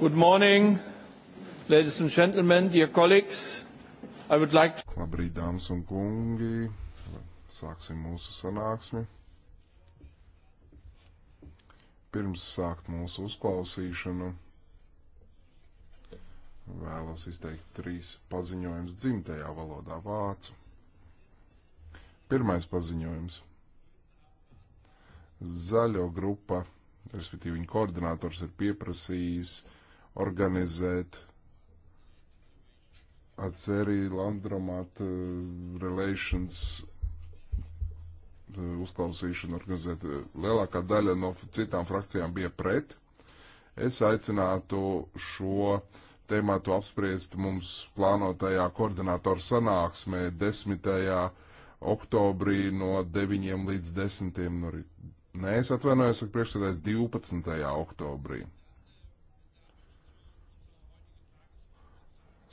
Good morning, ladies and gentlemen, dear colleagues. I would like to... Labrīt, dāmas un kungi. Sāksim mūsu sanāksmi. Pirms sākt mūsu uzklausīšanu, vēlos izteikt trīs paziņojums dzimtajā valodā vācu. Pirmais paziņojums. Zaļo grupa, respektīvi viņa koordinators ir pieprasījis organizēt Atcerī Landromat uh, Relations uh, uzklausīšanu organizēt. Lielākā daļa no citām frakcijām bija pret. Es aicinātu šo tēmātu apspriest mums plānotajā koordinātoru sanāksmē 10. oktobrī no 9 līdz 10. no rīta. Nē, es atvainojos, ka priekšsēdājs 12. oktobrī.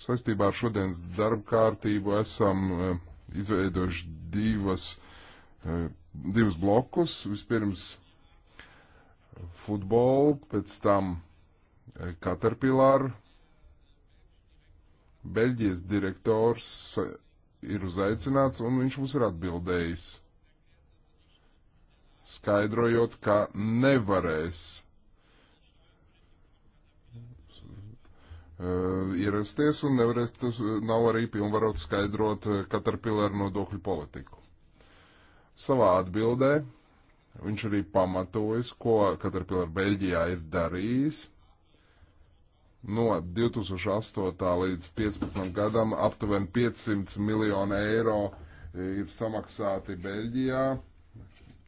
Sastībā ar šodienas darba kārtību esam e, izveidojuši divas, e, divus blokus. Vispirms futbolu, pēc tam e, Caterpillar. Beļģijas direktors ir uzaicināts un viņš mums ir atbildējis skaidrojot, ka nevarēs Uh, ierasties un nevarēs, tas uh, nav arī pilnvarot skaidrot uh, Caterpillar nodokļu politiku. Savā atbildē viņš arī pamatojas, ko Caterpillar Beļģijā ir darījis. No 2008. līdz 2015. gadam aptuveni 500 miljonu eiro ir samaksāti Beļģijā,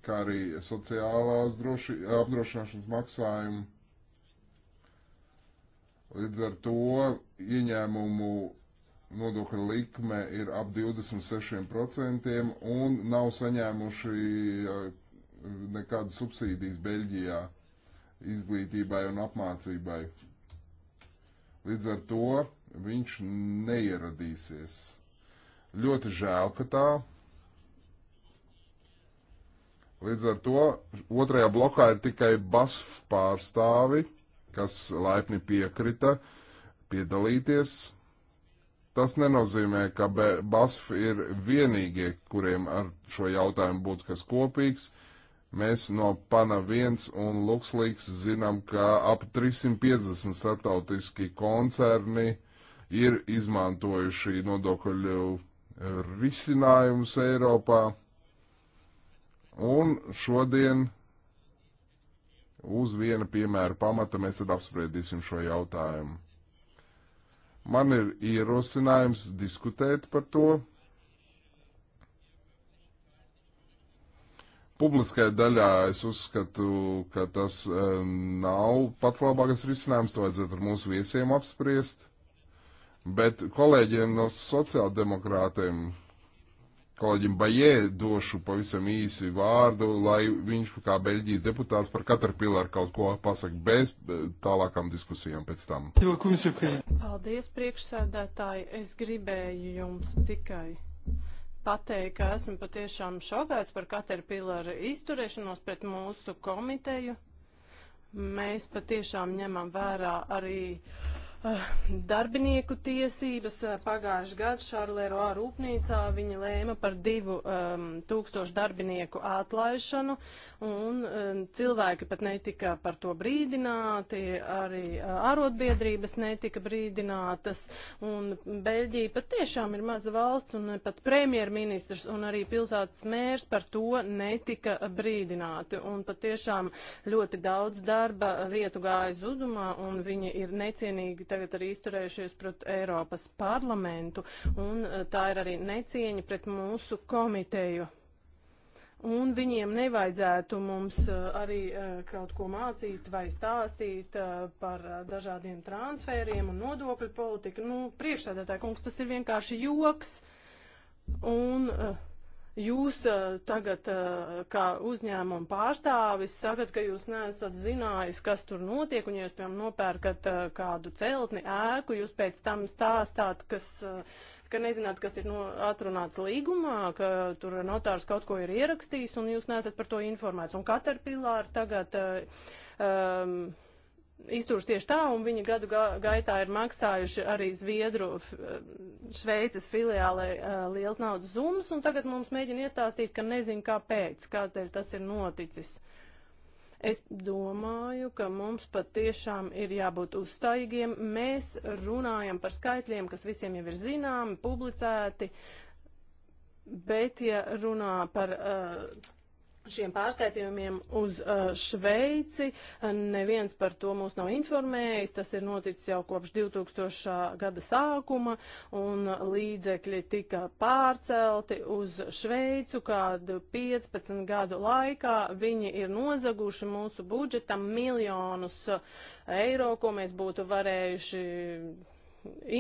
kā arī sociālās droši, apdrošināšanas maksājumi Līdz ar to ieņēmumu nodokļa likme ir ap 26% un nav saņēmuši nekādas subsīdijas Beļģijā izglītībai un apmācībai. Līdz ar to viņš neieradīsies. Ļoti žēl, ka tā. Līdz ar to otrajā blokā ir tikai BASF pārstāvi kas laipni piekrita piedalīties. Tas nenozīmē, ka BASF ir vienīgie, kuriem ar šo jautājumu būtu kas kopīgs. Mēs no PANA 1 un LuxLeaks zinām, ka ap 350 startautiski koncerni ir izmantojuši nodokļu eh, risinājumus Eiropā. Un šodien Uz viena piemēra pamata mēs tad apspriedīsim šo jautājumu. Man ir ierosinājums diskutēt par to. Publiskajā daļā es uzskatu, ka tas e, nav pats labākais risinājums, to vajadzētu ar mūsu viesiem apspriest. Bet kolēģiem no sociāldemokrātiem kolēģim Bajē došu pavisam īsi vārdu, lai viņš kā Beļģijas deputāts par katru pilāru kaut ko pasaka bez eh, tālākām diskusijām pēc tam. Paldies, priekšsēdētāji. Es gribēju jums tikai pateikt, ka esmu patiešām šokēts par katru pilāru izturēšanos pret mūsu komiteju. Mēs patiešām ņemam vērā arī. Uh, Ah, darbinieku tiesības. Ah, pagājuši gadu Šarleroā rūpnīcā viņi lēma par divu um, tūkstošu darbinieku atlaišanu, un um, cilvēki pat netika par to brīdināti, arī uh, arotbiedrības netika brīdinātas, un Beļģija pat tiešām ir maza valsts, un pat premjerministrs un arī pilsētas mērs par to netika brīdināti, un pat tiešām ļoti daudz darba vietu gāja zudumā, un viņi ir necienīgi tagad arī izturējušies pret Eiropas parlamentu, un e, tā ir arī necieņa pret mūsu komiteju. Un viņiem nevajadzētu mums e, arī e, kaut ko mācīt vai stāstīt par dažādiem transfēriem un nodokļu politiku. Nu, priekšsēdētāji kungs, tas ir vienkārši joks. Un, uh, Jūs eh, tagad, eh, kā uzņēmuma pārstāvis, sakat, ka jūs neesat zinājis, kas tur notiek, un ja jūs, piemēram, nopērkat eh, kādu celtni, ēku, jūs pēc tam stāstāt, kas, ka nezināt, kas ir no, atrunāts līgumā, ka tur notārs kaut ko ir ierakstījis, un jūs neesat par to informēts. Un Caterpillar tagad. Um, izturst tieši tā, un viņi gadu gaitā ir maksājuši arī Zviedru eh, Šveices filiālai eh, liels naudas summas, un tagad mums mēģina iestāstīt, ka nezin kāpēc, kādēļ tas ir noticis. Es domāju, ka mums pat tiešām ir jābūt uzstājīgiem. Mēs runājam par skaitļiem, kas visiem jau ir zināmi, publicēti, bet ja runā par. Uh, šiem pārskaitījumiem uz uh, Šveici. Uh, neviens par to mūs nav informējis. Tas ir noticis jau kopš 2000. gada sākuma, un līdzekļi tika pārcelti uz Šveicu kādu 15 gadu laikā. Viņi ir nozaguši mūsu budžetam miljonus uh, eiro, ko mēs būtu varējuši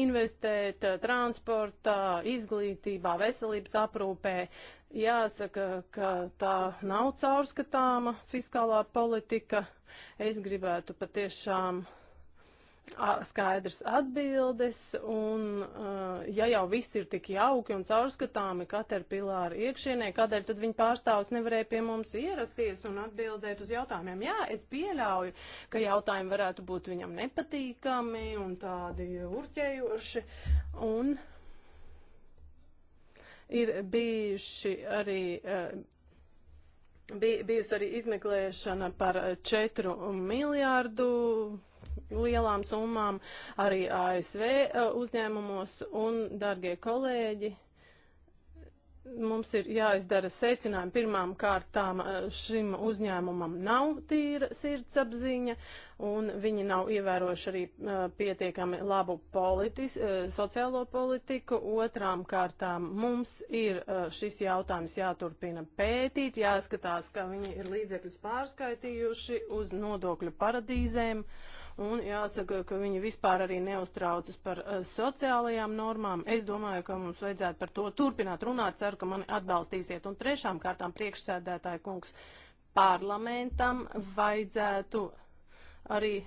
investēt uh, transportā, izglītībā, veselības aprūpē. Jāsaka, ka tā nav caurskatāma fiskālā politika. Es gribētu patiešām skaidrs atbildes, un ja jau viss ir tik jauki un caurskatāmi Caterpillar iekšienē, kādēļ tad viņa pārstāvs nevarēja pie mums ierasties un atbildēt uz jautājumiem? Jā, es pieļauju, ka jautājumi varētu būt viņam nepatīkami un tādi urķējoši, un uh, Ir bijuši arī. Uh, eh, bija bijusi arī izmeklēšana par 4 eh, miljārdu lielām summām arī ASV eh, uzņēmumos un, dargie kolēģi, mums ir jāizdara secinājumi. Pirmām kārtām šim uzņēmumam nav tīra sirdsapziņa, un viņi nav ievērojuši arī uh, pietiekami labu politis, uh, sociālo politiku. Otrām kārtām mums ir uh, šis jautājums jāturpina pētīt, jāskatās, ka viņi ir līdzekļus pārskaitījuši uz nodokļu paradīzēm. Un jāsaka, ka viņi vispār arī neuztraucas par sociālajām normām. Es domāju, ka mums vajadzētu par to turpināt runāt, ceru, ka mani atbalstīsiet. Un trešām kārtām priekšsēdētāja kungs parlamentam vajadzētu arī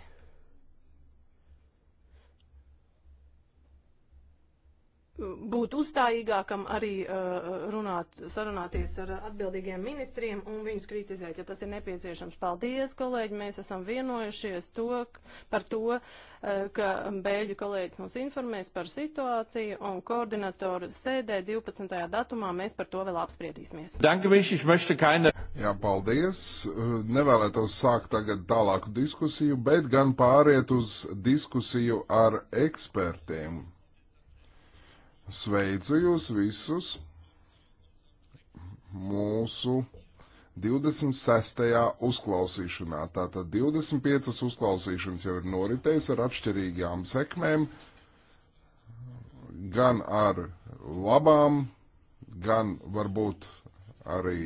būt uzstājīgākam, arī uh, runāt, sarunāties ar atbildīgiem ministriem un viņus kritizēt, ja tas ir nepieciešams. Paldies, kolēģi, mēs esam vienojušies to, par to, uh, ka Bēļu kolēģis mums informēs par situāciju un koordinatoru sēdē 12. datumā mēs par to vēl apspriedīsimies. Jā, paldies. Uh, nevēlētos sākt tagad tālāku diskusiju, bet gan pāriet uz diskusiju ar ekspertiem. Sveicu jūs visus mūsu 26. uzklausīšanā. Tātad 25 uzklausīšanas jau ir noritējis ar atšķirīgām sekmēm, gan ar labām, gan varbūt arī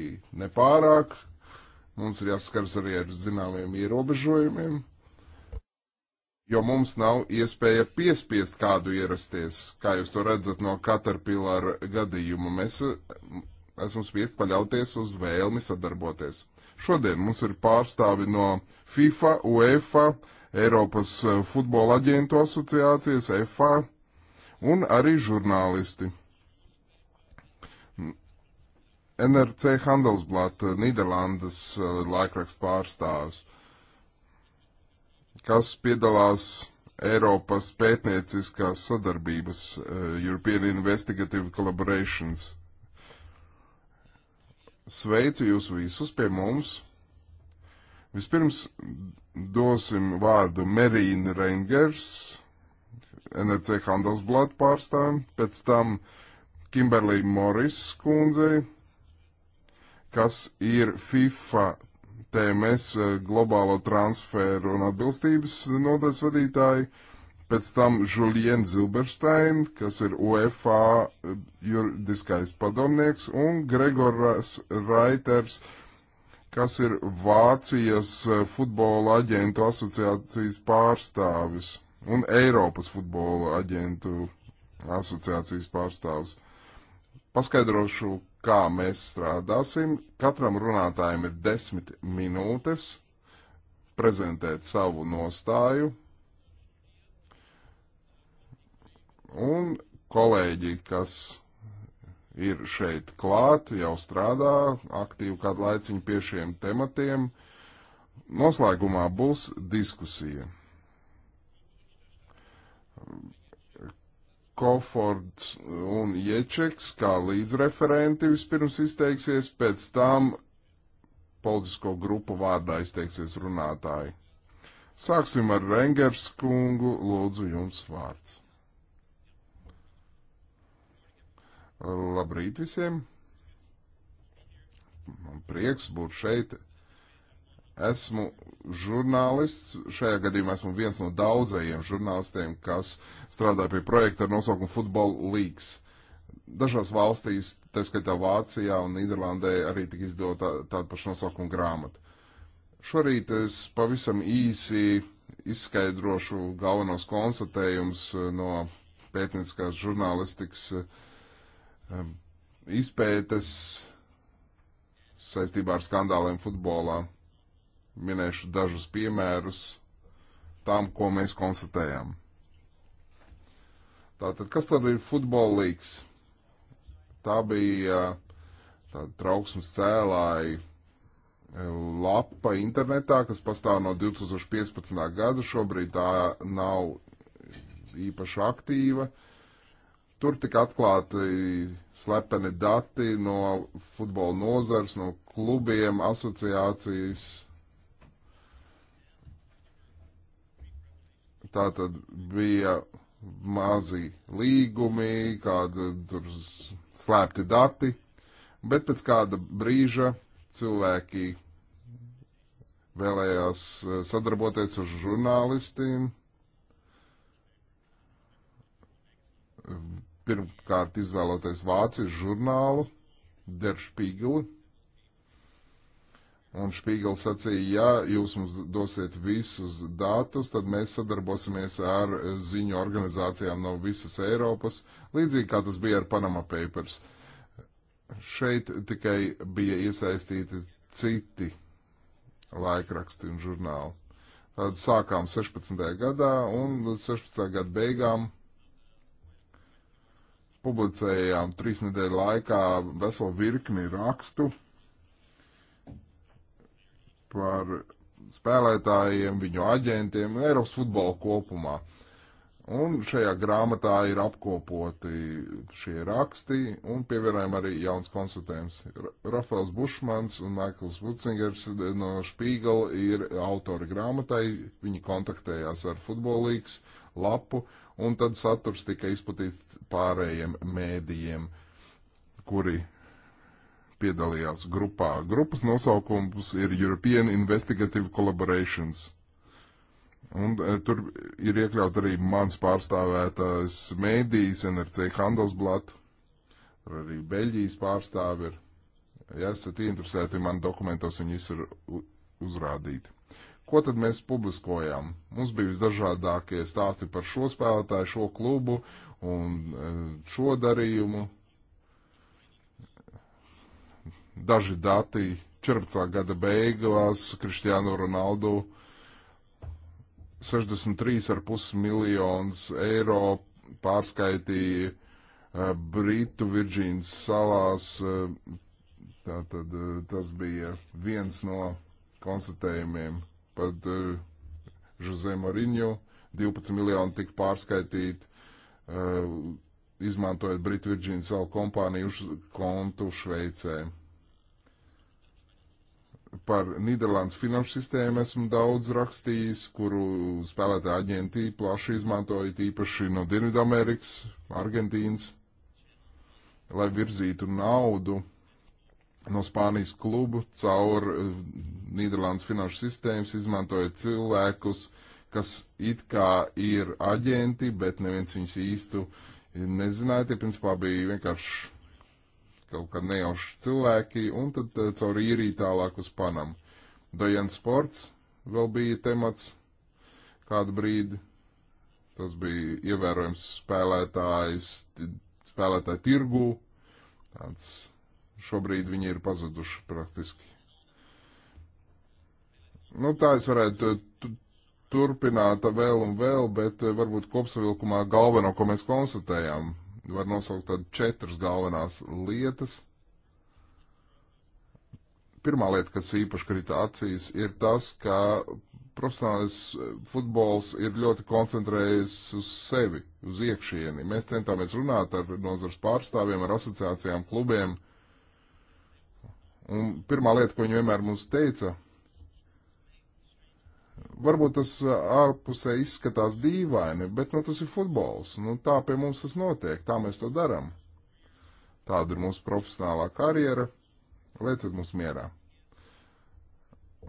nepārāk. Mums ir jāskars arī ar zināmiem ierobežojumiem jo mums nav iespēja piespiest kādu ierasties, kā jūs to redzat no Caterpillar gadījuma. Mēs eh, esam spiest paļauties uz vēlmi sadarboties. Šodien mums ir pārstāvi no FIFA, UEFA, Eiropas eh, futbola aģentu asociācijas, FA un arī žurnālisti. NRC Handelsblatt, Nīderlandes eh, laikraksts pārstāvs. Uh, kas piedalās Eiropas pētnieciskās sadarbības eh, European Investigative Collaborations. Sveicu jūs visus pie mums. Vispirms dosim vārdu Merīna Reingers, NRC e Handelsblad pārstāvim, pēc tam Kimberlī Morris kundzei, kas ir FIFA TMS eh, globālo transferu un atbilstības nodaļas vadītāju, pēc tam Julien Zilberstein, kas ir UEFA eh, juridiskais padomnieks, un Gregors Raiters, kas ir Vācijas eh, futbola aģentu asociācijas pārstāvis un Eiropas futbola aģentu asociācijas pārstāvis. Paskaidrošu, kā mēs strādāsim. Katram runātājam ir desmit minūtes prezentēt savu nostāju. Un kolēģi, kas ir šeit klāt, jau strādā aktīvi kādu laiciņu pie šiem tematiem, noslēgumā būs diskusija. Kofords un Ječeks kā līdzreferenti vispirms izteiksies, pēc tam politisko grupu vārdā izteiksies runātāji. Sāksim ar Rengers kungu, lūdzu jums vārds. Labrīt visiem! Man prieks būt šeit. Esmu žurnālists, šajā gadījumā esmu viens no daudzajiem žurnālistiem, kas strādā pie projekta ar nosaukumu Football Leagues. Dažās valstīs, tā skaitā Vācijā un Nīderlandē, arī tika izdota tāda paša nosaukuma grāmata. Šorīt es pavisam īsi izskaidrošu galvenos konstatējumus eh, no pētnieciskās žurnālistikas eh, izpētes saistībā ar skandāliem futbolā. Minēšu dažus piemērus tam, ko mēs konstatējam. Tātad, kas tad ir futbola līgs? Tā bija tāda trauksmes cēlāja e, lapa internetā, kas pastāv no 2015. gada, šobrīd tā nav īpaši aktīva. Tur tika atklāti slepeni dati no futbola nozars, no klubiem, asociācijas, Tā tad bija mazi līgumi, kāda tur slēpti dati, bet pēc kāda brīža cilvēki vēlējās eh, sadarboties ar žurnālistiem. Pirmkārt, izvēloties Vācijas žurnālu Der Spiegel, Un Špīgls sacīja, ja jūs mums dosiet visus datus, tad mēs sadarbosimies ar ziņu organizācijām no visas Eiropas, līdzīgi kā tas bija ar Panama Papers. Šeit tikai bija iesaistīti citi laikraksti un žurnāli. Tad sākām 16. gadā un 16. gada beigām publicējām trīs nedēļu laikā veselu virkni rakstu par spēlētājiem, viņu aģentiem, Eiropas futbolu kopumā. Un šajā grāmatā ir apkopoti šie raksti un pievienojami arī jauns konstatējums. Rafals Bušmans un Maikls Vucingers no Špīgala ir autori grāmatai, viņi kontaktējās ar futbolīgs lapu un tad saturs tika izplatīts pārējiem mēdījiem, kuri piedalījās grupā. Grupas nosaukums ir European Investigative Collaborations. Un e, tur ir iekļaut arī mans pārstāvētājs mēdījis NRC Handelsblatt, tur arī Beļģijas pārstāvi ir. Ja esat interesēti, man dokumentos viņi ir uzrādīti. Ko tad mēs publiskojām? Mums bija visdažādākie stāsti par šo spēlētāju, šo klubu un e, šo darījumu, daži dati 14. gada beigās Kristiānu Ronaldu 63,5 miljonus eiro pārskaitīja uh, Britu Virģīnas salās. Uh, tātad uh, tas bija viens no konstatējumiem. Pat Žozē Mariņo 12 miljoni tika pārskaitīti izmantojot Britu Virģīnas salu kompāniju kontu Šveicē par Nīderlandes finanšu sistēmu esmu daudz rakstījis, kuru spēlētāji aģenti plaši izmantoja, īpaši no Dienvidamerikas, Argentīnas, lai virzītu naudu no Spānijas klubu caur eh, Nīderlandes finanšu sistēmas, izmantojot cilvēkus, kas it kā ir aģenti, bet neviens viņus īstu nezināja. Tie principā bija vienkārši kaut kā nejauši cilvēki, un tad eh, caur īriju tālāk uz Panamu. Dajens sports vēl bija temats kādu brīdi. Tas bija ievērojams spēlētājs, spēlētāju tirgū. Tāds šobrīd viņi ir pazuduši praktiski. Nu, tā es varētu turpināt vēl un vēl, bet eh, varbūt kopsavilkumā galveno, ko mēs konstatējām, Var nosaukt tad četras galvenās lietas. Pirmā lieta, kas īpaši krita acīs, ir tas, ka profesionālais futbols ir ļoti koncentrējies uz sevi, uz iekšieni. Mēs centāmies runāt ar nozars pārstāvjiem, ar asociācijām, klubiem. Un pirmā lieta, ko viņi vienmēr mums teica, ir varbūt tas ārpusē izskatās dīvaini, bet nu, tas ir futbols. Nu, tā pie mums tas notiek, tā mēs to darām. Tāda ir mūsu profesionālā karjera. Lieciet mums mierā.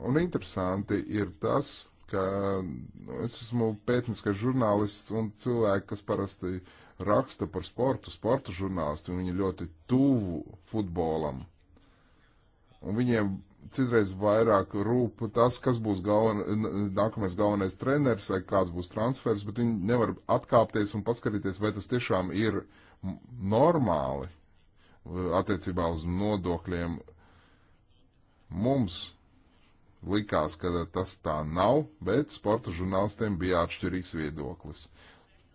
Un interesanti ir tas, ka nu, es esmu pētniskas žurnālists un cilvēki, kas parasti raksta par sportu, sporta žurnālisti, un viņi ļoti tuvu futbolam. Un viņiem citreiz vairāk rūp tas, kas būs galven, nākamais galvenais treneris vai kāds būs transfers, bet viņi nevar atkāpties un paskatīties, vai tas tiešām ir normāli uh, attiecībā uz nodokļiem. Mums likās, ka tas tā nav, bet sporta žurnālistiem bija atšķirīgs viedoklis.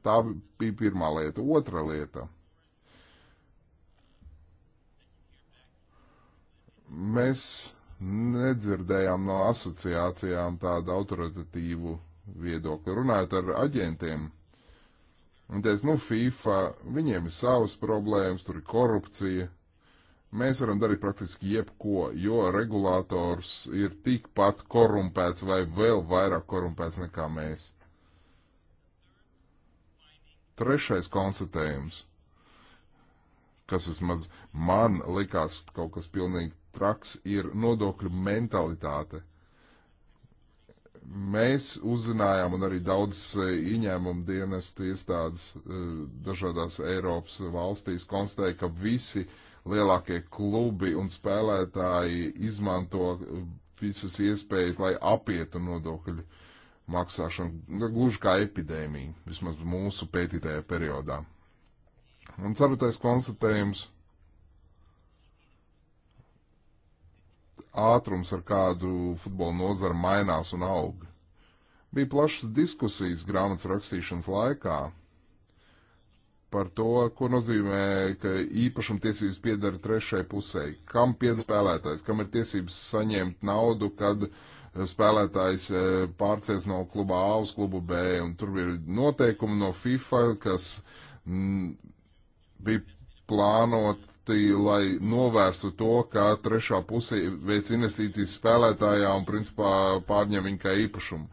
Tā bija pirmā lieta. Otra lieta. Mēs nedzirdējām no asociācijām tādu autoritatīvu viedokli. Runājot ar aģentiem, un teica, nu, FIFA, viņiem ir savas problēmas, tur ir korupcija. Mēs varam darīt praktiski jebko, jo regulators ir tikpat korumpēts vai vēl vairāk korumpēts nekā mēs. Trešais konstatējums kas vismaz man likās kaut kas pilnīgi traks ir nodokļu mentalitāte. Mēs uzzinājām, un arī daudz e, ieņēmumu dienestu iestādes e, dažādās Eiropas valstīs konstatēja, ka visi lielākie klubi un spēlētāji izmanto e, visas iespējas, lai apietu nodokļu maksāšanu, gluži kā epidēmija, vismaz mūsu pētītajā periodā. Un ceturtais konstatējums ātrums, ar kādu futbola nozara mainās un aug. Bija plašas diskusijas grāmatas rakstīšanas laikā par to, ko nozīmē, ka īpašuma tiesības piedara trešai pusē, kam pieder spēlētājs, kam ir tiesības saņemt naudu, kad eh, spēlētājs eh, pārcies no kluba A uz klubu B, un tur ir noteikumi no FIFA, kas m, mm, bija plānot proti, lai novērstu to, ka trešā pusē veic investīcijas spēlētājā un principā pārņem viņa kā īpašumu.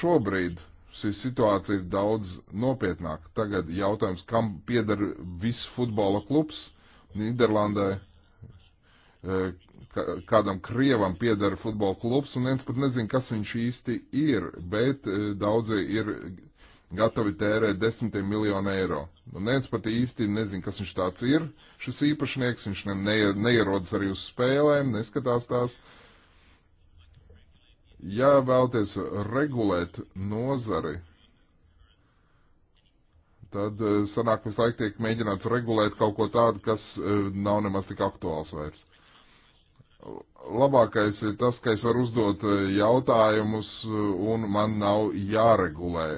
Šobrīd šī situācija ir daudz nopietnāka. Tagad jautājums, kam pieder viss futbola klubs Nīderlandē, kādam Krievam pieder futbola klubs, un viens pat nezin, kas viņš īsti ir, bet eh, daudzi ir gatavi tērēt desmitiem miljonu eiro. Un nu, neviens pat īsti nezina, kas viņš tāds ir, šis īpašnieks, viņš ne, ne, neierodas arī uz spēlēm, neskatās tās. Ja vēlties regulēt nozari, tad eh, sanāk visu laiku tiek mēģināts regulēt kaut ko tādu, kas eh, nav nemaz tik aktuāls vairs. Labākais ir tas, ka es varu uzdot eh, jautājumus un man nav jāregulē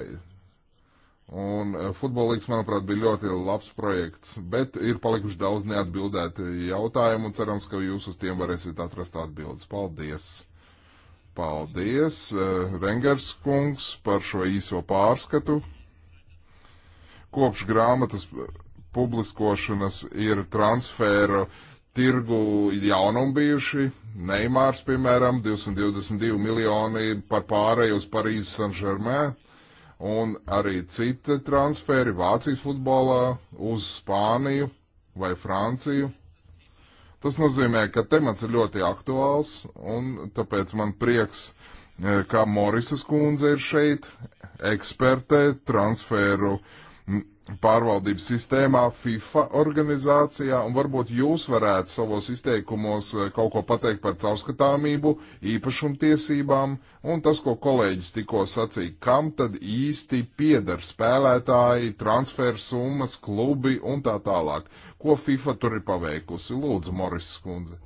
Un eh, futbolīgs, manuprāt, bija ļoti labs projekts, bet ir palikuši daudz neatbildēti jautājumi un cerams, ka jūs uz tiem varēsiet atrast atbildes. Paldies! Paldies, eh, Rengers kungs, par šo īso pārskatu. Kopš grāmatas publiskošanas ir transfēra tirgu jaunumi bijuši. Neimārs, piemēram, 222 miljoni par pārēju uz Parīzes Saint-Germain un arī citi transferi Vācijas futbolā uz Spāniju vai Franciju. Tas nozīmē, ka temats ir ļoti aktuāls, un tāpēc man prieks, e, ka Morisas kundze ir šeit, ekspertē transferu pārvaldības sistēmā, FIFA organizācijā, un varbūt jūs varētu savos izteikumos eh, kaut ko pateikt par caurskatāmību, īpašumtiesībām un tas, ko kolēģis tikko sacīja, kam tad īsti pieder spēlētāji, transfersummas, klubi un tā tālāk. Ko FIFA tur ir paveikusi? Lūdzu, Moris Skundze.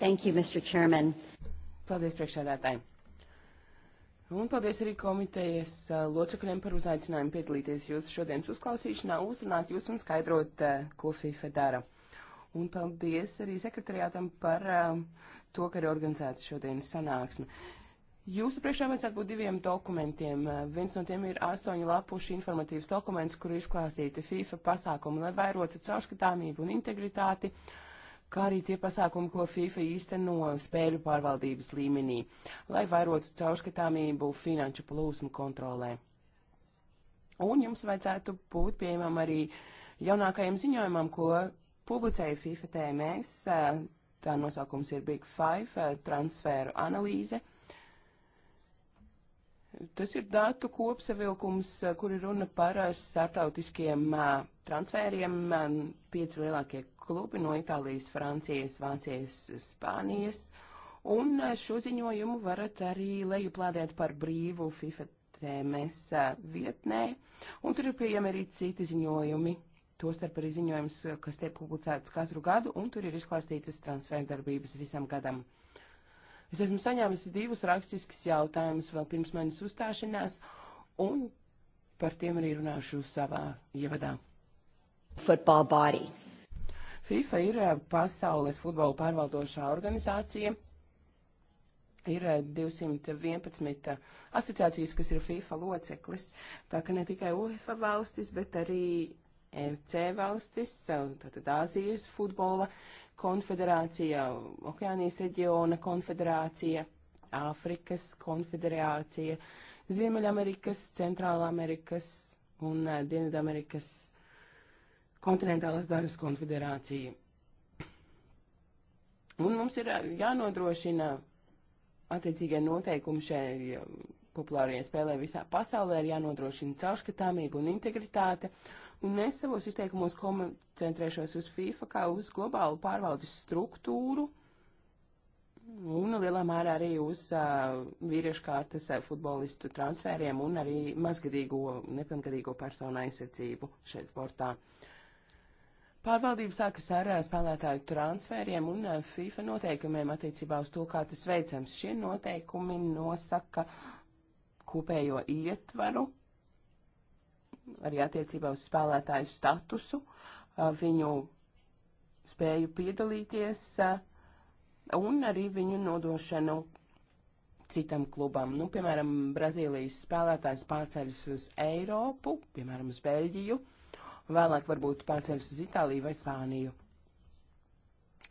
Thank you, Mr. Chairman. Paldies, priekšsēdētāji. Un paldies arī komitejas uh, locekļiem par uzaicinājumu piedalīties jūsu šodienas uzklausīšanā, uzrunāt jūs un skaidrot, uh, ko FIFA dara. Un paldies arī sekretariātam par uh, to, ka ir organizēta šodienas sanāksme. Jūsu priekšā vajadzētu būt diviem dokumentiem. Viens no tiem ir astoņu lapušu informatīvs dokuments, kur izklāstīti FIFA pasākumi, lai vairotu caurskatāmību un integritāti. Uh, kā arī tie pasākumi, ko FIFA īsteno spēļu pārvaldības līmenī, lai vairotu caurskatāmību finanšu plūsmu kontrolē. Un jums vajadzētu būt pieejamam arī jaunākajam ziņojumam, ko publicēja FIFA TMS, tā nosaukums ir Big Five, transferu analīze – Tas ir datu kopsavilkums, eh, kur ir runa par eh, starptautiskiem eh, transfēriem. Pieci lielākie klubi no Itālijas, Francijas, Vācijas, Spānijas. Un šo ziņojumu varat arī lejuplādēt par brīvu FIFA TMS vietnē. Un tur ir pieejami arī citi ziņojumi. Tostarp arī ziņojums, kas tiek publicēts katru gadu, un tur ir izklāstītas transfērdarbības visam gadam. Es esmu saņēmusi divus rakstiskus jautājumus vēl pirms manis uzstāšanās, un par tiem arī runāšu savā ievadā. Football body. FIFA ir eh, pasaules futbola pārvaldošā organizācija. Ir 211 eh, eh, asociācijas, kas ir FIFA loceklis. Tā ka ne tikai UEFA valstis, bet arī FC valstis, tātad Āzijas futbola konfederācija, Okeānijas reģiona konfederācija, Āfrikas konfederācija, Ziemeļamerikas, Centrālamerikas un eh, Dienvidamerikas kontinentālās daļas konfederācija. Un mums ir eh, jānodrošina attiecīgie noteikumi šai eh, populārajai spēlē visā pasaulē, ir jānodrošina caurskatāmība un integritāte. Uh, un es savos izteikumos koncentrēšos uz FIFA kā uz globālu pārvaldes struktūru un lielā mērā arī uz uh, vīriešu kārtas uh, futbolistu transfēriem un arī mazgadīgo, nepilngadīgo personu aizsardzību šeit sportā. Pārvaldība sākas ar spēlētāju transfēriem un FIFA noteikumiem attiecībā uz to, kā tas veicams. Šie noteikumi nosaka kopējo ietvaru arī attiecībā uz spēlētāju statusu, viņu spēju piedalīties un arī viņu nodošanu citam klubam. Nu, piemēram, Brazīlijas spēlētājs pārceļas uz Eiropu, piemēram, uz Beļģiju, vēlāk varbūt pārceļas uz Itāliju vai Spāniju.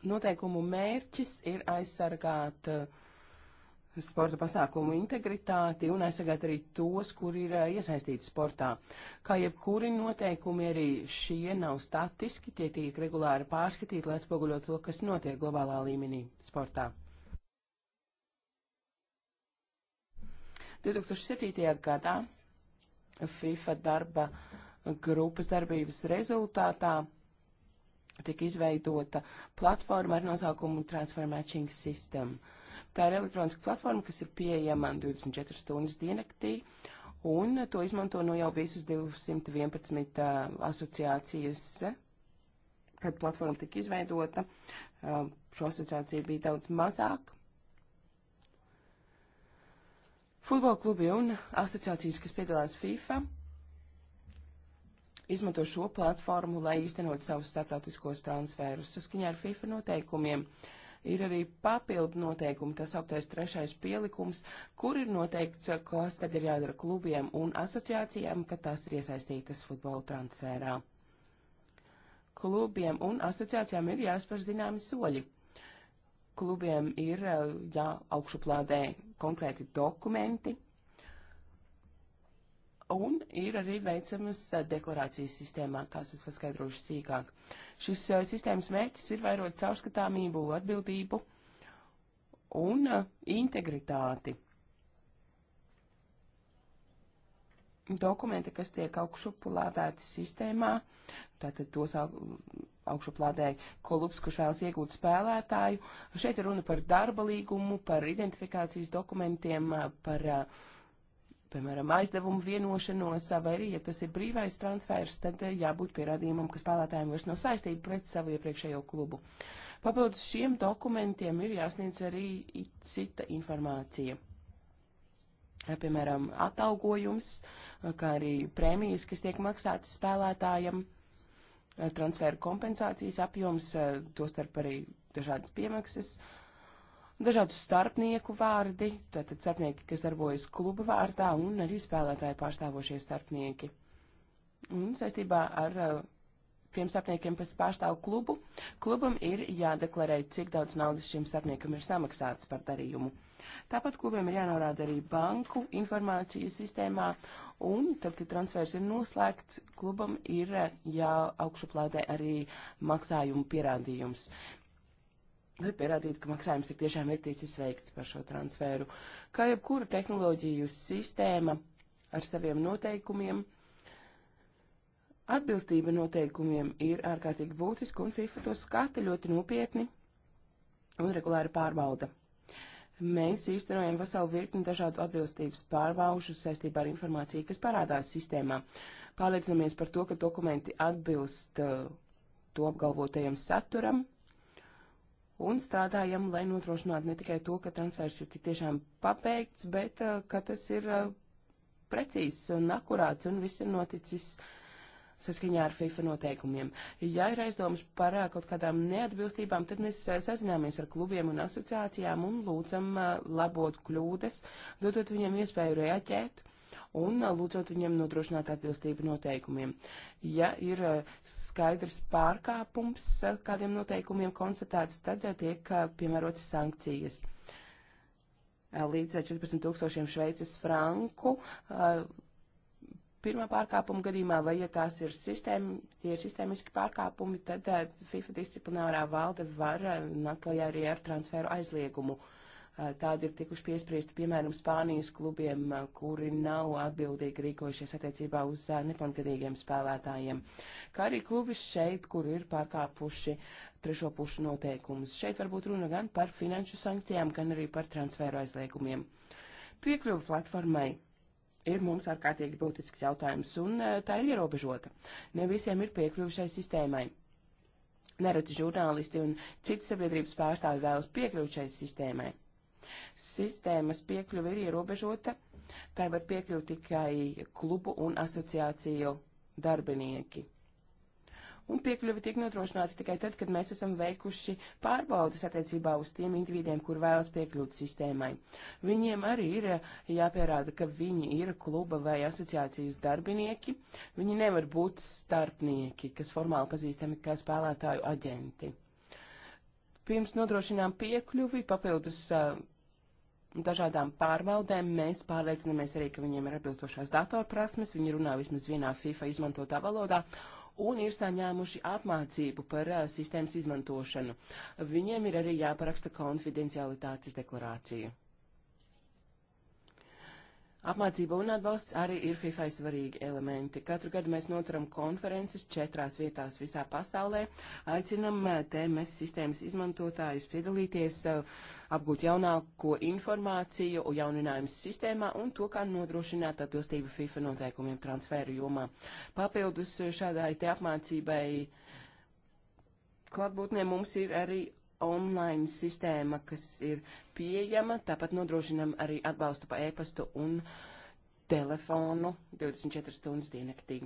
Noteikumu mērķis ir aizsargāt uh, sporta pasākumu integritāti un aizsargāt arī tos, kur ir uh, iesaistīti sportā. Kā jebkuri noteikumi, arī šie nav statiski, tie tiek regulāri pārskatīti, lai atspoguļot to, kas notiek globālā līmenī sportā. 2007. gadā FIFA darba grupas darbības rezultātā tika izveidota platforma ar nosaukumu Transfer Matching System. Uh, Tā ir elektroniska platforma, kas ir pieejama 24 stundas diennaktī, un to izmanto no nu jau visas 211 asociācijas, kad platforma tika izveidota. Šo asociāciju bija daudz mazāk. Futbola klubi un asociācijas, kas piedalās FIFA, izmanto šo platformu, lai īstenot savus starptautiskos transferus saskaņā ar FIFA noteikumiem. Uh, ir arī papildu noteikumi, tas augtais trešais pielikums, kur ir noteikts, kas tad ir jādara klubiem un asociācijām, ka tās ir iesaistītas futbola transferā. Klubiem un asociācijām ir jāspēr zināmi soļi. Klubiem ir jāaugšuplādē konkrēti dokumenti, un ir arī veicamas deklarācijas sistēmā, tās es paskaidrošu sīkāk. Šis sistēmas mērķis ir vairot caurskatāmību, atbildību un integritāti. Dokumenti, kas tiek augšuplādēti sistēmā, tātad tos augšuplādēja Kolups, kurš vēlas iegūt spēlētāju. Šeit ir runa par darba līgumu, par identifikācijas dokumentiem, par uh, piemēram, aizdevumu vienošanos, vai arī, ja tas ir brīvais transfers, tad eh, jābūt pierādījumam, ka spēlētājiem vairs nav saistība pret savu iepriekšējo klubu. Papildus šiem dokumentiem ir jāsniedz arī cita informācija. Eh, piemēram, atalgojums, eh, kā arī prēmijas, kas tiek maksātas spēlētājiem, transferu kompensācijas apjoms, tostarp arī dažādas piemaksas. Uh, dažādu starpnieku vārdi, tātad starpnieki, kas darbojas kluba vārdā, un arī spēlētāji pārstāvošie starpnieki. Un saistībā ar uh, tiem starpniekiem, kas pārstāv klubu, klubam ir jādeklarē, cik daudz naudas šim starpniekam ir samaksāts par darījumu. Tāpat klubiem ir jānorāda arī banku informācijas sistēmā, un tad, kad transfers ir noslēgts, klubam ir uh, jāaugšuplādē arī maksājumu pierādījums. Uh, lai pierādītu, ka maksājums tik tiešām ir ticis veikts par šo transferu. Kā jebkura tehnoloģiju sistēma ar saviem noteikumiem, atbilstība noteikumiem ir ārkārtīgi būtiska, un FIFA to skata ļoti nopietni un regulāri pārbauda. Mēs īstenojam veselu virkni dažādu atbilstības pārbaušu saistībā ar informāciju, kas parādās sistēmā. Pārliecinamies par to, ka dokumenti atbilst uh, to apgalvotajam saturam, un strādājam, lai nodrošinātu ne tikai to, ka transfers ir tiešām pabeigts, bet eh, ka tas ir eh, precīzs un akurāts un viss ir noticis saskaņā ar FIFA noteikumiem. Ja ir aizdomas par eh, kaut kādām neatbilstībām, tad mēs sazināmies ar klubiem un asociācijām un lūdzam labot kļūdas, dodot viņiem iespēju reaģēt un lūdzot viņiem nodrošināt atbilstību noteikumiem. Ja ir eh, skaidrs pārkāpums eh, kādiem noteikumiem konstatēts, tad eh, tiek piemērotas sankcijas. Līdz 14 tūkstošiem šveices franku pirmā pārkāpuma gadījumā, vai ja tās ir sistēma, tie ir sistēmiski pārkāpumi, tad FIFA disciplinārā valde var nākamajā arī ar transferu aizliegumu. Uh, tādi ir tikuši piespriesti, piemēram, Spānijas klubiem, kuri nav atbildīgi rīkojušies attiecībā uz nepankadīgiem spēlētājiem, kā arī klubi šeit, kur ir pārkāpuši trešo pušu noteikumus. Šeit varbūt runa gan par finanšu sankcijām, gan arī par transferu aizliegumiem. Piekļuvu platformai. Ir mums ārkārtīgi būtisks jautājums, un tā ir ierobežota. Ne visiem ir piekļuva šai sistēmai. Neredz žurnālisti un citi sabiedrības pārstāvi vēlas piekļūt šai sistēmai. Sistēmas piekļuve ir ierobežota, tai var piekļūt tikai klubu un asociāciju darbinieki. Un piekļuve tiek nodrošināta tikai tad, kad mēs esam veikuši pārbaudas attiecībā uz tiem individiem, kur vēlas piekļūt sistēmai. Viņiem arī ir jāpierāda, ka viņi ir kluba vai asociācijas darbinieki. Viņi nevar būt starpnieki, kas formāli pazīstami kā spēlētāju aģenti. Pirms nodrošinām piekļuvi papildus uh, dažādām pārbaudēm, mēs pārliecinamies arī, ka viņiem ir atbilstošās datorprasmes, viņi runā vismaz vienā FIFA izmantotā valodā un ir saņēmuši apmācību par uh, sistēmas izmantošanu. Viņiem ir arī jāparaksta konfidencialitātes deklarācija. Apmācība un atbalsts arī ir FIFA svarīgi elementi. Katru gadu mēs noturam konferences četrās vietās visā pasaulē, aicinam eh, TMS sistēmas izmantotājus piedalīties, eh, apgūt jaunāko informāciju, jauninājumus sistēmā un to, kā nodrošināt atbilstību FIFA noteikumiem transferu jomā. Papildus eh, šādai te apmācībai klātbūtnē mums ir arī online sistēma, kas ir pieejama. Tāpat nodrošinam arī atbalstu pa ēpastu un telefonu 24 stundas diennaktī.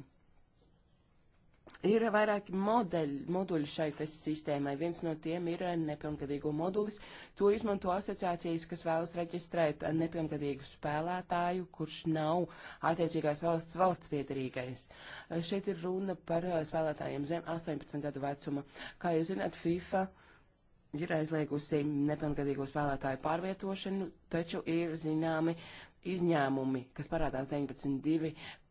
Ir vairāki modeļi, moduļi šai sistēmai. Viens no tiem ir nepilngadīgo modulis. To izmanto asociācijas, kas vēlas reģistrēt nepilngadīgu spēlētāju, kurš nav attiecīgās valsts valsts piedarīgais. Šeit ir runa par spēlētājiem zem 18 gadu vecuma. Kā jūs zināt, FIFA uh, ir aizliegusi nepilngadīgo spēlētāju pārvietošanu, taču ir zināmi izņēmumi, kas parādās 19.2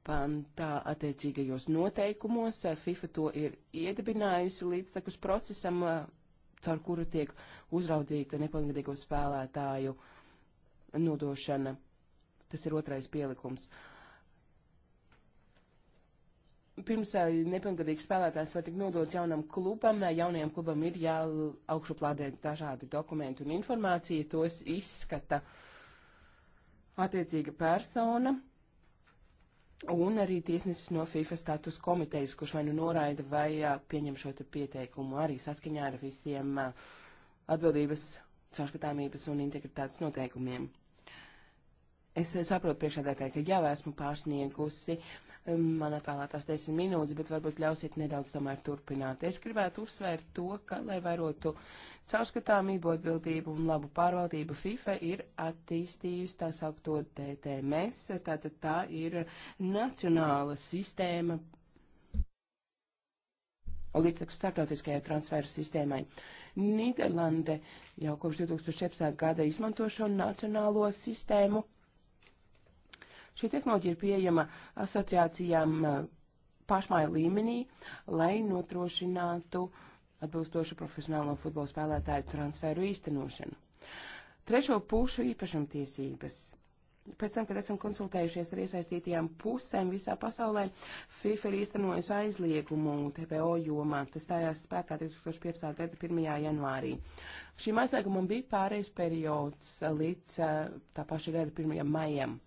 pantā attiecīgajos noteikumos. FIFA to ir iedibinājusi līdztekus procesam, caur kuru tiek uzraudzīta nepilngadīgo spēlētāju nodošana. Tas ir otrais pielikums. Uh, pirms eh, nepilngadīgs spēlētājs var tikt nodots jaunam klubam, eh, jaunajam klubam ir jāaugšuplādē dažādi dokumenti un informācija, tos izskata attiecīga persona. Un arī tiesnesis no FIFA status komitejas, kurš vai nu noraida vai eh, pieņem šo pieteikumu arī saskaņā ar visiem atbildības, caurskatāmības un integritātes noteikumiem. Es saprotu priekšādātāji, ka jau esmu pārsniegusi uh, Man atvēlētās desmit minūtes, bet varbūt ļausiet nedaudz tomēr turpināt. Es gribētu uzsvērt to, ka, lai vērotu caurskatāmību, atbildību un labu pārvaldību, FIFA ir attīstījusi tā saukto TTMS, tātad tā ir nacionāla sistēma līdzekļu starptautiskajai transferu sistēmai. Nīderlande jau kopš 2017. gada izmanto šo nacionālo sistēmu, Šī tehnoloģija ir pieejama asociācijām eh, pašmāju līmenī, lai notrošinātu atbilstošu profesionālo futbola spēlētāju transferu īstenošanu. Trešo pušu īpašumtiesības. Pēc tam, kad esam konsultējušies ar iesaistītajām pusēm visā pasaulē, FIFA ir īstenojusi aizliegumu TPO jomā. Tas stājās spēkā 2015. gada 1. janvārī. Šīm aizliegumam bija pārējais periods līdz eh, tā paša gada 1. maijam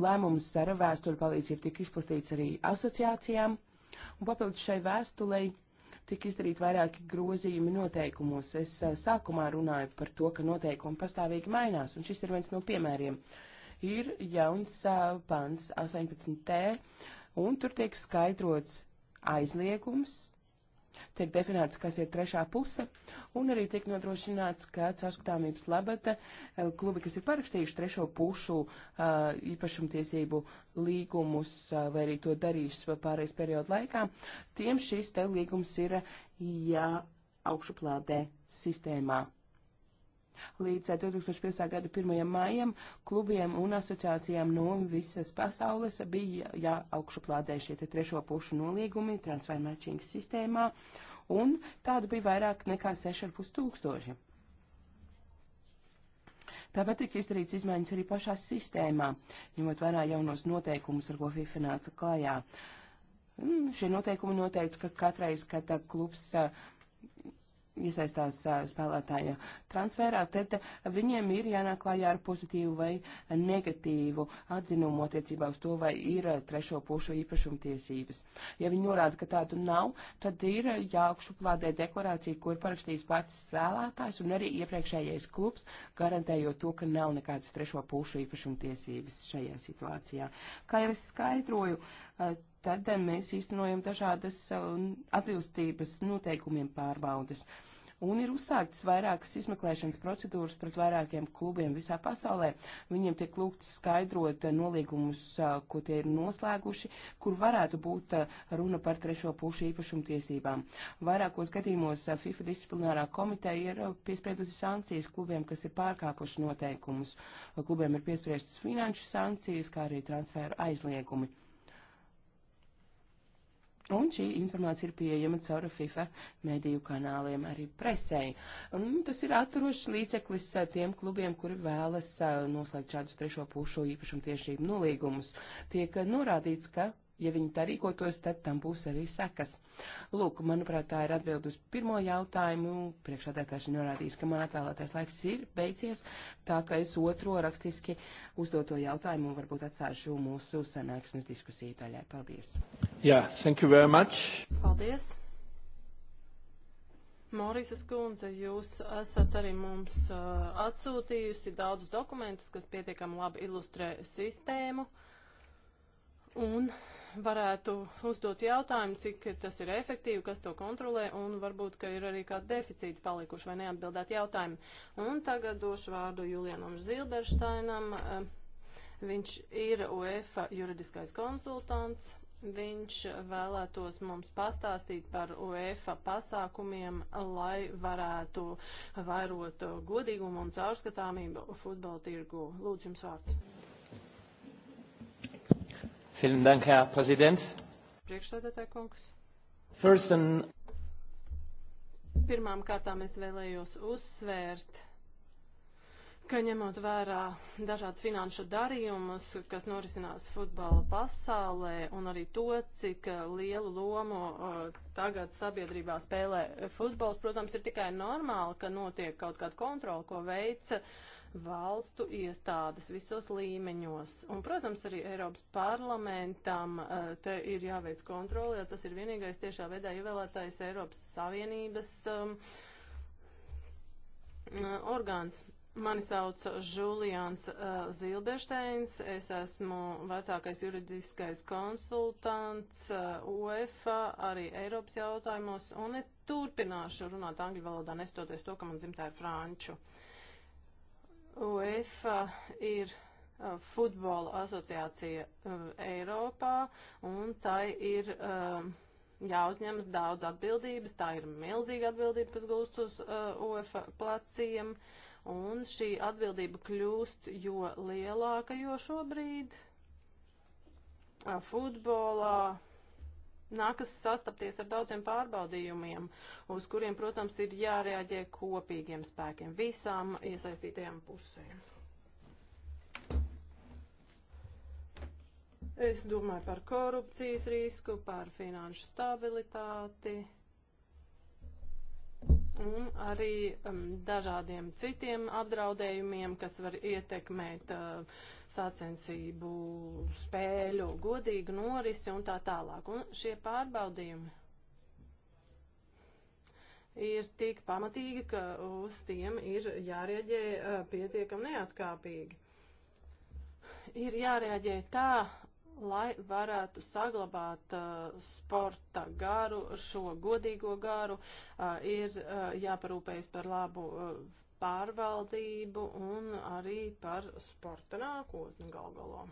lēmums sara vēsturi palīdzību tika izplatīts arī asociācijām, un papildus šai vēstulei tika izdarīt vairāki grozījumi noteikumos. Es eh, sākumā runāju par to, ka noteikumi pastāvīgi mainās, un šis ir viens no piemēriem. Ir jauns eh, pants 18t, un tur tiek skaidrots aizliegums tiek definēts, kas ir trešā puse, un arī tiek nodrošināts, ka caurskatāmības labata eh, klubi, kas ir parakstījuši trešo pušu eh, īpašumtiesību līgumus eh, vai arī to darījušas pārējais periodu laikā, tiem šis te līgums ir jāaugšuplādē sistēmā līdz 2005. Eh, gada 1. maijam klubiem un asociācijām no visas pasaules bija jāaugšuplādē šie te trešo pušu nolīgumi transfer matching sistēmā, un tādu bija vairāk nekā 6,5 tūkstoši. Tāpat tika izdarīts izmaiņas arī pašā sistēmā, ņemot vērā jaunos noteikumus, ar ko FIFA nāca klajā. Un mm, šie noteikumi noteica, ka katreiz, kad klubs uh, iesaistās spēlētāja transferā, tad viņiem ir jānāk klājā ar pozitīvu vai negatīvu atzinumu attiecībā uz to, vai ir trešo pušu īpašumtiesības. Ja viņi norāda, ka tādu nav, tad ir jākšu plādē deklarācija, kur parakstīs pats spēlētājs un arī iepriekšējais klubs, garantējot to, ka nav nekādas trešo pušu īpašumtiesības šajā situācijā. Kā jau es skaidroju, tad eh, mēs īstenojam dažādas eh, atbilstības noteikumiem pārbaudas. Un ir uzsāktas vairākas izmeklēšanas procedūras pret vairākiem klubiem visā pasaulē. Viņiem tiek lūgts skaidrot eh, nolīgumus, ko tie ir noslēguši, kur varētu būt runa par trešo pušu īpašumtiesībām. Vairākos gadījumos FIFA disciplinārā komiteja ir piespriedusi sankcijas klubiem, kas ir pārkāpuši noteikumus. Klubiem ir piespriestas finanšu sankcijas, kā arī transferu aizliegumi. Un šī informācija ir pieejama caur FIFA mediju kanāliem arī presē. Un tas ir atturošs līdzeklis eh, tiem klubiem, kuri vēlas eh, noslēgt šādus trešo pušu īpašumtiešību nolīgumus. Tiek eh, norādīts, ka ja viņi tā rīkotos, tad tam būs arī sekas. Lūk, manuprāt, tā ir atbild uz pirmo jautājumu. Priekšādātājs ir norādījis, ka man atvēlētais laiks ir beidzies, tā ka es otro rakstiski uzdoto jautājumu un varbūt atstāšu mūsu sanāksmes diskusiju daļai. Paldies! Jā, yeah, thank you very much! Paldies! Morisas kundze, jūs esat arī mums uh, atsūtījusi daudzus dokumentus, kas pietiekami labi ilustrē sistēmu. Un varētu uzdot jautājumu, cik tas ir efektīvi, kas to kontrolē, un varbūt, ka ir arī kādi deficīti palikuši vai neatbildēti jautājumi. Un tagad došu vārdu Julianam Zilberštainam. Eh, viņš ir UEFA juridiskais konsultants. Viņš vēlētos mums pastāstīt par UEFA pasākumiem, lai varētu vairot godīgumu un caurskatāmību futbola tirgu. Lūdzu, jums vārds. Vielen dank, Herr Prezidents. Priekšsēdētāji kungs. First and... Pirmām kārtām es vēlējos uzsvērt, ka ņemot vērā dažādas finanšu darījumus, kas norisinās futbola pasaulē, un arī to, cik uh, lielu lomu uh, tagad sabiedrībā spēlē futbols, protams, ir tikai normāli, ka notiek kaut kāda kontrola, ko veica uh, valstu iestādes visos līmeņos. Un, protams, arī Eiropas parlamentam eh, te ir jāveic kontroli, jo tas ir vienīgais tiešā veidā ievēlētais Eiropas Savienības um, eh, orgāns. Mani sauc Žulians uh, eh, Zilbersteins, es esmu vecākais juridiskais konsultants uh, UEFA, arī Eiropas jautājumos, un es turpināšu runāt angļu valodā, nestoties to, ka man dzimtā ir franču. Uh, UEFA ir uh, futbola asociācija uh, Eiropā, un tai ir um, jāuzņemas daudz atbildības, tā ir milzīga atbildība, kas gulst uz uh, UEFA pleciem, un šī atbildība kļūst jo lielāka, jo šobrīd futbolā nākas sastapties ar daudziem pārbaudījumiem, uz kuriem, protams, ir jārēģē kopīgiem spēkiem visām iesaistītajām pusēm. Es domāju par korupcijas risku, par finanšu stabilitāti un arī um, dažādiem citiem apdraudējumiem, kas var ietekmēt uh, sacensību, spēļu, godīgu norisi un tā tālāk. Un šie pārbaudījumi ir tik pamatīgi, ka uz tiem ir jārieģē uh, pietiekam neatkāpīgi. Ir jārēģē tā, lai varētu saglabāt uh, sporta garu, šo godīgo garu, uh, ir uh, jāparūpējas par labu uh, pārvaldību un arī par sporta nākotni galgalo.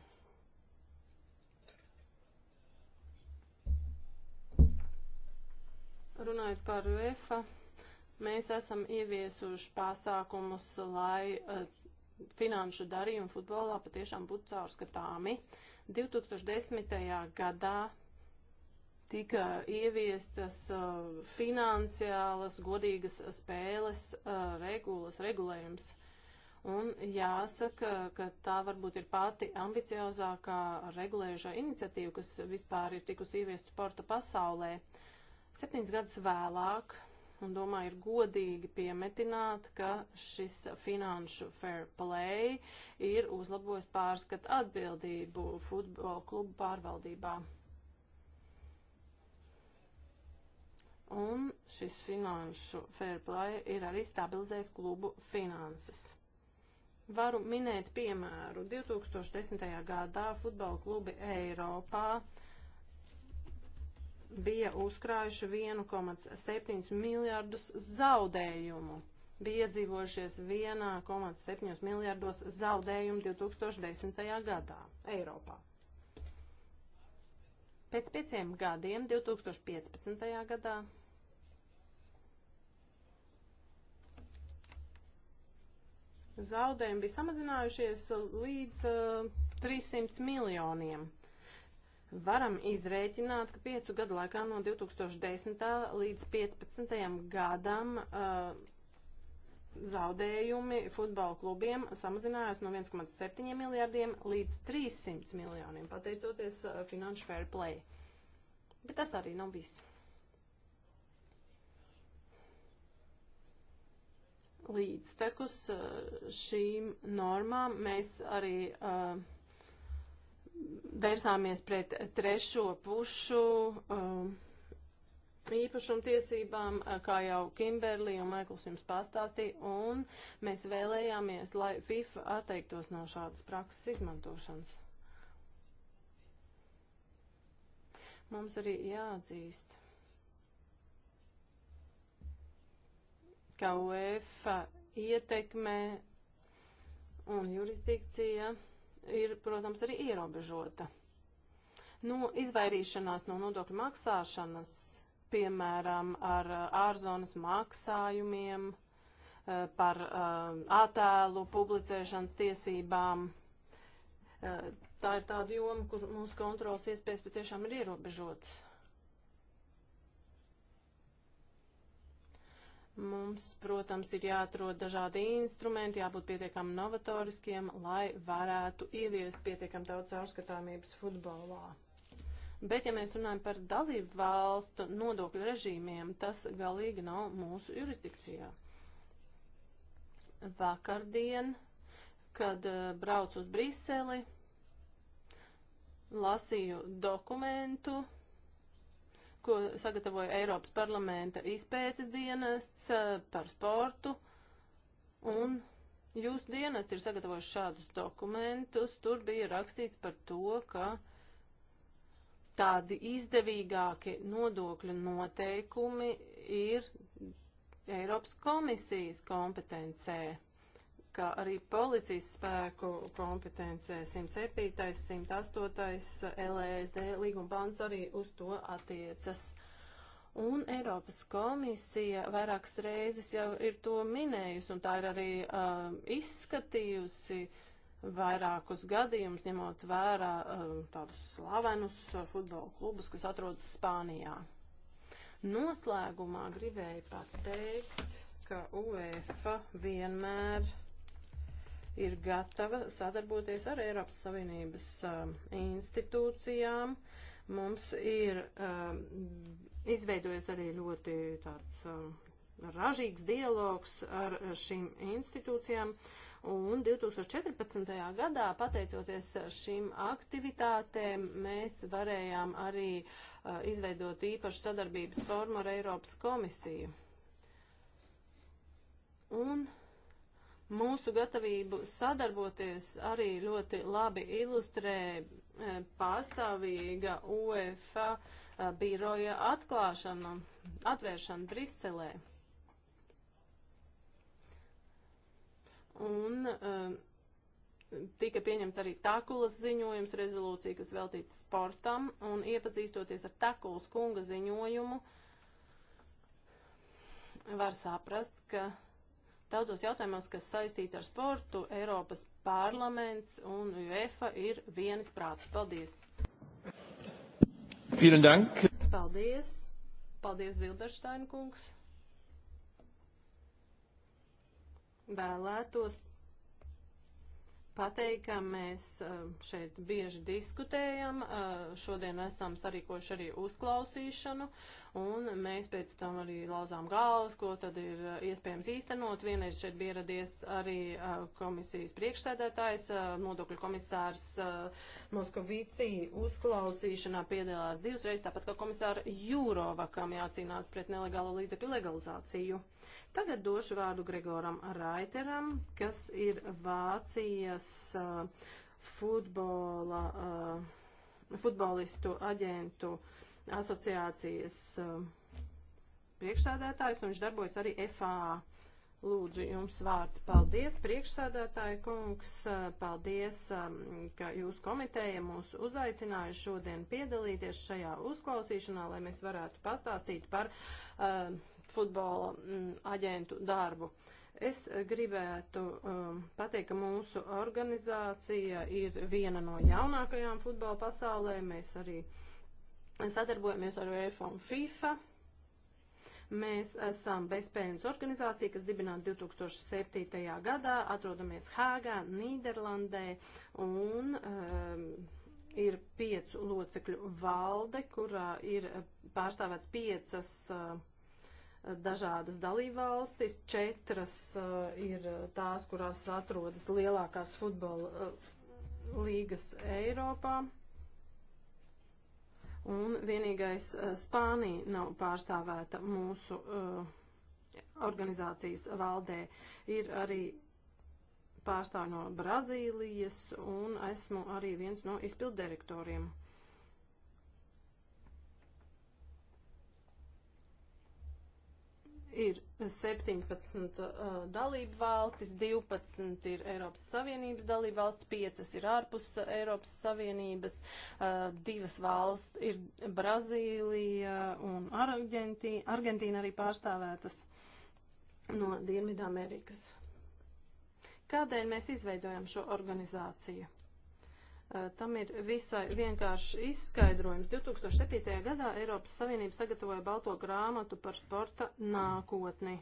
Runājot par UEFA, mēs esam ieviesuši pasākumus, lai uh, finanšu darījumi futbolā patiešām būtu caurskatāmi. 2010. gadā tika ieviestas uh, finansiālas godīgas spēles uh, regulas, regulējums. Un jāsaka, ka tā varbūt ir pati ambiciozākā regulējušā iniciatīva, kas vispār ir tikusi ieviesta sporta pasaulē. Septiņas gadus vēlāk un domāju, ir godīgi piemetināt, ka šis finanšu fair play ir uzlabojis pārskat atbildību futbola klubu pārvaldībā. Un šis finanšu fair play ir arī stabilizējis klubu finanses. Varu minēt piemēru. 2010. gadā futbola klubi Eiropā uh, bija uzkrājuši 1,7 miljardus zaudējumu. Bija iedzīvojušies 1,7 miljardos zaudējumu 2010. gadā Eiropā. Pēc pieciem gadiem, 2015. gadā, zaudējumi bija samazinājušies līdz uh, 300 miljoniem varam izrēķināt, ka piecu gadu laikā no 2010. līdz 2015. gadam uh, zaudējumi futbola klubiem samazinājās no 1,7 miljardiem līdz 300 miljoniem, pateicoties uh, finanšu fair play. Bet tas arī nav viss. Līdztekus uh, šīm normām mēs arī uh, vērsāmies pret trešo pušu um, īpašumtiesībām, uh, kā jau Kimberlī un Maikls jums pastāstīja, un mēs vēlējāmies, lai FIFA atteiktos no šādas prakses izmantošanas. Mums arī jāatzīst, ka UEFA ietekmē un jurisdikcija ir, protams, arī ierobežota. No nu, izvairīšanās no nodokļu maksāšanas, piemēram, ar uh, ārzonas maksājumiem, uh, par uh, attēlu publicēšanas tiesībām, tā ir tāda joma, kur mūsu kontrolas iespējas patiešām ir ierobežotas. Mums, protams, ir jāatrod dažādi instrumenti, jābūt pietiekami novatoriskiem, lai varētu ieviest pietiekami daudz caurskatāmības futbolā. Bet, ja mēs runājam par dalību valstu nodokļu režīmiem, tas galīgi nav mūsu jurisdikcijā. Vakardien, kad eh, braucu uz Briseli, lasīju dokumentu ko sagatavoja Eiropas parlamenta izpētes dienests eh, par sportu. Un jūsu dienests ir sagatavojuši šādus dokumentus. Tur bija rakstīts par to, ka tādi izdevīgāki nodokļu noteikumi ir Eiropas komisijas kompetencē kā arī policijas spēku kompetencē 107. 108. LSD līguma pants arī uz to attiecas. Un Eiropas komisija vairākas reizes jau ir to minējusi, un tā ir arī uh, izskatījusi vairākus gadījumus, ņemot vērā uh, tādus slavenus futbola klubus, kas atrodas Spānijā. Noslēgumā gribēju pateikt, ka UEFA vienmēr ir gatava sadarboties ar Eiropas Savienības um, institūcijām. Mums ir um, izveidojies arī ļoti tāds um, ražīgs dialogs ar šīm institūcijām. Un 2014. gadā, pateicoties šīm aktivitātēm, mēs varējām arī uh, izveidot īpašu sadarbības formu ar Eiropas komisiju. Un Mūsu gatavību sadarboties arī ļoti labi ilustrē e, pastāvīga UEFA e, biroja atklāšana, atvēršana Briselē. Un uh, tika pieņemts arī Takulas ziņojums, rezolūcija, kas veltīta sportam, un iepazīstoties ar Takulas kunga ziņojumu, var saprast, ka uh, Daudzos jautājumos, kas saistīti ar sportu, Eiropas parlaments un UEFA ir vienas prātas. Paldies! Vielen Dank! Paldies! Paldies, Vilberštaina kungs! Vēlētos pateikt, ka mēs uh, šeit bieži diskutējam. Uh, šodien esam sarīkojuši arī uzklausīšanu Un mēs pēc tam arī lauzām galvas, ko tad ir uh, iespējams īstenot. Vienreiz šeit bija ieradies arī uh, komisijas priekšsēdētājs, uh, nodokļu komisārs Moskovici uzklausīšanā piedalās divreiz, tāpat kā komisāra Jūrova, kam jācīnās pret nelegālo līdzekļu legalizāciju. Tagad došu vārdu Gregoram Raiteram, kas ir Vācijas futbola, futbolistu aģentu asociācijas um, priekšsādātājs, un viņš darbojas arī FAA. Lūdzu, jums vārds. Paldies, priekšsādātāja kungs. Paldies, um, ka jūs komiteja mūs uzaicināja šodien piedalīties šajā uzklausīšanā, lai mēs varētu pastāstīt par uh, futbola um, aģentu darbu. Es gribētu um, pateikt, ka mūsu organizācija ir viena no jaunākajām futbola pasaulē. Mēs arī uh, sadarbojamies ar UEFA un FIFA. Mēs esam bezpēļņas organizācija, kas dibināta 2007. gadā, atrodamies Hāgā, Nīderlandē un um, ir piecu locekļu valde, kurā ir pārstāvēts piecas uh, dažādas dalībvalstis, četras uh, ir tās, kurās atrodas lielākās futbola uh, līgas Eiropā. Uh, un vienīgais eh, Spānija nav pārstāvēta mūsu uh, organizācijas valdē. Ir arī pārstāvi no Brazīlijas, un esmu arī viens no izpildirektoriem. direktoriem. ir 17 uh, dalību valstis, 12 ir Eiropas Savienības dalību valsts, 5 ir ārpus Eiropas Savienības, uh, 2 valsts ir Brazīlija un Argentīna, Argentīna arī pārstāvētas no Dienvidamerikas. Kādēļ mēs izveidojam šo organizāciju? Eh, tam ir visai vienkārši izskaidrojums. 2007. gadā Eiropas Savienība sagatavoja balto grāmatu par sporta nākotni.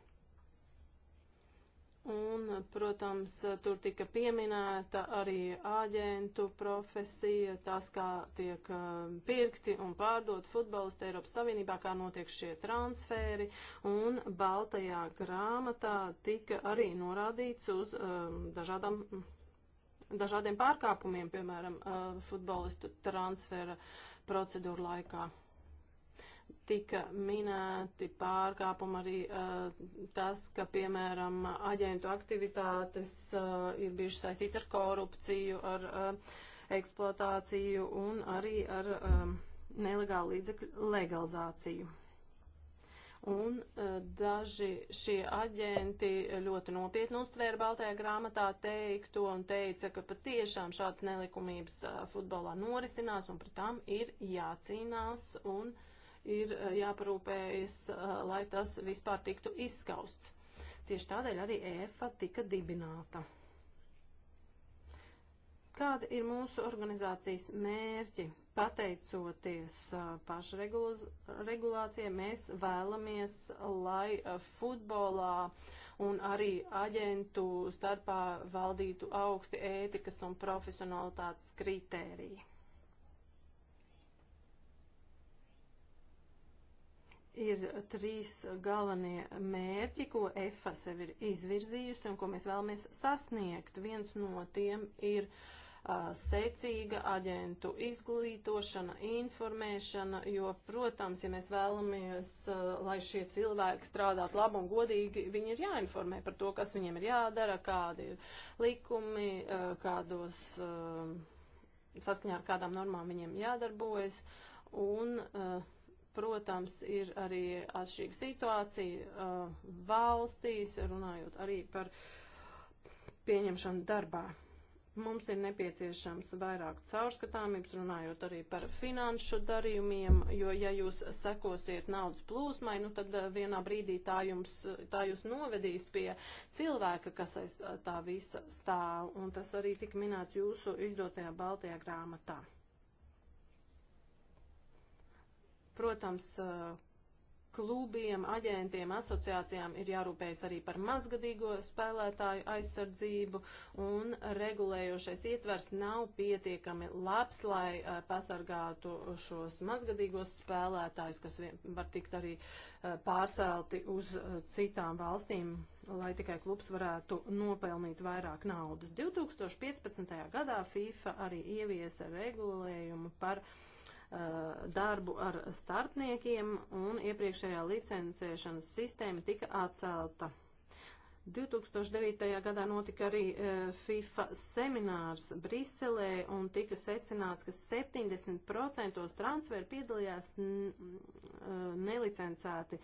Un, protams, tur tika pieminēta arī āģentu profesija, tas, kā tiek eh, pirkti un pārdot futbolisti Eiropas Savienībā, kā notiek šie transferi. Un Baltajā grāmatā tika arī norādīts uz um, dažādām dažādiem pārkāpumiem, piemēram, uh, futbolistu transfera procedūru laikā. Tika minēti pārkāpumi arī uh, tas, ka, piemēram, aģentu aktivitātes uh, ir bijušas saistītas ar korupciju, ar eksploatāciju un arī ar um, nelegālu līdzekļu legalizāciju. Un uh, daži šie aģenti ļoti nopietni uztvēra Baltajā grāmatā teikto un teica, ka patiešām šāds nelikumības uh, futbolā norisinās un pret tām ir jācīnās un ir uh, jāparūpējas, uh, lai tas vispār tiktu izskausts. Tieši tādēļ arī EFA tika dibināta. Kādi ir mūsu organizācijas mērķi? Pateicoties pašregulācijai, mēs vēlamies, lai futbolā un arī aģentu starpā valdītu augsti ētikas un profesionalitātes kritēriji. Ir trīs galvenie mērķi, ko EFA sev ir izvirzījusi un ko mēs vēlamies sasniegt. Viens no tiem ir uh, secīga aģentu izglītošana, informēšana, jo, protams, ja mēs vēlamies, lai šie cilvēki strādātu labi un godīgi, viņi ir jāinformē par to, kas viņiem ir jādara, kādi ir likumi, kādos saskaņā ar kādām normām viņiem jādarbojas. Un, protams, ir arī atšķirīga situācija valstīs, runājot arī par pieņemšanu darbā. Mums ir nepieciešams vairāk caurskatāmības, runājot arī par finanšu darījumiem, jo ja jūs sekosiet naudas plūsmai, nu tad eh, vienā brīdī tā, jums, tā jūs novedīs pie cilvēka, kas aiz eh, tā visa stāv, un tas arī tik minēts jūsu izdotajā Baltajā grāmatā. Protams, eh, klubiem, aģentiem, asociācijām ir jārūpējas arī par mazgadīgo spēlētāju aizsardzību, un regulējošais ietvers nav pietiekami labs, lai uh, pasargātu šos mazgadīgos spēlētājus, kas vien, var tikt arī uh, pārcelti uz uh, citām valstīm, lai tikai klubs varētu nopelnīt vairāk naudas. 2015. gadā FIFA arī ieviesa regulējumu par uh, Uh, darbu ar starpniekiem, un iepriekšējā licencēšanas sistēma tika atcelta. 2009. gadā notika arī uh, FIFA seminārs Briselē un tika secināts, ka 70% transferu piedalījās uh, nelicencēti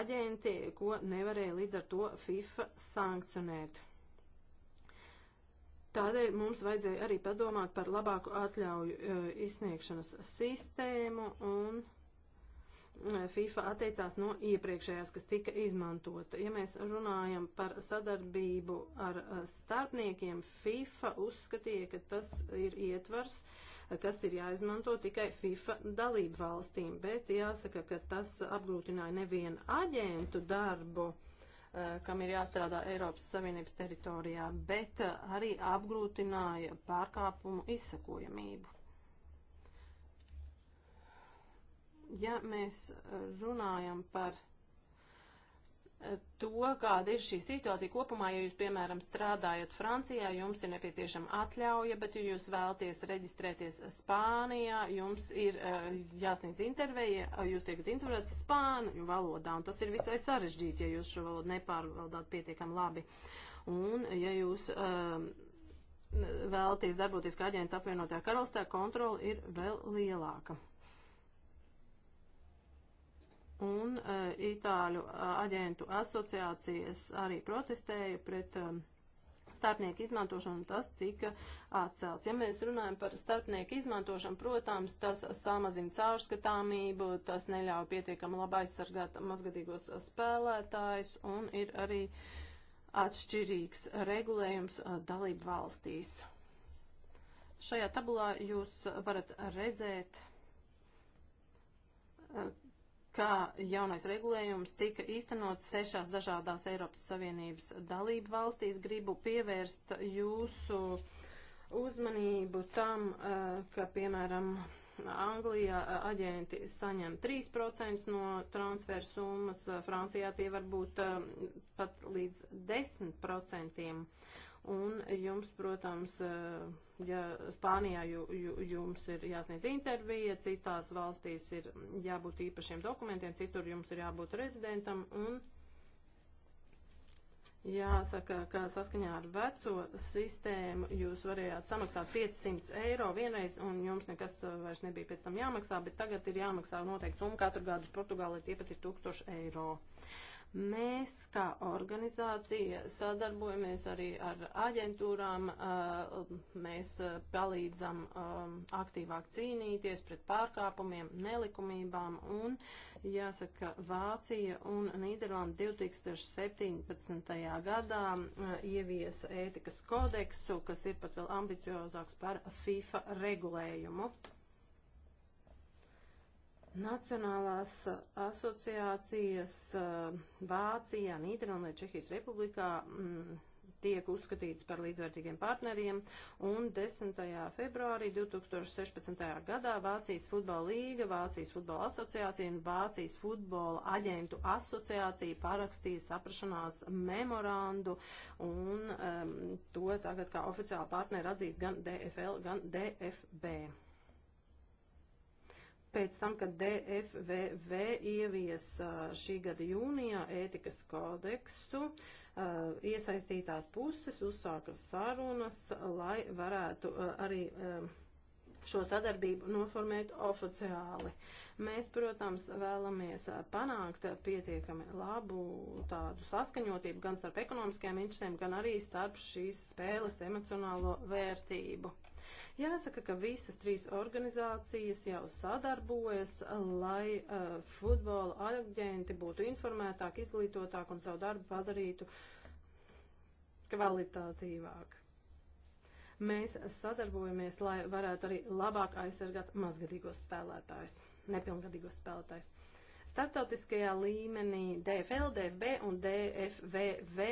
aģenti, ko nevarēja līdz ar to FIFA sankcionēt. Tādēļ mums vajadzēja arī padomāt par labāku atļauju e, izsniegšanas sistēmu un e, FIFA atteicās no iepriekšējās, kas tika izmantota. Ja mēs runājam par sadarbību ar e, starpniekiem, FIFA uzskatīja, ka tas ir ietvars, kas ir jāizmanto tikai FIFA dalību valstīm, bet jāsaka, ka tas apgrūtināja nevienu aģentu darbu Eh, kam ir jāstrādā Eiropas Savienības teritorijā, bet eh, arī apgrūtināja pārkāpumu izsakojamību. Ja mēs runājam par to, kāda ir šī situācija kopumā, ja jūs, piemēram, strādājat Francijā, jums ir nepieciešama atļauja, bet, ja jūs vēlaties reģistrēties Spānijā, jums ir uh, jāsniedz intervija, eh, jūs tiekat intervētas spāņu valodā, un tas ir visai sarežģīti, ja jūs šo valodu nepārvaldāt pietiekami labi. Un, ja jūs uh, eh, vēlaties darboties kā aģents apvienotajā karalstā, kontrola ir vēl lielāka. Un uh, Itāļu uh, aģentu asociācijas arī protestēja pret um, starpnieku izmantošanu, un tas tika atcelts. Ja mēs runājam par starpnieku izmantošanu, protams, tas samazina caurskatāmību, tas neļauj pietiekami labi aizsargāt mazgadīgos spēlētājus, un ir arī atšķirīgs regulējums dalību valstīs. Šajā tabulā jūs varat redzēt ka jaunais regulējums tika īstenots sešās dažādās Eiropas Savienības dalību valstīs. Gribu pievērst jūsu uzmanību tam, eh, ka, piemēram, Anglijā eh, aģenti saņem 3% no transferu summas, Francijā tie var būt eh, pat līdz 10%. Un jums, protams, eh, ja Spānijā jums ir jāsniedz intervija, citās valstīs ir jābūt īpašiem dokumentiem, citur jums ir jābūt rezidentam. Un jāsaka, ka saskaņā ar veco sistēmu jūs varējāt samaksāt 500 eiro vienreiz, un jums nekas eh, vairs nebija pēc tam jāmaksā, bet tagad ir jāmaksā noteikti summa katru gadu uz Portugāli, tie pat ir 1000 eiro. Uh, Mēs, kā organizācija, sadarbojamies arī ar aģentūrām, mēs palīdzam aktīvāk cīnīties pret pārkāpumiem, nelikumībām, un, jāsaka, Vācija un Nīderlanda 2017. gadā ievies ētikas kodeksu, kas ir pat vēl ambiciozāks par FIFA regulējumu. Nacionālās asociācijas Vācijā, Nīderlandē, Čehijas Republikā m, mm, tiek uzskatīts par līdzvērtīgiem partneriem, un 10. februārī 2016. gadā Vācijas futbola līga, Vācijas futbola asociācija un Vācijas futbola aģentu asociācija parakstīja saprašanās memorandu, un um, to tagad kā oficiāli partneri atzīst gan DFL, gan DFB pēc tam, kad DFVV ievies uh, šī gada jūnijā ētikas kodeksu, uh, iesaistītās puses uzsāka sarunas, lai varētu uh, arī um, šo sadarbību noformēt oficiāli. Mēs, protams, vēlamies panākt pietiekami labu tādu saskaņotību gan starp ekonomiskajām interesēm, gan arī starp šīs spēles emocionālo vērtību. Jāsaka, ka visas trīs organizācijas jau sadarbojas, lai uh, futbola aģenti būtu informētāk, izglītotāk un savu darbu padarītu kvalitātīvāk mēs sadarbojamies, lai varētu arī labāk aizsargāt mazgadīgos spēlētājus, nepilngadīgos spēlētājus starptautiskajā līmenī DFL, DFB un DFVV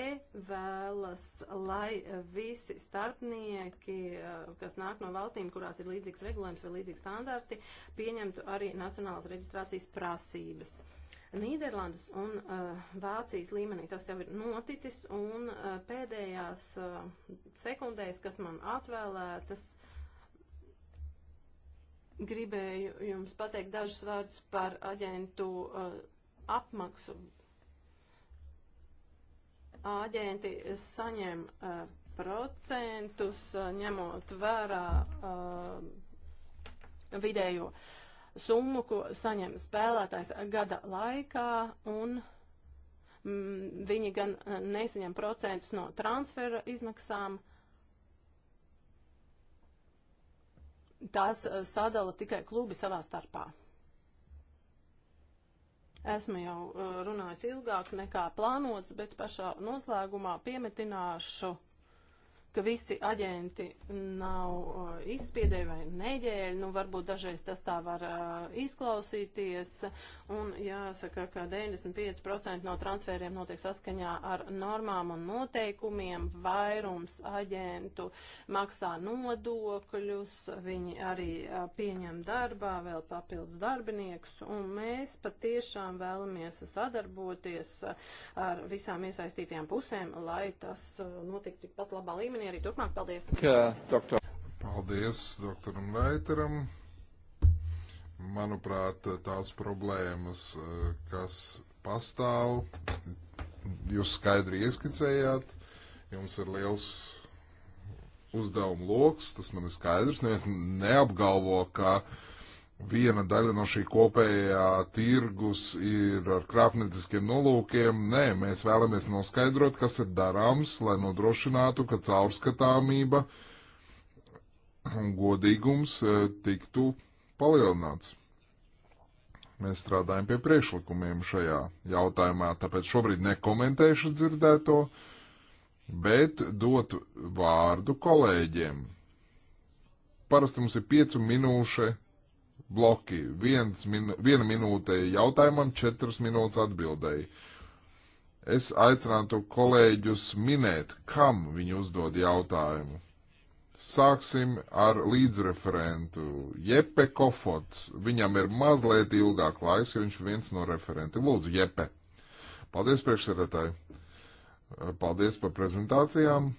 vēlas, lai visi starpnieki, eh, kas nāk no valstīm, kurās ir līdzīgs regulējums vai līdzīgi standarti, pieņemtu arī nacionālas reģistrācijas prasības. Nīderlandes un uh, Vācijas līmenī tas jau ir noticis, un uh, pēdējās uh, sekundēs, kas man atvēlētas, uh, gribēju jums pateikt dažus vārdus par aģentu uh, apmaksu. Aģenti saņem uh, procentus, uh, ņemot vērā uh, vidējo summu, ko saņem spēlētājs gada laikā, un mm, viņi gan uh, nesaņem procentus no transfera izmaksām, uh, tās eh, sadala tikai klubi savā starpā. Esmu jau eh, runājis ilgāk nekā plānots, bet pašā noslēgumā piemetināšu ka visi aģenti nav uh, izspiedēji vai neģēļi, nu varbūt dažreiz tas tā var uh, izklausīties, un jāsaka, ka 95% no transfēriem notiek saskaņā ar normām un noteikumiem, vairums aģentu maksā nodokļus, viņi arī uh, pieņem darbā vēl papildus darbiniekus, un mēs patiešām vēlamies sadarboties uh, ar visām iesaistītajām pusēm, lai tas uh, notiktu tikpat labā līmenī sarunai arī turpmāk. Paldies! Kā, doktor. Paldies doktoram Raiteram. Manuprāt, tās problēmas, eh, kas pastāv, jūs skaidri ieskicējāt. Jums ir liels uzdevumu lokus, tas man ir skaidrs. Neviens neapgalvo, ka uh, viena daļa no šī kopējā tirgus ir ar krāpnieciskiem nolūkiem. Nē, mēs vēlamies noskaidrot, kas ir darāms, lai nodrošinātu, ka caurskatāmība un godīgums eh, tiktu palielināts. Mēs strādājam pie priekšlikumiem šajā jautājumā, tāpēc šobrīd nekomentēšu dzirdēto, bet dot vārdu kolēģiem. Parasti mums ir piecu minūšu bloki. Viens min, viena minūte jautājumam, četras minūtes atbildēji. Es aicinātu kolēģus minēt, kam viņi uzdod jautājumu. Sāksim ar līdzreferentu. Jepe Kofots. Viņam ir mazliet ilgāk laiks, jo viņš viens no referentiem. Lūdzu, Jepe. Paldies, priekšsēdētāji. Paldies par prezentācijām.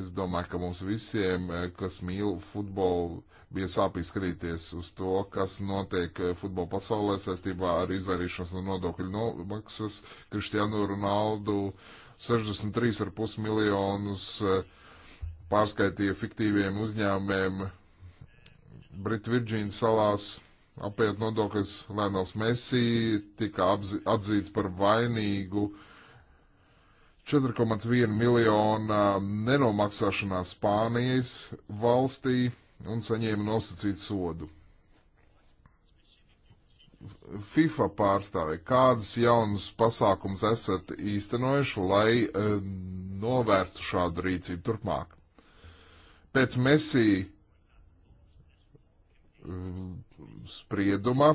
Es domāju, ka mums visiem, eh, kas mīl futbolu, bija sāpīgi skatīties uz to, kas notiek eh, futbola pasaulē saistībā ar izvairīšanos no nodokļu nomaksas. Kristiānu Ronaldu 63,5 miljonus eh, pārskaitīja fiktīviem uzņēmumiem Britu Virģīnas salās apiet nodokļus Lēnels Messi, tika apzi, atzīts par vainīgu 4,1 miljonu nenomaksāšanā Spānijas valstī un saņēma nosacītu sodu. FIFA pārstāvja, kādas jaunas pasākums esat īstenojuši, lai e, novērstu šādu rīcību turpmāk? Pēc Messi e, sprieduma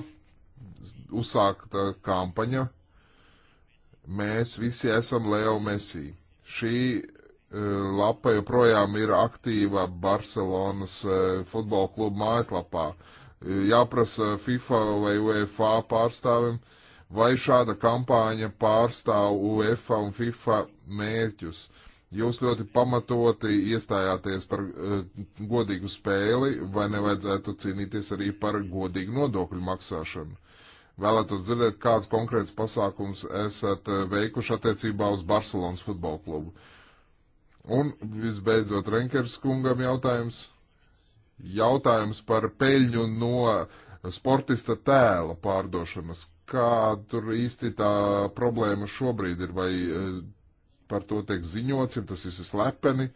uzsākta kampaņa Mēs visi esam Leo Messi. Šī Eh, lapa joprojām ir aktīva Barcelonas eh, futbola kluba mājaslapā. Eh, jāprasa FIFA vai UEFA pārstāvim, vai šāda kampaņa pārstāv UEFA un FIFA mērķus. Jūs ļoti pamatoti iestājāties par uh, godīgu spēli, vai nevajadzētu cīnīties arī par godīgu nodokļu maksāšanu? Vēlētos dzirdēt, kāds konkrēts pasākums esat veikuši attiecībā uz Barcelonas futbola klubu. Uh, Un visbeidzot, Renkers kungam jautājums. Jautājums par peļņu no sportista tēla pārdošanas. Kā tur īsti tā problēma šobrīd ir? Vai e, par to tiek ziņots, ja tas viss ir slepeni?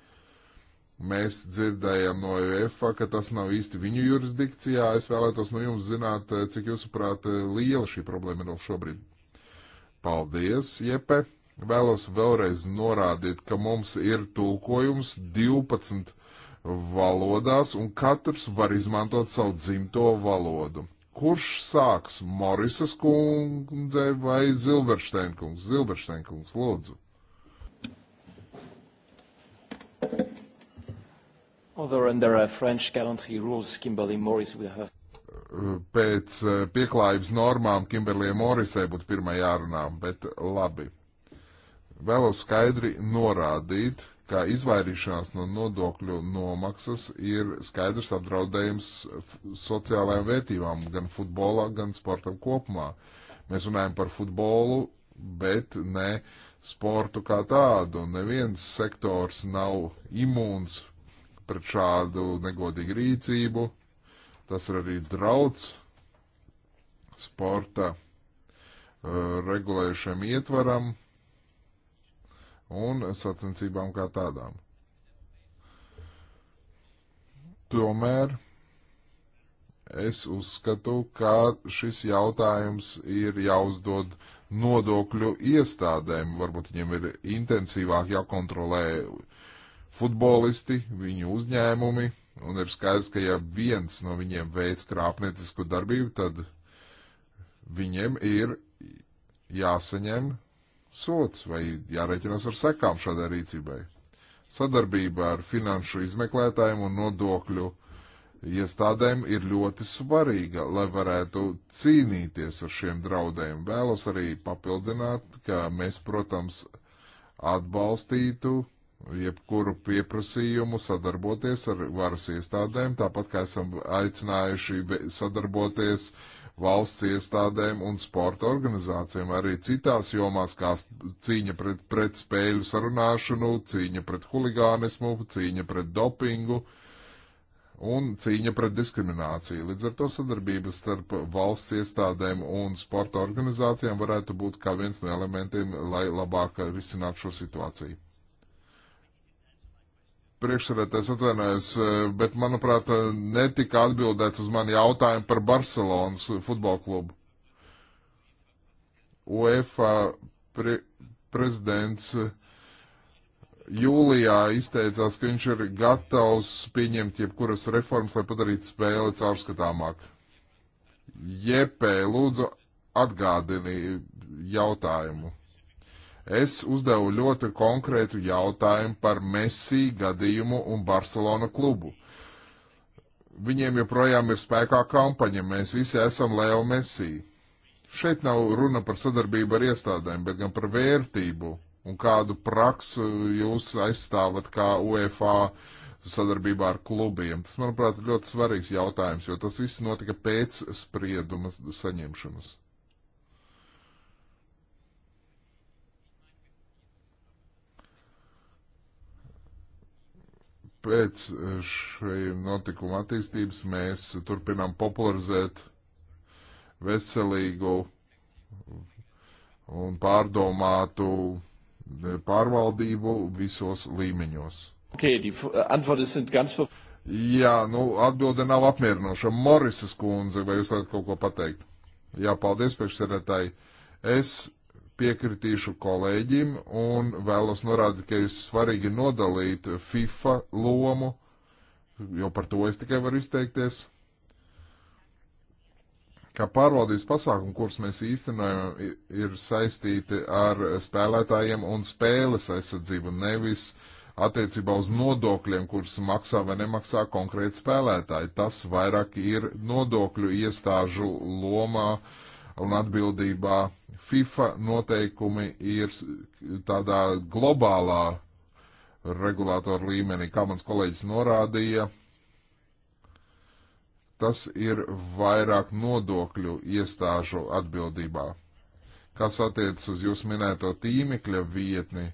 Mēs dzirdējām no UEFA, ka tas nav īsti viņu jurisdikcijā. Es vēlētos no jums zināt, e, cik jūsuprāt e, liela šī problēma ir no šobrīd. Paldies, Jepe! Vēlos vēlreiz norādīt, ka mums ir tulkojums 12 valodās, un katrs var izmantot savu dzimto valodu. Kurš sāks? Morisas kundze vai Zilberšteinkungs? Zilberšteinkungs, lūdzu. Although under uh, French gallantry rules, Kimberly Morris will have pēc eh, pieklājības normām Kimberlijai Morisai būtu pirmā jārunā, bet labi vēlos skaidri norādīt, ka izvairīšanās no nodokļu nomaksas ir skaidrs apdraudējums sociālajām vērtībām gan futbolā, gan sportam kopumā. Mēs runājam par futbolu, bet ne sportu kā tādu. Neviens sektors nav imūns pret šādu negodīgu rīcību. Tas ir arī drauds sporta uh, regulējušiem ietvaram un sacensībām kā tādām. Tomēr es uzskatu, ka šis jautājums ir jāuzdod nodokļu iestādēm. Varbūt viņiem ir intensīvāk jākontrolē futbolisti, viņu uzņēmumi, un ir skaidrs, ka ja viens no viņiem veids krāpniecisku darbību, tad viņiem ir jāsaņem sots vai jārēķinās ar sekām šādai rīcībai. Sadarbība ar finanšu izmeklētājiem un nodokļu iestādēm ir ļoti svarīga, lai varētu cīnīties ar šiem draudējiem. Vēlos arī papildināt, ka mēs, protams, atbalstītu jebkuru pieprasījumu sadarboties ar varas iestādēm, tāpat kā esam aicinājuši sadarboties uh, valsts iestādēm un sporta organizācijām, arī citās jomās, kā cīņa pret, pret spēļu sarunāšanu, cīņa pret huligānismu, cīņa pret dopingu un cīņa pret diskrimināciju. Līdz ar to sadarbības starp valsts iestādēm un sporta organizācijām varētu būt kā viens no elementiem, lai labāk risinātu šo situāciju. Priekšsēdētājs atvainojas, eh, bet manuprāt, netika atbildēts uz mani jautājumu par Barcelonas futbola klubu. UEFA pre prezidents eh, jūlijā izteicās, ka viņš ir gatavs pieņemt jebkuras reformas, lai padarītu spēli caurskatāmāk. Jepē, lūdzu, atgādini jautājumu. Es uzdevu ļoti konkrētu jautājumu par Messi gadījumu un Barcelona klubu. Viņiem joprojām ir spēkā kampaņa, mēs visi esam Leo Messi. Šeit nav runa par sadarbību ar iestādēm, bet gan par vērtību un kādu praksu jūs aizstāvat kā UEFA sadarbībā ar klubiem. Tas, manuprāt, ir ļoti svarīgs jautājums, jo tas viss notika pēc sprieduma saņemšanas. pēc šiem notikuma attīstības mēs turpinām popularizēt veselīgu un pārdomātu pārvaldību visos līmeņos. Okay, die äh, Antworten sind ganz Jā, nu, atbilde nav apmierinoša. Morisas kundze, vai jūs varat kaut ko pateikt? Jā, paldies, priekšsēdētāji. Es piekritīšu kolēģim un vēlos norādīt, ka ir svarīgi nodalīt FIFA lomu, jo par to es tikai varu izteikties. Kā pārvaldības pasākumu, kurus mēs īstenojam, ir saistīti ar spēlētājiem un spēles aizsardzību, nevis attiecībā uz nodokļiem, kurus maksā vai nemaksā konkrēti spēlētāji. Tas vairāk ir nodokļu iestāžu lomā uh, un atbildībā. FIFA noteikumi ir tādā globālā regulātoru līmenī, kā mans kolēģis norādīja. Tas ir vairāk nodokļu iestāžu atbildībā. Kas attiecas uz jūsu minēto tīmekļa vietni,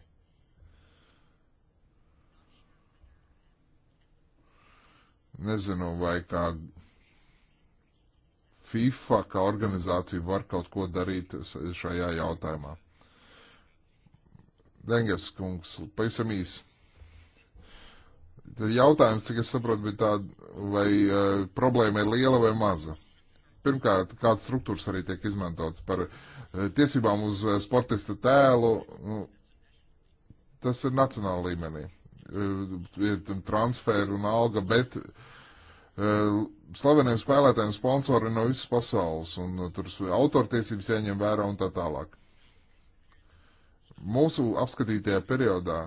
nezinu, vai kā FIFA kā organizācija var kaut ko darīt šajā jautājumā. Dengers kungs, pavisam īsi. Jautājums, cik es saprotu, bija tāda, vai uh, problēma ir liela vai maza. Pirmkārt, kādas struktūras arī tiek izmantotas par uh, tiesībām uz uh, sportista tēlu, nu, tas ir nacionāla līmenī. Uh, ir transfer un alga, bet uh, slaveniem spēlētājiem sponsori no visas pasaules, un uh, tur autortiesības jāņem vērā un tā tālāk. Mūsu apskatītajā periodā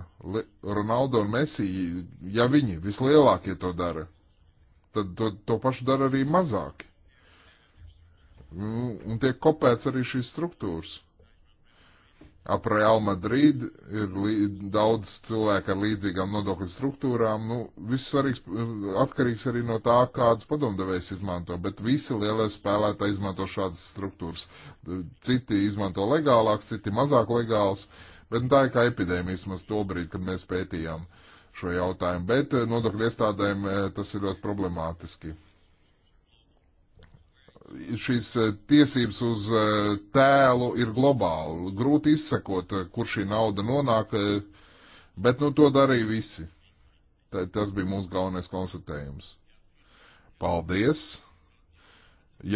Ronaldo un Messi, ja viņi vislielākie to dara, tad to, to pašu dara arī mazāki. Un tiek kopēts arī šīs struktūras. Ap Real Madrid ir daudz cilvēku ar līdzīgām nodokļu struktūrām. Nu, viss svarīgs atkarīgs arī no tā, kādas padomdevējs izmanto, bet visi lielie spēlētāji izmanto šādas struktūras. Citi izmanto legālāks, citi mazāk legāls, bet nu, tā ir kā epidēmija vismaz to brīdi, kad mēs pētījām šo jautājumu. Bet eh, nodokļu iestādēm eh, tas ir ļoti problemātiski šīs eh, tiesības uz eh, tēlu ir globāli. Grūti izsekot, eh, kur šī nauda nonāk, bet nu to darīja visi. Tā, tas bija mūsu galvenais konstatējums. Paldies!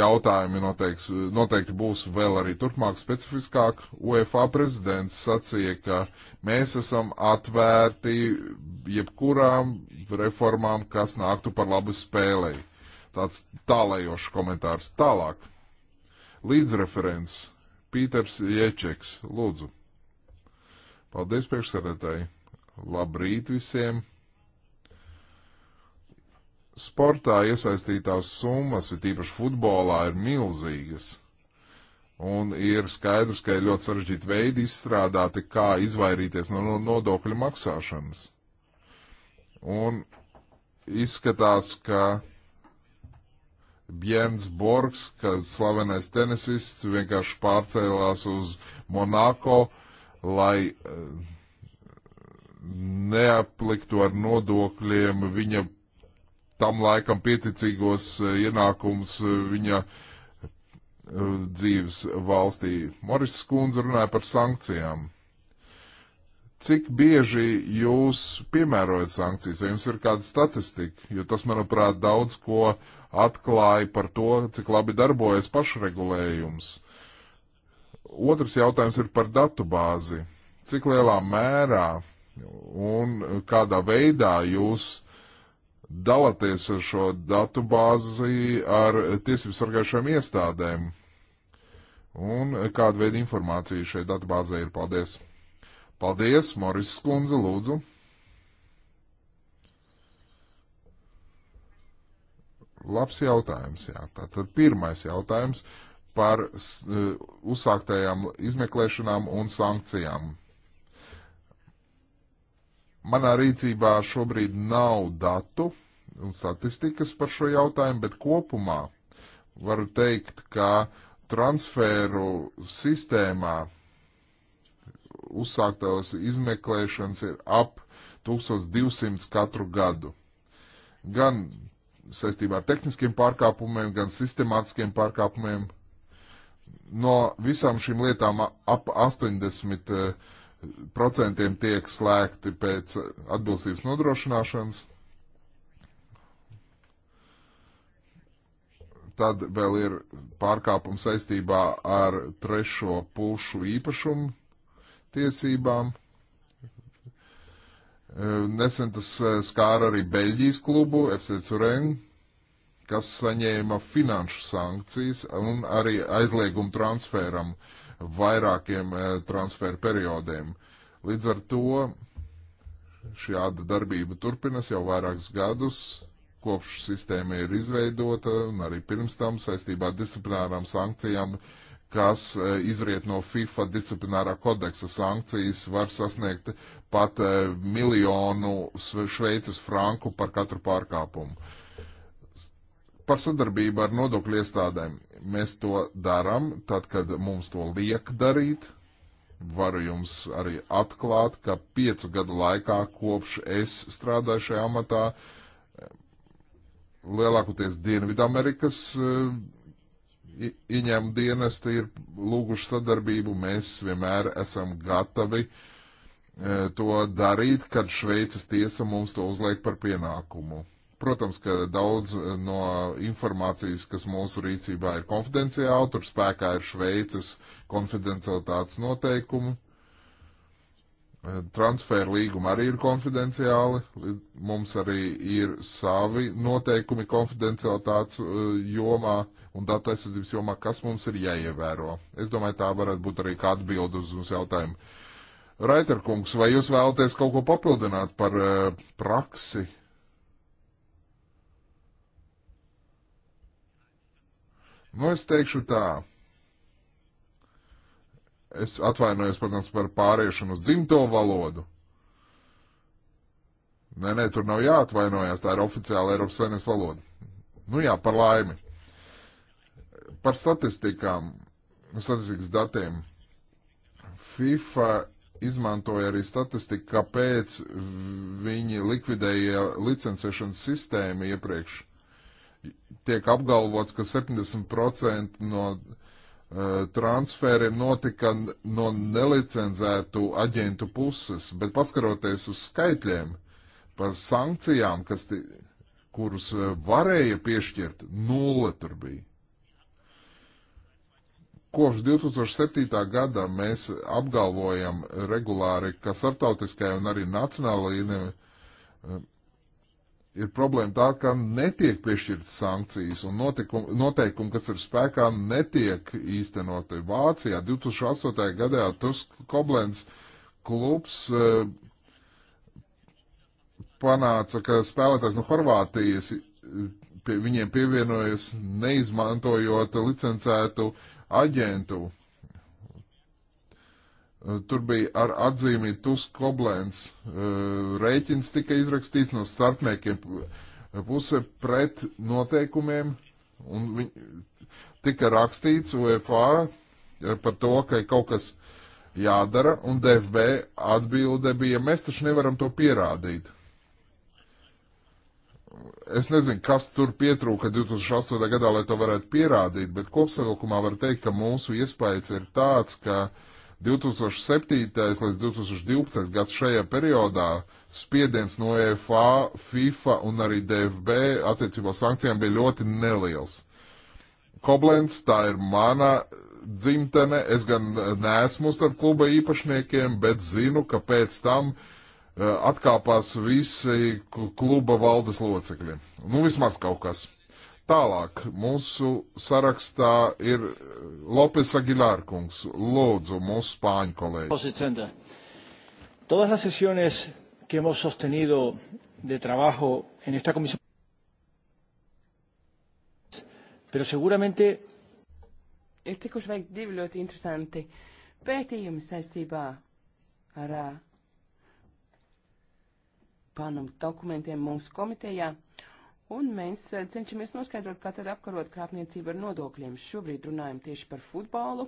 Jautājumi noteikti, noteikti būs vēl arī turpmāk specifiskāk. UEFA prezidents sacīja, ka mēs esam atvērti jebkurām reformām, kas nāktu par labu spēlei tāds tālējošs komentārs. Tālāk. Līdzreferents Pīters Ječeks. Lūdzu. Paldies priekšsēdētāji. Labrīt visiem. Sportā iesaistītās summas, ir tīpaši futbolā, ir milzīgas. Un ir skaidrs, ka ir ļoti sarežģīti veidi izstrādāti, kā izvairīties no nodokļu maksāšanas. Un izskatās, ka Bjērns Borgs, kas slavenais tenisists, vienkārši pārcēlās uz Monako, lai eh, neapliktu ar nodokļiem viņa tam laikam pieticīgos eh, ienākums eh, viņa dzīves valstī. Moris Skundze runāja par sankcijām. Cik bieži jūs piemērojat sankcijas, vai jums ir kāda statistika? Jo tas, manuprāt, daudz ko atklāja par to, cik labi darbojas pašregulējums. Otrs jautājums ir par datu bāzi. Cik lielā mērā un kādā veidā jūs dalāties ar šo datu bāzi ar tiesību sargājušām iestādēm? Un kāda veida informācija šai datu bāzē ir? Paldies! Paldies, Moris Skundze, lūdzu! Labs jautājums, jā. Tātad pirmais jautājums par e, uzsāktējām izmeklēšanām un sankcijām. Manā rīcībā šobrīd nav datu un statistikas par šo jautājumu, bet kopumā varu teikt, ka transferu sistēmā uzsāktās izmeklēšanas ir ap 1200 katru gadu. Gan saistībā ar tehniskiem pārkāpumiem, gan sistemātiskiem pārkāpumiem. No visām šīm lietām ap 80% eh, tiek slēgti pēc atbilstības nodrošināšanas. Tad vēl ir pārkāpums saistībā ar trešo pušu īpašumu tiesībām Eh, nesen tas eh, skāra arī Beļģijas klubu FC Curen, kas saņēma finanšu sankcijas un arī aizliegumu transferam vairākiem eh, transferu periodiem. Līdz ar to šāda darbība turpinas jau vairākus gadus, kopš sistēma ir izveidota un arī pirms tam saistībā ar disciplinārām sankcijām uh, kas e, izriet no FIFA disciplinārā kodeksa sankcijas, var sasniegt pat e, miljonu šveices franku par katru pārkāpumu. Par sadarbību ar nodokļu iestādēm mēs to darām, tad, kad mums to liek darīt. Varu jums arī atklāt, ka piecu gadu laikā, kopš es strādāju šajā amatā, e, lielākoties Dienvidamerikas ieņēmuma dienesti ir lūguši sadarbību. Mēs vienmēr esam gatavi e, to darīt, kad Šveices tiesa mums to uzliek par pienākumu. Protams, ka daudz e, no informācijas, kas mūsu rīcībā ir konfidenciāla, tur spēkā ir Šveices konfidencialitātes noteikumi. E, transfer līguma arī ir konfidenciāli, mums arī ir savi noteikumi konfidencialitātes e, jomā, un datu aizsardzības jomā, kas mums ir jāievēro. Es domāju, tā varētu būt arī kā atbilde uz mūsu jautājumu. Raiterkungs, vai jūs vēlaties kaut ko papildināt par uh, praksi? Nu, es teikšu tā. Es atvainojos, protams, par pāriešanu uz dzimto valodu. Nē, nē, tur nav jāatvainojās, tā ir oficiāla Eiropas saimnes valoda. Nu jā, par laimi. Par statistikām, statistikas datiem. FIFA izmantoja arī statistiku, kāpēc viņi likvidēja licencēšanas sistēmu iepriekš. Tiek apgalvots, ka 70% no uh, transferiem notika no nelicenzētu aģentu puses, bet paskaroties uz skaitļiem par sankcijām, kas, kurus eh, varēja piešķirt, nulle tur bija. Kopš 2007. gada mēs apgalvojam regulāri, ka starptautiskajā un arī nacionālajā līmenī eh, ir problēma tā, ka netiek piešķirtas sankcijas un notikumi, noteikumi, kas ir spēkā, netiek īstenoti. Vācijā 2008. gadā Tusk Koblens klubs eh, panāca, ka spēlētājs no Horvātijas eh, pie viņiem pievienojas neizmantojot licencētu uh, aģentu. Tur bija ar atzīmi Tusk Koblēns eh, rēķins tika izrakstīts no starpniekiem puse pret noteikumiem, un viņ, tika rakstīts UEFA par to, ka kaut kas jādara, un DFB atbilde bija, mēs taču nevaram to pierādīt es nezinu, kas tur pietrūka 2008. gadā, lai to varētu pierādīt, bet kopsavilkumā var teikt, ka mūsu iespējas ir tāds, ka 2007. līdz 2012. gads šajā periodā spiediens no EFA, FIFA un arī DFB attiecībā sankcijām bija ļoti neliels. Koblenz, tā ir mana dzimtene, es gan neesmu starp kluba īpašniekiem, bet zinu, ka pēc tam uh, Eh, atkāpās visi kluba valdes locekļi. Nu, vismaz kaut kas. Tālāk mūsu sarakstā ir eh, Lopes Aguilārkungs. Lūdzu, mūsu spāņu kolēģi. Todas las sesiones que hemos sostenido de trabajo en esta comisión, pero seguramente. Ir tikuši veikti divi ļoti interesanti pētījumi saistībā ar uh, Panamas dokumentiem mūsu komitejā, un mēs eh, cenšamies noskaidrot, kā tad apkarot krāpniecību ar nodokļiem. Šobrīd runājam tieši par futbolu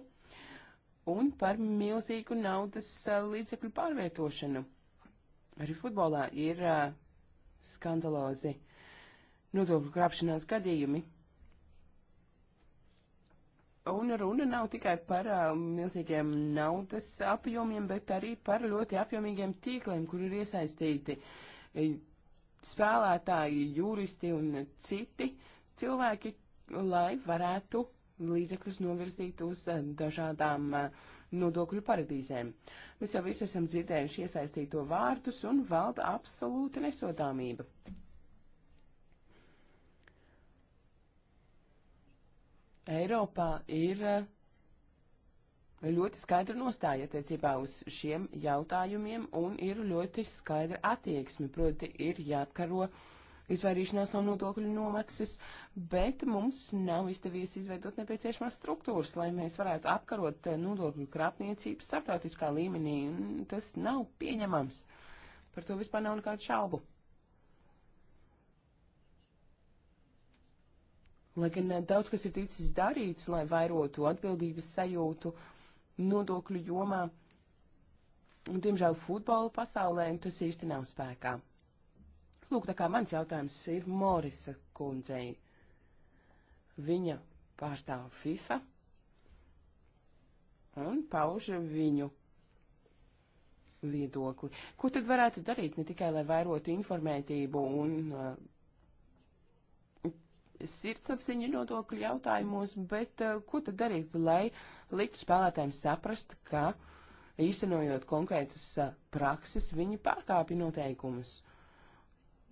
un par milzīgu naudas eh, līdzekļu pārvietošanu. Arī futbolā ir uh, skandalozi nodokļu krāpšanās gadījumi. Un runa nav tikai par uh, milzīgiem naudas apjomiem, bet arī par ļoti apjomīgiem tīkliem, kur ir iesaistīti uh, spēlētāji, juristi un citi cilvēki, lai varētu līdzekļus novirzīt uz eh, dažādām eh, nodokļu paradīzēm. Mēs jau visi esam dzirdējuši iesaistīto vārdus un valda absolūta nesodāmība. Eiropā ir eh, ļoti skaidra nostāja attiecībā uz šiem jautājumiem un ir ļoti skaidra attieksme, proti ir jāapkaro izvairīšanās no nodokļu nomaksas, bet mums nav izdevies izveidot nepieciešamās struktūras, lai mēs varētu apkarot eh, nodokļu krāpniecību starptautiskā līmenī, un tas nav pieņemams. Par to vispār nav nekādu šaubu. Lai gan eh, daudz kas ir ticis darīts, lai vairotu atbildības sajūtu, uh, nodokļu jomā. Un, diemžēl futbola pasaulē tas īsti nav spēkā. Lūk, tā kā mans jautājums ir Morisa kundzei. Viņa pārstāv FIFA un pauž viņu viedokli. Ko tad varētu darīt ne tikai, lai vairotu informētību un uh, sirdsapziņu nodokļu jautājumos, bet uh, ko tad darīt, lai uh, liktu spēlētājiem saprast, ka īstenojot konkrētas prakses, viņi pārkāpja noteikumus.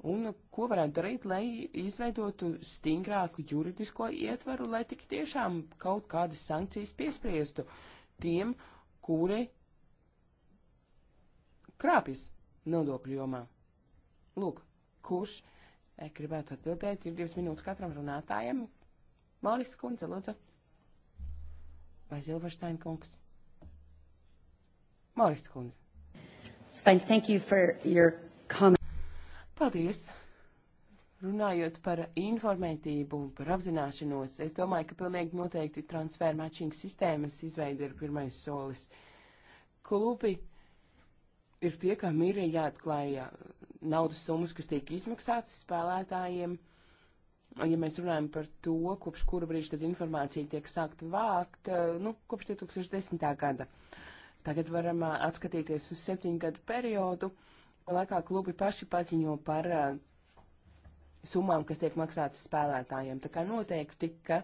Un ko varētu darīt, lai izveidotu stingrāku juridisko ietvaru, lai tik tiešām kaut kādas sankcijas piespriestu tiem, kuri krāpjas nodokļu jomā. Lūk, kurš e, gribētu atbildēt, ir divas minūtes katram runātājam. Māris Kunze, lūdzu. Vai Zilbersteina kungs? Morris kundze. Svein, thank you for your comment. Paldies. Runājot par informētību un par apzināšanos, es domāju, ka pilnīgi noteikti transfer matching sistēmas izveida ir pirmais solis. Klubi ir tie, kam ir jāatklāja naudas summas, kas tiek izmaksātas spēlētājiem. Uh, ja mēs runājam par to, kopš kura brīža tad informācija tiek sākta vākt, eh, nu, kopš 2010. gada. Tagad varam eh, atskatīties uz septiņu gadu periodu, laikā klubi paši paziņo par eh, summām, kas tiek maksātas spēlētājiem. Tā kā noteikti, ka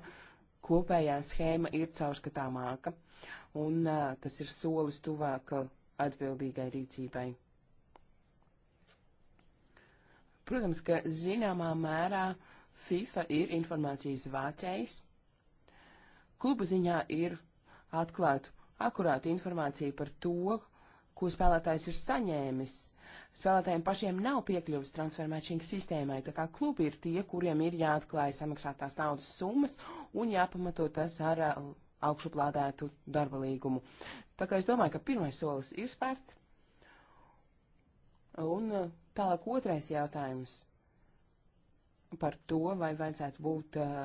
kopējā schēma ir caurskatāmāka, un tas ir solis tuvāk atbildīgai rīcībai. Protams, ka zināmā mērā uh, FIFA ir informācijas vācējs. Klubu ziņā ir atklāta akurāta informācija par to, ko spēlētājs ir saņēmis. Spēlētājiem pašiem nav piekļuvis transfermēšanas sistēmai, tā kā klubi ir tie, kuriem ir jāatklāja samaksātās naudas summas un jāpamato tas ar uh, augšuplādētu darba līgumu. Tā kā es domāju, ka pirmais solis ir spērts. Un uh, tālāk otrais jautājums par to, vai vajadzētu būt uh,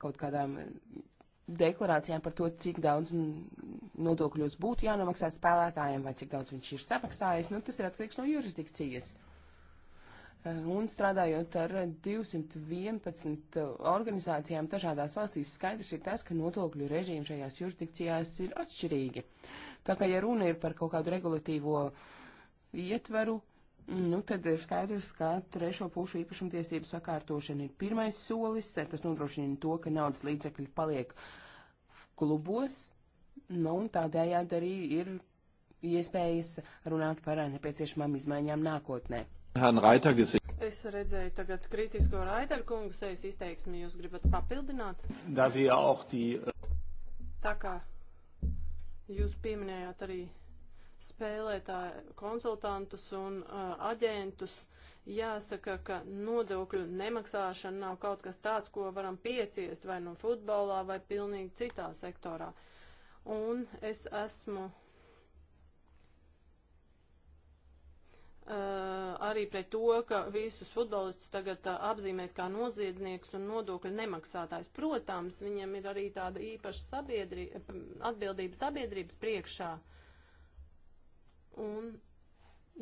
kaut kādām deklarācijām par to, cik daudz nodokļos būtu jānomaksā spēlētājiem vai cik daudz viņš ir samaksājis. Nu, tas ir atkarīgs no jurisdikcijas. Uh, un strādājot ar 211 organizācijām dažādās valstīs, skaidrs ir tas, ka nodokļu režīmi šajās jurisdikcijās ir atšķirīgi. Tā kā, ja runa ir par kaut kādu regulatīvo ietveru, Nu, tad ir skaidrs, ka trešo pušu īpašumtiesību sakārtošana ir pirmais solis, tas nodrošina to, ka naudas līdzekļi paliek klubos, nu, un tādējādi arī ir iespējas runāt par nepieciešamām izmaiņām nākotnē. Es redzēju tagad kritisko Raidar kungu sejas izteiksmi, jūs gribat papildināt? Äh, Tā kā jūs pieminējāt arī spēlētāju konsultantus un uh, aģentus. Jāsaka, ka nodokļu nemaksāšana nav kaut kas tāds, ko varam pieciest vai no nu futbolā vai pilnīgi citā sektorā. Un es esmu Uh, arī pret to, ka visus futbolistus tagad uh, apzīmēs kā noziedznieks un nodokļu nemaksātājs. Protams, viņiem ir arī tāda īpaša sabiedri, atbildība sabiedrības priekšā. Un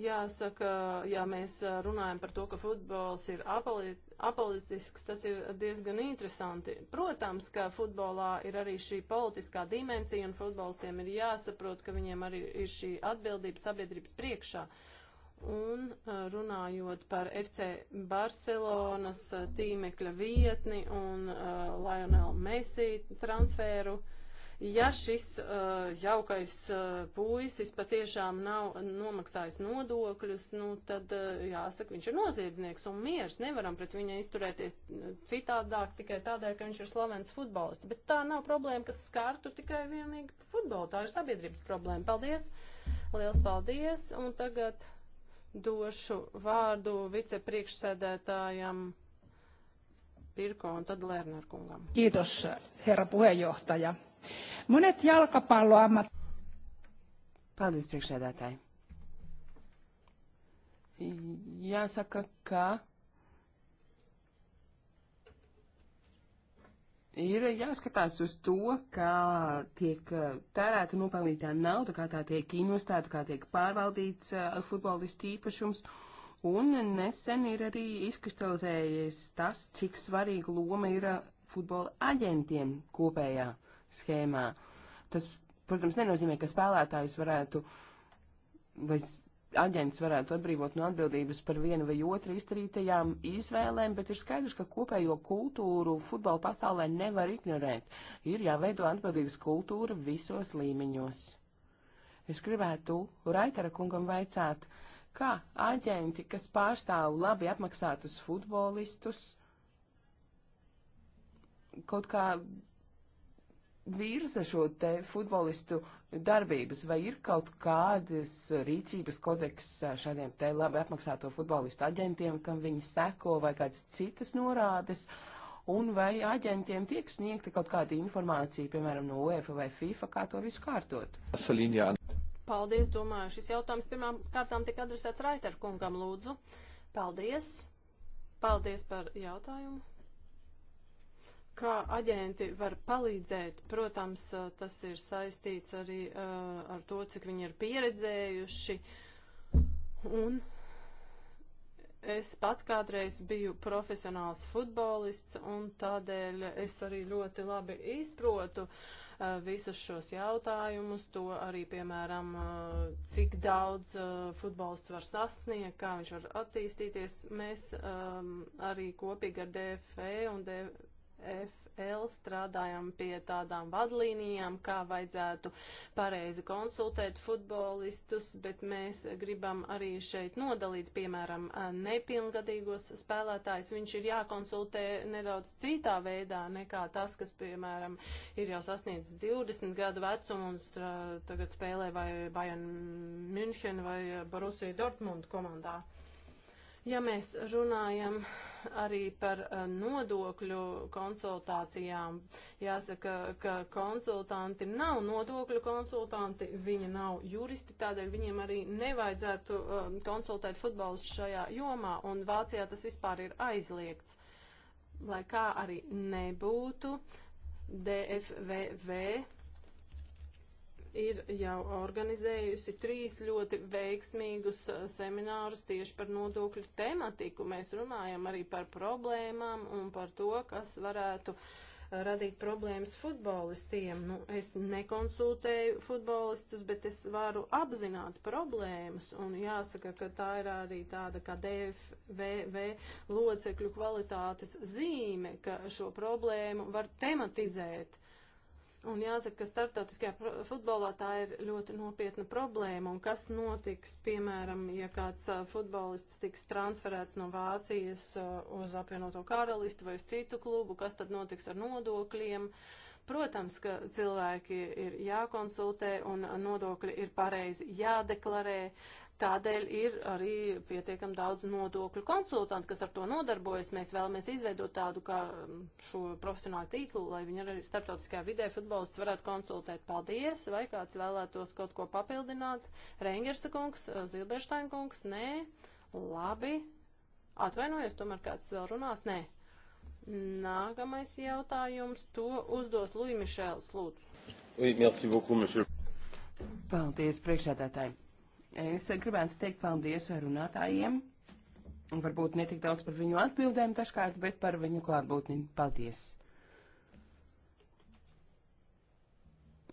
jāsaka, ja mēs runājam par to, ka futbols ir apalit, apolitisks, tas ir diezgan interesanti. Protams, ka futbolā ir arī šī politiskā dimensija, un futbolistiem ir jāsaprot, ka viņiem arī ir šī atbildība sabiedrības priekšā. Un uh, runājot par FC Barcelonas uh, tīmekļa vietni un uh, Lionel Messi transferu, uh, Ja šis uh, jaukais uh, puisis patiešām nav nomaksājis nodokļus, nu, tad uh, jāsaka, viņš ir noziedznieks un miers. Nevaram pret viņu izturēties uh, citādāk tikai tādēļ, ka viņš ir slavens futbolists. Bet tā nav problēma, kas skārtu tikai vienīgi futbolu. Tā ir sabiedrības problēma. Paldies! Liels paldies! Un tagad došu vārdu vicepriekšsēdētājam. Pirko un tad Lerner kungam. Kiitos, herra puheenjohtaja. Monet jalkapalloammat... Paldies, priekšēdētāji. Jāsaka, ka ir jāskatās uz to, kā tiek uh, tērēta nopelnītā nauda, kā tā tiek investēta, kā tiek pārvaldīts uh, futbolistu īpašums. Un nesen ir arī izkristalizējies tas, cik svarīga loma ir uh, futbola aģentiem kopējā schēmā. Tas, protams, nenozīmē, ka spēlētājus varētu vai aģents varētu atbrīvot no atbildības par vienu vai otru izdarītajām izvēlēm, bet ir skaidrs, ka kopējo kultūru futbola pasaulē nevar ignorēt. Ir jāveido atbildības kultūra visos līmeņos. Es gribētu Raitara kungam vaicāt, kā aģenti, kas pārstāv labi apmaksātus futbolistus, kaut kā virza šo te futbolistu darbības, vai ir kaut kādas rīcības kodeks šādiem te labi apmaksāto futbolistu aģentiem, kam viņi seko, vai kādas citas norādes, un vai aģentiem tiek sniegta kaut kāda informācija, piemēram, no UEFA vai FIFA, kā to visu kārtot? Salīnijā. Paldies, domāju, šis jautājums pirmām kārtām tika adresēts Raiter kungam, lūdzu. Paldies. Paldies par jautājumu. Kā aģenti var palīdzēt? Protams, tas ir saistīts arī uh, ar to, cik viņi ir pieredzējuši. Un es pats kādreiz biju profesionāls futbolists, un tādēļ es arī ļoti labi izprotu uh, visus šos jautājumus, to arī, piemēram, uh, cik daudz uh, futbolists var sasniegt, kā viņš var attīstīties. Mēs um, arī kopīgi ar DFE un DFE FL strādājam pie tādām vadlīnijām, kā vajadzētu pareizi konsultēt futbolistus, bet mēs gribam arī šeit nodalīt, piemēram, nepilngadīgos spēlētājs. Viņš ir jākonsultē nedaudz citā veidā nekā tas, kas, piemēram, ir jau sasniedzis 20 gadu vecumu un strā, tagad spēlē vai Bayern München vai Borussia Dortmund komandā. Ja mēs runājam arī par eh, nodokļu konsultācijām. Jāsaka, ka konsultanti nav nodokļu konsultanti, viņi nav juristi, tādēļ viņiem arī nevajadzētu eh, konsultēt futbolus šajā jomā, un Vācijā tas vispār ir aizliegts. Lai kā arī nebūtu, DFVV ir jau organizējusi trīs ļoti veiksmīgus uh, seminārus tieši par nodokļu tematiku. Mēs runājam arī par problēmām un par to, kas varētu uh, radīt problēmas futbolistiem. Nu, es nekonsultēju futbolistus, bet es varu apzināt problēmas, un jāsaka, ka tā ir arī tāda kā DFVV locekļu kvalitātes zīme, ka šo problēmu var tematizēt. Un jāsaka, ka starptautiskajā futbolā tā ir ļoti nopietna problēma. Un kas notiks, piemēram, ja kāds futbolists tiks transferēts no Vācijas uz apvienoto karalisti vai uz citu klubu, kas tad notiks ar nodokļiem, Protams, ka cilvēki ir jākonsultē un nodokļi ir pareizi jādeklarē. Tādēļ ir arī pietiekam daudz nodokļu konsultantu, kas ar to nodarbojas. Mēs vēlamies izveidot tādu kā šo profesionālu tīklu, lai viņi arī starptautiskajā vidē futbolists varētu konsultēt. Paldies, vai kāds vēlētos kaut ko papildināt? Rengersa kungs, Zilberštain kungs, nē, labi. Atvainojos, tomēr kāds vēl runās, nē. Nākamais jautājums to uzdos Lui Mišēls, lūdzu. Oui, merci beaucoup, monsieur. Paldies, priekšsēdētāji. Es gribētu teikt paldies runātājiem. Varbūt ne tik daudz par viņu atbildēm dažkārt, bet par viņu klātbūtni. Paldies!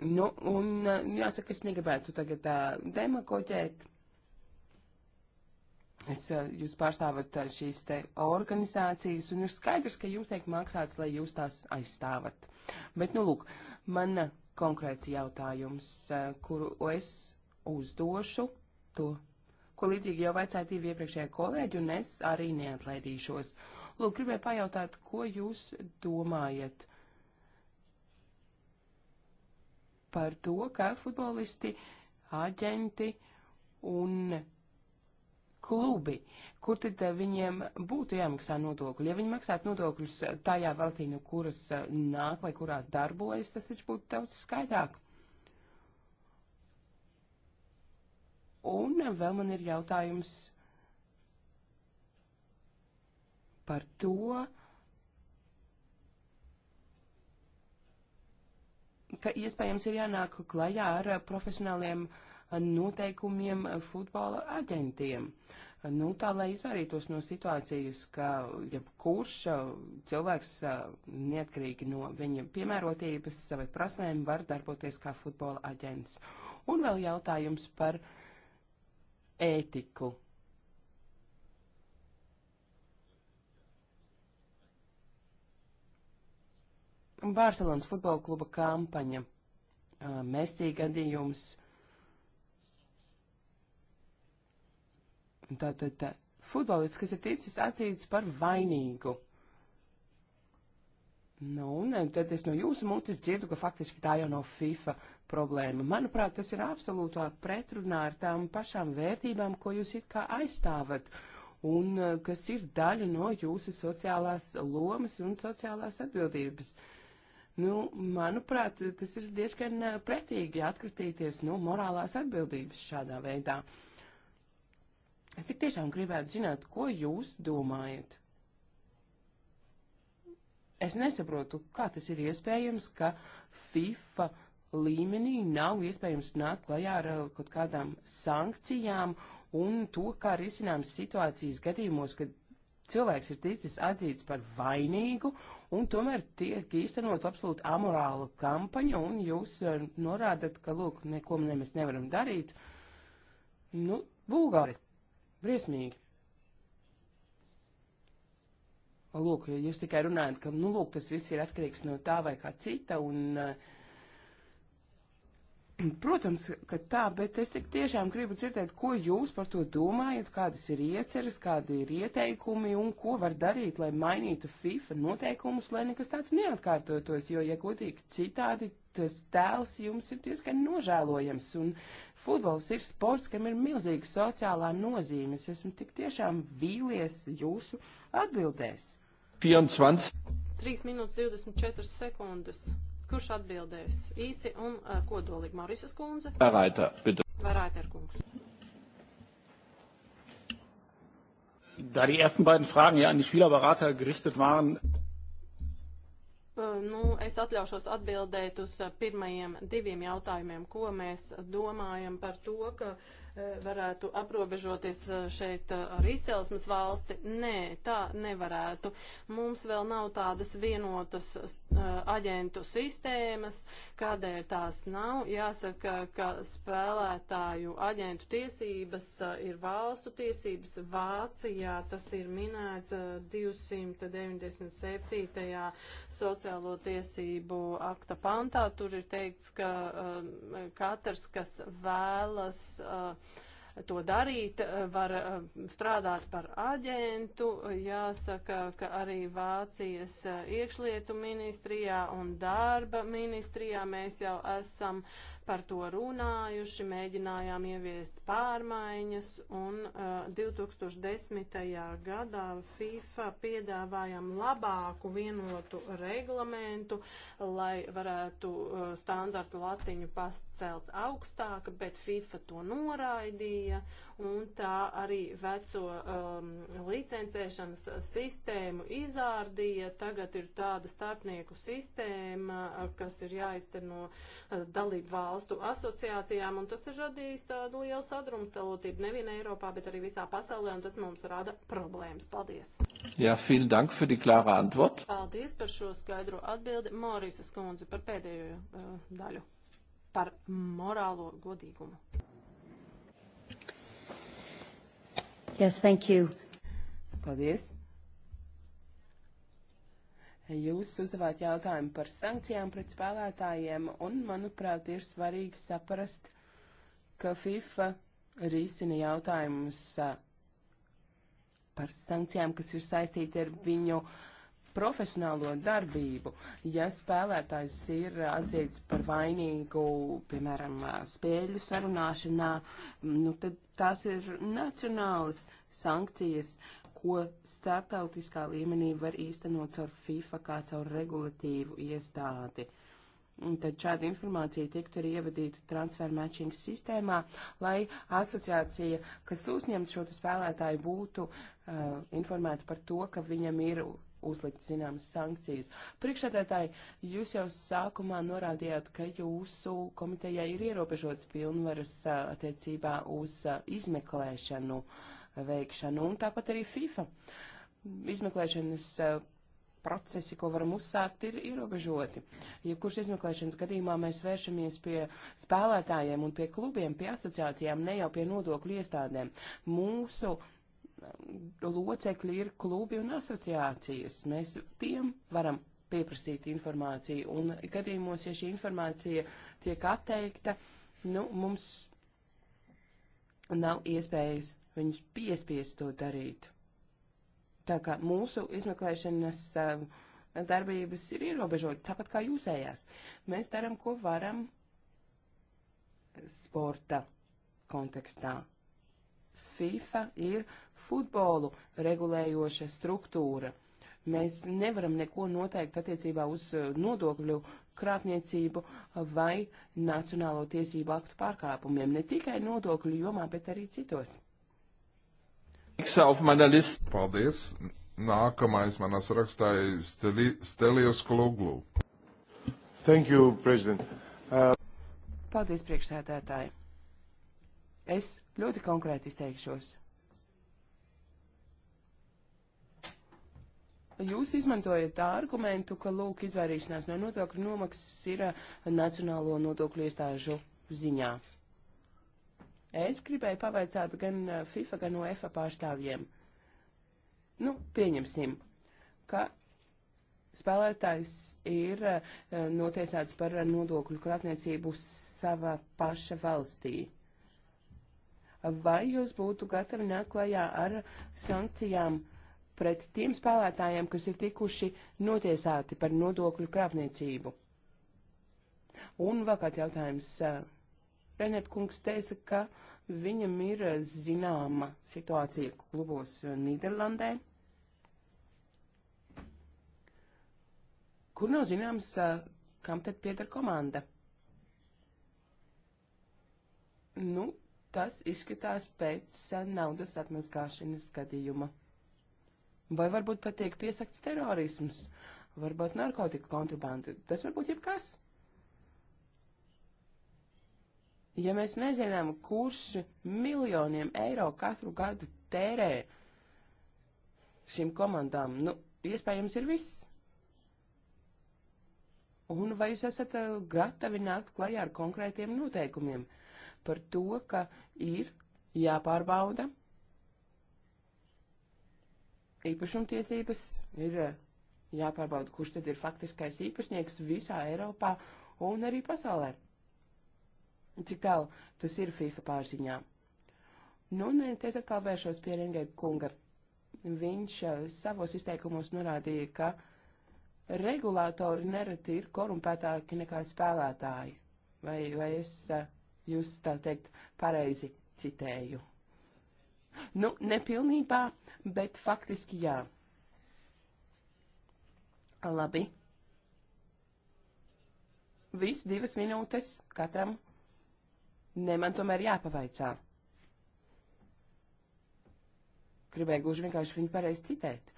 Nu, un jāsaka, es negribētu tagad tā demagoģēt. Es, eh, jūs pārstāvat eh, šīs te organizācijas, un ir skaidrs, ka jums tiek maksāts, lai jūs tās aizstāvat. Bet, nu, lūk, man konkrēts jautājums, eh, kuru es uzdošu, to, ko līdzīgi jau vajadzēja divi iepriekšējie kolēģi, un es arī neatlaidīšos. Lūk, gribēju pajautāt, ko jūs domājat par to, ka futbolisti, aģenti un klubi, kur tad eh, viņiem būtu jāmaksā nodokļi. Ja viņi maksātu nodokļus eh, tajā valstī, no kuras eh, nāk vai kurā darbojas, tas viņš būtu daudz skaidrāk. Un vēl man ir jautājums par to, ka iespējams ir jānāk klajā ar profesionāliem uh, noteikumiem eh, futbola aģentiem. Eh, nu, tā, lai izvairītos no situācijas, ka jebkurš ja eh, cilvēks, neatkarīgi no viņa piemērotības, savai prasmēm, var darboties kā futbola aģents. Un vēl jautājums par ētiku. Bārcelonas futbola kluba kampaņa. Mēsī gadījums Tātad tā, futbolists, kas ir ticis atzīts par vainīgu. Nu, un eh, tad es no jūsu mutes dzirdu, ka faktiski tā jau nav FIFA problēma. Manuprāt, tas ir absolūtā pretrunā ar tām pašām vērtībām, ko jūs it kā aizstāvat un eh, kas ir daļa no jūsu sociālās lomas un sociālās atbildības. Nu, manuprāt, tas ir diezgan eh, pretīgi atkritīties no nu, morālās atbildības šādā veidā. Uh, Es tik tiešām gribētu zināt, ko jūs domājat. Es nesaprotu, kā tas ir iespējams, ka FIFA līmenī nav iespējams nākt klajā ar uh, kaut kādām sankcijām un to, kā risināms situācijas gadījumos, kad cilvēks ir ticis atzīts par vainīgu, un tomēr tiek īstenot absolūti amorāla kampaņa, un jūs uh, norādat, ka, lūk, neko mēs nevaram darīt. Nu, bulgāri briesmīgi. Lūk, jūs tikai runājat, ka, nu, lūk, tas viss ir atkarīgs no tā vai kā cita, un uh, Protams, ka tā, bet es tik tiešām gribu dzirdēt, ko jūs par to domājat, kādas ir ieceres, kādi ir ieteikumi un ko var darīt, lai mainītu FIFA noteikumus, lai nekas tāds neatkārtotos, jo, ja godīgi citādi, tas tēls jums ir diezgan nožēlojams un futbols ir sports, kam ir milzīga sociālā nozīme. Es esmu tik tiešām vīlies jūsu atbildēs. 24. 3 minūtes 24 sekundes. Kurš atbildēs? Īsi un uh, kodolīgi. Marisas kundze? Vērājā, bitte. Vērājā, kungs. Da die ersten beiden Fragen ja an die Spielerberater gerichtet waren. Eh, nu, es atļaušos atbildēt uz eh, pirmajiem diviem jautājumiem, ko mēs domājam par to, ka uh, Eh, varētu aprobežoties eh, šeit eh, ar izcelsmes valsti. Nē, tā nevarētu. Mums vēl nav tādas vienotas aģentu sistēmas, kādēļ tās nav. Jāsaka, ka spēlētāju aģentu tiesības ir valstu tiesības. Vācijā tas ir minēts 297. sociālo tiesību akta pantā. Tur ir teikts, ka katrs, kas vēlas uh, to darīt, eh, var eh, strādāt par aģentu. Jāsaka, ka arī Vācijas eh, iekšlietu ministrijā un darba ministrijā mēs jau esam uh, par to runājuši, mēģinājām ieviest pārmaiņas un uh, 2010. gadā FIFA piedāvājām labāku vienotu reglamentu, lai varētu uh, standartu latiņu pastcelt augstāk, bet FIFA to noraidīja. Uh, un tā arī veco um, licencēšanas sistēmu izārdīja. Tagad ir tāda starpnieku sistēma, kas ir jāizteno uh, dalību valstu asociācijām, un tas ir radījis tādu lielu sadrumstalotību nevien Eiropā, bet arī visā pasaulē, un tas mums rada problēmas. Paldies! Jā, vielen dank für die klare Antwort. Paldies par šo skaidro atbildi. Morisas kundze par pēdējo uh, daļu par morālo godīgumu. Yes, thank you. Paldies. Jūs uzdevāt jautājumu par sankcijām pret spēlētājiem, un, manuprāt, ir svarīgi saprast, ka FIFA risina jautājumus uh, par sankcijām, kas ir saistīti ar viņu uh, profesionālo darbību. Ja spēlētājs ir atzīts par vainīgu, piemēram, spēļu sarunāšanā, nu, tad tās ir nacionālas sankcijas, ko starptautiskā līmenī var īstenot caur FIFA kā caur regulatīvu iestādi. Un tad šāda informācija tiktu arī ievadīta transfer matching sistēmā, lai asociācija, kas uzņem šo spēlētāju, būtu uh, informēta par to, ka viņam ir uzlikt zināmas sankcijas. Priekšsēdētāji, jūs jau sākumā norādījāt, ka jūsu komitejai ir ierobežots pilnvaras attiecībā uz izmeklēšanu veikšanu un tāpat arī FIFA. Izmeklēšanas procesi, ko varam uzsākt, ir ierobežoti. Jebkurš izmeklēšanas gadījumā mēs vēršamies pie spēlētājiem un pie klubiem, pie asociācijām, ne jau pie nodokļu iestādēm. Mūsu uh, locekļi ir klubi un asociācijas. Mēs tiem varam pieprasīt informāciju, un gadījumos, ja šī informācija tiek atteikta, nu, mums nav iespējas viņus piespiest to darīt. Tā kā mūsu izmeklēšanas uh, darbības ir ierobežotas, tāpat kā jūsējās. Mēs darām, ko varam sporta kontekstā. FIFA ir futbolu regulējoša struktūra. Mēs nevaram neko noteikt attiecībā uz e, nodokļu krāpniecību vai nacionālo tiesību aktu pārkāpumiem, ne tikai nodokļu jomā, bet arī citos. Paldies! Nākamais manā sarakstā ir Steli, Stelijos Kluglu. Thank you, President. Uh... Paldies, priekšsēdētāji. Es ļoti konkrēti izteikšos. Jūs izmantojat argumentu, ka lūk, izvairīšanās no nodokļu nomaksas ir eh, nacionālo nodokļu iestāžu ziņā. Es gribēju pavaicāt gan eh, FIFA, gan UEFA pārstāvjiem. Nu, pieņemsim, ka spēlētājs ir eh, notiesāts par nodokļu krāpniecību savā paša valstī vai jūs būtu gatavi nākt klajā ar sankcijām pret tiem spēlētājiem, kas ir tikuši notiesāti par nodokļu krāpniecību. Un vēl kāds jautājums. Renēt kungs teica, ka viņam ir zināma situācija klubos Nīderlandē, kur nav zināms, kam tad pieder komanda. Nu, tas izskatās pēc naudas atmazgāšanas gadījuma. Vai varbūt pat tiek piesakts terorisms, varbūt narkotika kontrabanda. Tas var būt jebkas. Ja mēs nezinām, kurš miljoniem eiro katru gadu tērē šīm komandām, nu, iespējams, ir viss. Un vai jūs esat eh, gatavi nākt klajā ar konkrētiem noteikumiem par to, ka ir jāpārbauda īpašumtiesības ir eh, jāpārbauda, kurš tad ir faktiskais īpašnieks visā Eiropā un arī pasaulē. Cik tālu tas ir FIFA pārziņā. Nu, un eh, es atkal vēršos pie Rengēta kunga. Viņš eh, savos izteikumos norādīja, ka regulātori nereti ir korumpētāki nekā spēlētāji. Vai, vai es jūs tā teikt pareizi citēju? Nu, nepilnībā, bet faktiski jā. Labi. Viss divas minūtes katram. Ne, man tomēr jāpavaicā. Gribēju gluži vienkārši viņu pareizi citēt,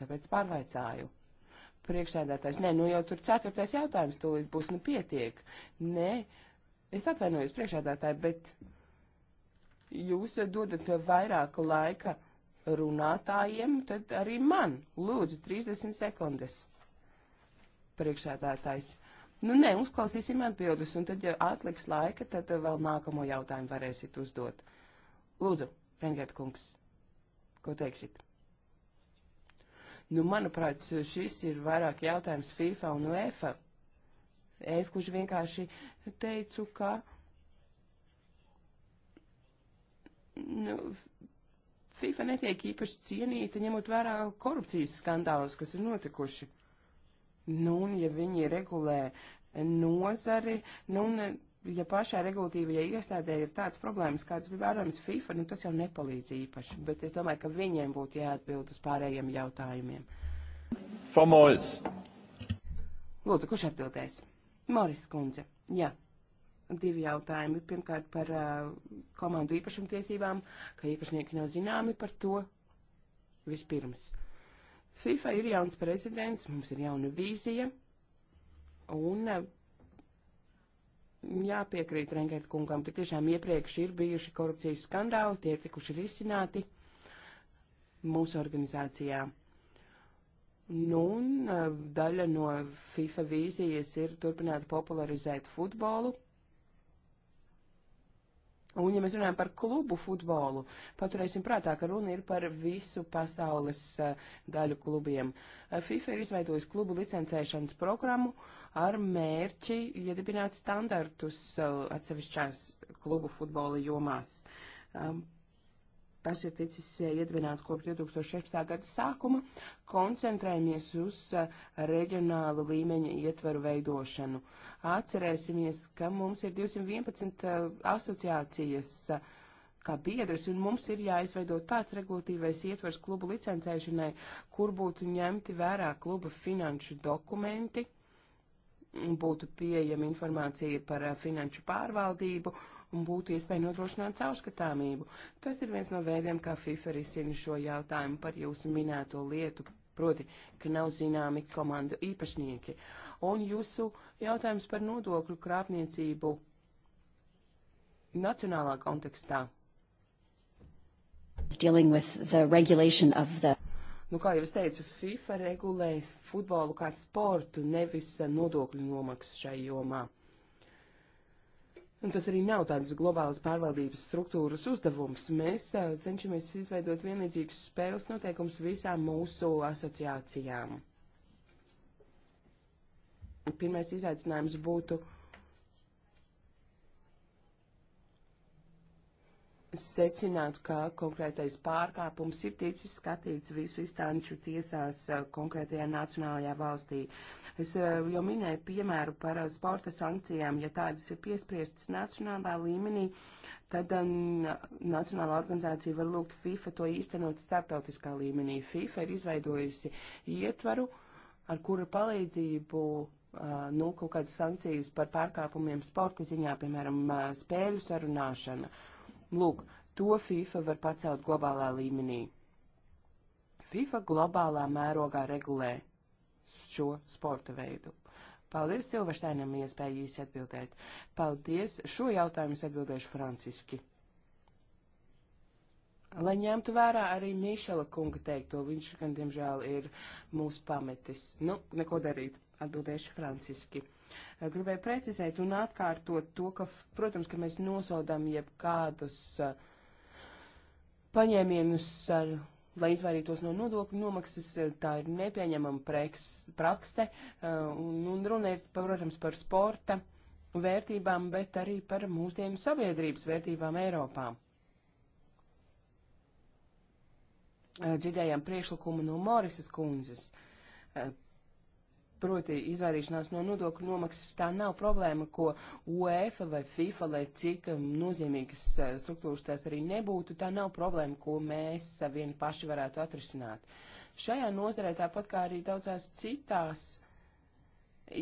tāpēc pārvaicāju. Priekšsēdētājs, nē, nu jau tur ceturtais jautājums, tūlīt būs, nu pietiek. Nē, es atvainojos priekšsēdētāji, bet jūs dodat vairāk laika runātājiem, tad arī man lūdzu 30 sekundes priekšētātājs. Nu, nē, uzklausīsim atbildus, un tad, ja atliks laika, tad vēl nākamo jautājumu varēsit uzdot. Lūdzu, Rengēt kungs, ko teiksit? Nu, manuprāt, šis ir vairāk jautājums FIFA un UEFA. Es kurš vienkārši teicu, ka nu, FIFA netiek īpaši cienīta, ņemot vērā korupcijas skandālus, kas ir notikuši. Nu, un ja viņi regulē nozari, nu, un ja pašā regulatīvajā ja iestādē ir tāds problēmas, kāds bija vērojams FIFA, nu, tas jau nepalīdz īpaši. Bet es domāju, ka viņiem būtu jāatbild uz pārējiem jautājumiem. Famols. Lūdzu, kurš atbildēs? Moris Kunze. Jā. Ja divi jautājumi. Pirmkārt, par uh, komandu īpašumtiesībām, ka īpašnieki nav zināmi par to vispirms. FIFA ir jauns prezidents, mums ir jauna vīzija, un uh, jāpiekrīt Rengēt kungam, ka tiešām iepriekš ir bijuši korupcijas skandāli, tie ir tikuši risināti mūsu organizācijā. Nu, un uh, daļa no FIFA vīzijas ir turpināt popularizēt futbolu, Un, ja mēs runājam par klubu futbolu, paturēsim prātā, ka runa ir par visu pasaules uh, daļu klubiem. Eh, FIFA ir izveidojusi klubu licencēšanas programmu ar mērķi iedibināt standartus uh, atsevišķās klubu futbola jomās. Um, Tas ir ticis eh, iedibināts kopš 2016. gada sākuma. Koncentrējamies uz eh, reģionālu līmeņa ietveru veidošanu. Atcerēsimies, ka mums ir 211 eh, asociācijas kā biedrs, un mums ir jāizveido tāds regulatīvais ietvers klubu licencēšanai, kur būtu ņemti vērā kluba finanšu dokumenti, būtu pieejama informācija par finanšu pārvaldību un būtu iespēja nodrošināt caurskatāmību. Tas ir viens no veidiem, kā FIFA risina šo jautājumu par jūsu minēto lietu, proti, ka nav zināmi komandu īpašnieki. Un jūsu jautājums par nodokļu krāpniecību nacionālā kontekstā. Dealing with the regulation of the nu, kā jau es teicu, FIFA regulē futbolu kā sportu, nevis nodokļu nomaksu šai jomā. Un tas arī nav tādas globālas pārvaldības struktūras uzdevums. Mēs uh, cenšamies izveidot vienlīdzīgus spēles noteikums visām mūsu asociācijām. Pirmais izaicinājums būtu uh, secinātu, ka konkrētais pārkāpums ir ticis skatīts visu instanču tiesās konkrētajā nacionālajā valstī. Es jau minēju piemēru par sporta sankcijām. Ja tādas ir piespriestas nacionālā līmenī, tad um, Nacionālā organizācija var lūgt FIFA to īstenot starptautiskā līmenī. FIFA ir izveidojusi ietvaru, ar kura palīdzību Uh, nu, kaut kādas sankcijas par pārkāpumiem sporta ziņā, piemēram, uh, spēļu sarunāšana. Lūk, to FIFA var pacelt globālā līmenī. FIFA globālā mērogā regulē šo sporta veidu. Paldies Silversteinam iespēju īsi atbildēt. Paldies, šo jautājumu es atbildēšu franciski. Lai ņemtu vērā arī Mišela kunga teikto, viņš gan, diemžēl, ir mūsu pametis. Nu, neko darīt atbildēšu franciski. Gribēju precizēt un atkārtot to, ka, protams, ka mēs nosodām jebkādus paņēmienus, ar, lai izvairītos no nodokļu nomaksas. Tā ir nepieņemama preks, prakste. Un, un runa ir, protams, par sporta vērtībām, bet arī par mūsdienu sabiedrības vērtībām Eiropā. Dzirdējām priekšlikumu no Morisas kundzes proti izvairīšanās no nodokļu nomaksas, tā nav problēma, ko UEFA vai FIFA, lai cik um, nozīmīgas uh, struktūras tās arī nebūtu, tā nav problēma, ko mēs uh, vieni paši varētu atrisināt. Šajā nozarē, tāpat kā arī daudzās citās,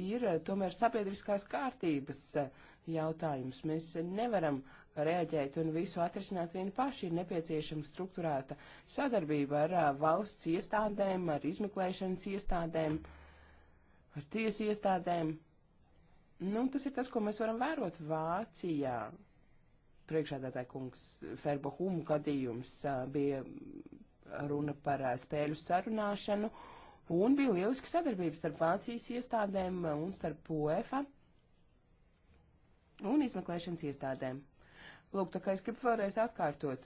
ir uh, tomēr sabiedriskās kārtības jautājums. Mēs nevaram reaģēt un visu atrisināt vieni paši. Ir nepieciešama struktūrēta sadarbība ar valsts iestādēm, ar izmeklēšanas iestādēm. Uh, ar tiesu iestādēm. Nu, tas ir tas, ko mēs varam vērot Vācijā. Priekšādātāja kungs Ferbohumu gadījums bija runa par spēļu sarunāšanu, un bija lieliska sadarbība starp Vācijas iestādēm un starp UEFA un izmeklēšanas iestādēm. Lūk, tā kā es gribu vēlreiz atkārtot,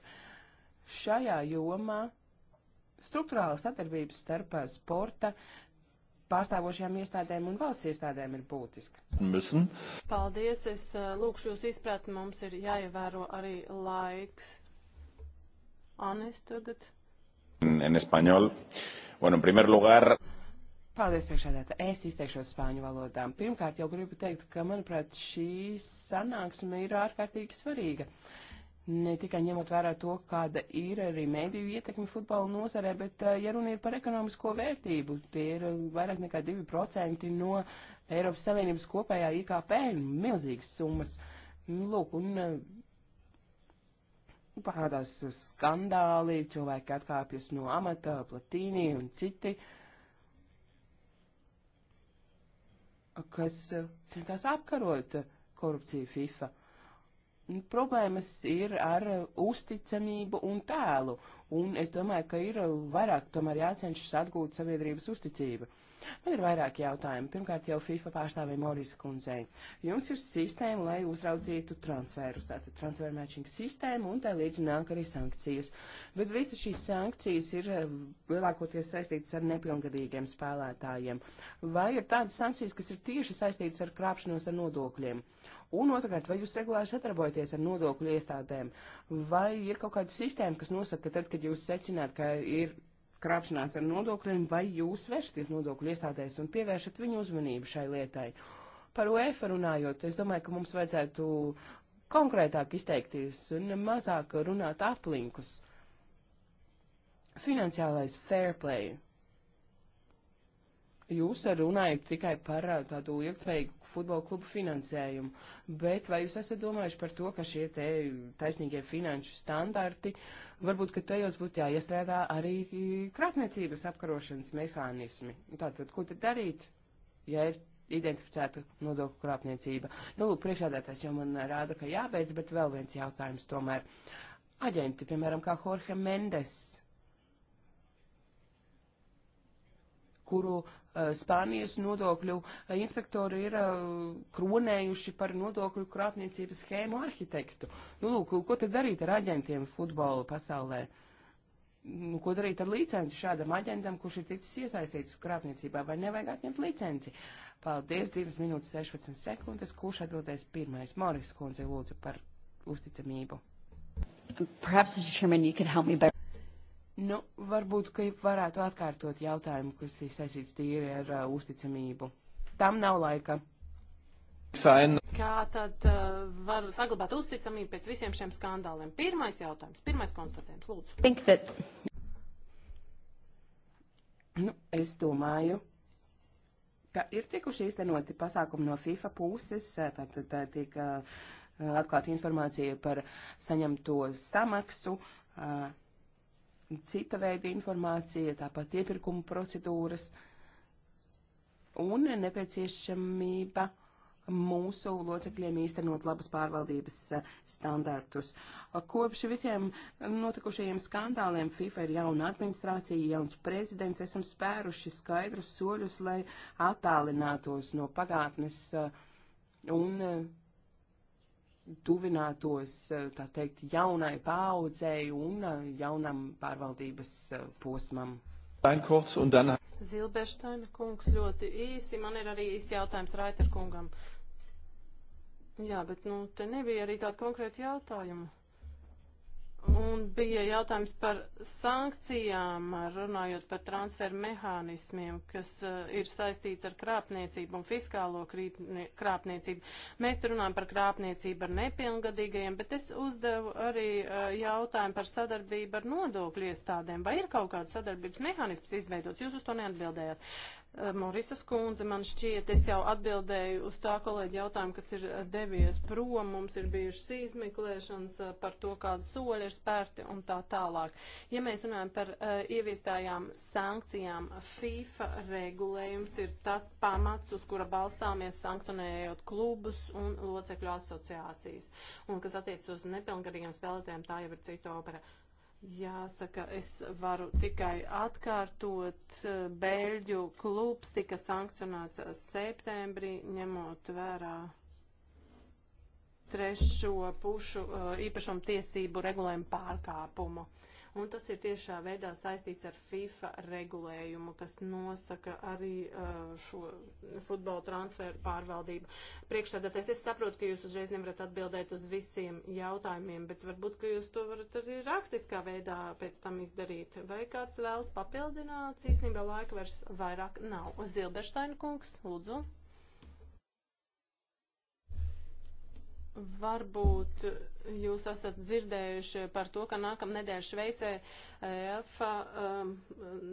šajā jomā struktūrāla sadarbības starp sporta pārstāvošajām iestādēm un valsts iestādēm ir būtiska. Müssen. Paldies, es uh, lūkšu jūs izpratni, mums ir jāievēro arī laiks. Anis tagad. En, en español. Bueno, en primer lugar. Paldies, priekšādātā. Es izteikšos spāņu valodām. Pirmkārt, jau gribu teikt, ka, manuprāt, šī sanāksme ir ārkārtīgi svarīga. Uh, ne tikai ņemot vērā to, kāda ir arī mediju ietekme futbola nozarē, bet, eh, ja runa ir par ekonomisko vērtību, tie ir eh, vairāk nekā 2% no Eiropas Savienības kopējā IKP, milzīgas summas. Lūk, un eh, parādās skandāli, cilvēki atkāpjas no amata, platīnī un citi, kas centās apkarot korupciju FIFA. Problēmas ir ar uzticamību un tēlu, un es domāju, ka ir vairāk tomēr jācenšas atgūt sabiedrības uzticību. Man ir vairāk jautājumu. Pirmkārt jau FIFA pārstāvē Morisa kundzei. Jums ir sistēma, lai uzraudzītu transferus, tātad transfer matching sistēma, un tā līdzi nāk arī sankcijas. Bet visas šīs sankcijas ir eh, lielākoties saistītas ar nepilngadīgiem spēlētājiem. Vai ir tādas sankcijas, kas ir tieši saistītas ar krāpšanos ar nodokļiem? Un otrkārt, vai jūs regulāri sadarbojaties ar nodokļu iestādēm? Vai ir kaut kāda sistēma, kas nosaka, ka tad, kad jūs secināt, ka ir krāpšanās ar nodokļiem, vai jūs vēršaties nodokļu iestādēs un pievēršat viņu uzmanību šai lietai? Par UEFA runājot, es domāju, ka mums vajadzētu konkrētāk izteikties un mazāk runāt aplinkus. Finansiālais fair play Jūs runājat tikai par uh, tādu ilgtveigu futbola klubu finansējumu, bet vai jūs esat domājuši par to, ka šie te taisnīgie finanšu standarti, varbūt, ka tajos būtu jāiestrādā arī krāpniecības apkarošanas mehānismi? Tātad, ko tad darīt, ja ir identificēta nodokļu krāpniecība. Nu, lūk, priekšādātais jau man rāda, ka jābeidz, bet vēl viens jautājums tomēr. Aģenti, piemēram, kā Jorge Mendes, kuru Eh, Spānijas nodokļu eh, inspektori ir eh, kronējuši par nodokļu krāpniecības schēmu arhitektu. Nu, lūk, ko tad darīt ar aģentiem futbola pasaulē? Nu, ko darīt ar licenci šādam aģentam, kurš ir ticis iesaistīts krāpniecībā, vai nevajag atņemt licenci? Paldies, 2 minūtes 16 sekundes, kurš atbildēs pirmais. Moris Kundze lūdzu par uzticamību. Perhaps, Mr. Chairman, you could help me by... Nu, varbūt, ka varētu atkārtot jautājumu, kas ir saistīts tīri ar uh, uzticamību. Tam nav laika. Sain. Kā tad uh, var saglabāt uzticamību pēc visiem šiem skandāliem? Pirmais jautājums, pirmais konstatējums, lūdzu. Think that... Nu, es domāju, ka ir tikuši īstenoti pasākumi no FIFA puses, uh, tātad tā, tā, tika atklāta informācija par saņemto samaksu. Uh, cita veida informācija, tāpat iepirkuma procedūras un nepieciešamība mūsu locekļiem īstenot labas pārvaldības eh, standartus. Kopš visiem notikušajiem skandāliem FIFA ir jauna administrācija, jauns prezidents, esam spēruši skaidrus soļus, lai attālinātos no pagātnes eh, un eh, tuvinātos, eh, tā teikt, jaunai paaudzei un eh, jaunam pārvaldības eh, posmam. Zilberštaina kungs ļoti īsi. Man ir arī īsi jautājums Raiter kungam. Jā, bet nu, te nebija arī tāda konkrēta jautājuma. Un bija jautājums par sankcijām, runājot par transferu mehānismiem, kas uh, ir saistīts ar krāpniecību un fiskālo krīpnie, krāpniecību. Mēs runājam par krāpniecību ar nepilngadīgajiem, bet es uzdevu arī uh, jautājumu par sadarbību ar nodokļu iestādēm. Vai ir kaut kāds sadarbības mehānisms izveidots? Jūs uz to neatbildējāt. Morisas kundze, man šķiet, es jau atbildēju uz tā kolēģi jautājumu, kas ir devies prom, mums ir bijušas izmeklēšanas eh, par to, kāda soļa ir spērti un tā tālāk. Ja mēs runājam par uh, ieviestājām sankcijām, FIFA regulējums ir tas pamats, uz kura balstāmies sankcionējot klubus un locekļu asociācijas. Un kas attiec uz nepilngadīgiem spēlētājiem, tā jau ir cita opera. Uh, Jāsaka, es varu tikai atkārtot, eh, Bēļģu klubs tika sankcionēts septembrī, ņemot vērā trešo pušu eh, īpašumu tiesību regulējumu pārkāpumu un tas ir tiešā veidā saistīts ar FIFA regulējumu, kas nosaka arī uh, šo futbola transferu pārvaldību. Priekšsēdētais, es saprotu, ka jūs uzreiz nevarat atbildēt uz visiem jautājumiem, bet varbūt, ka jūs to varat arī rakstiskā veidā pēc tam izdarīt. Vai kāds vēlas papildināts? Īstenībā laika vairs vairāk nav. Zilberštaina kungs, lūdzu. Varbūt jūs esat dzirdējuši par to, ka nākamnedēļ Šveicē EFA um,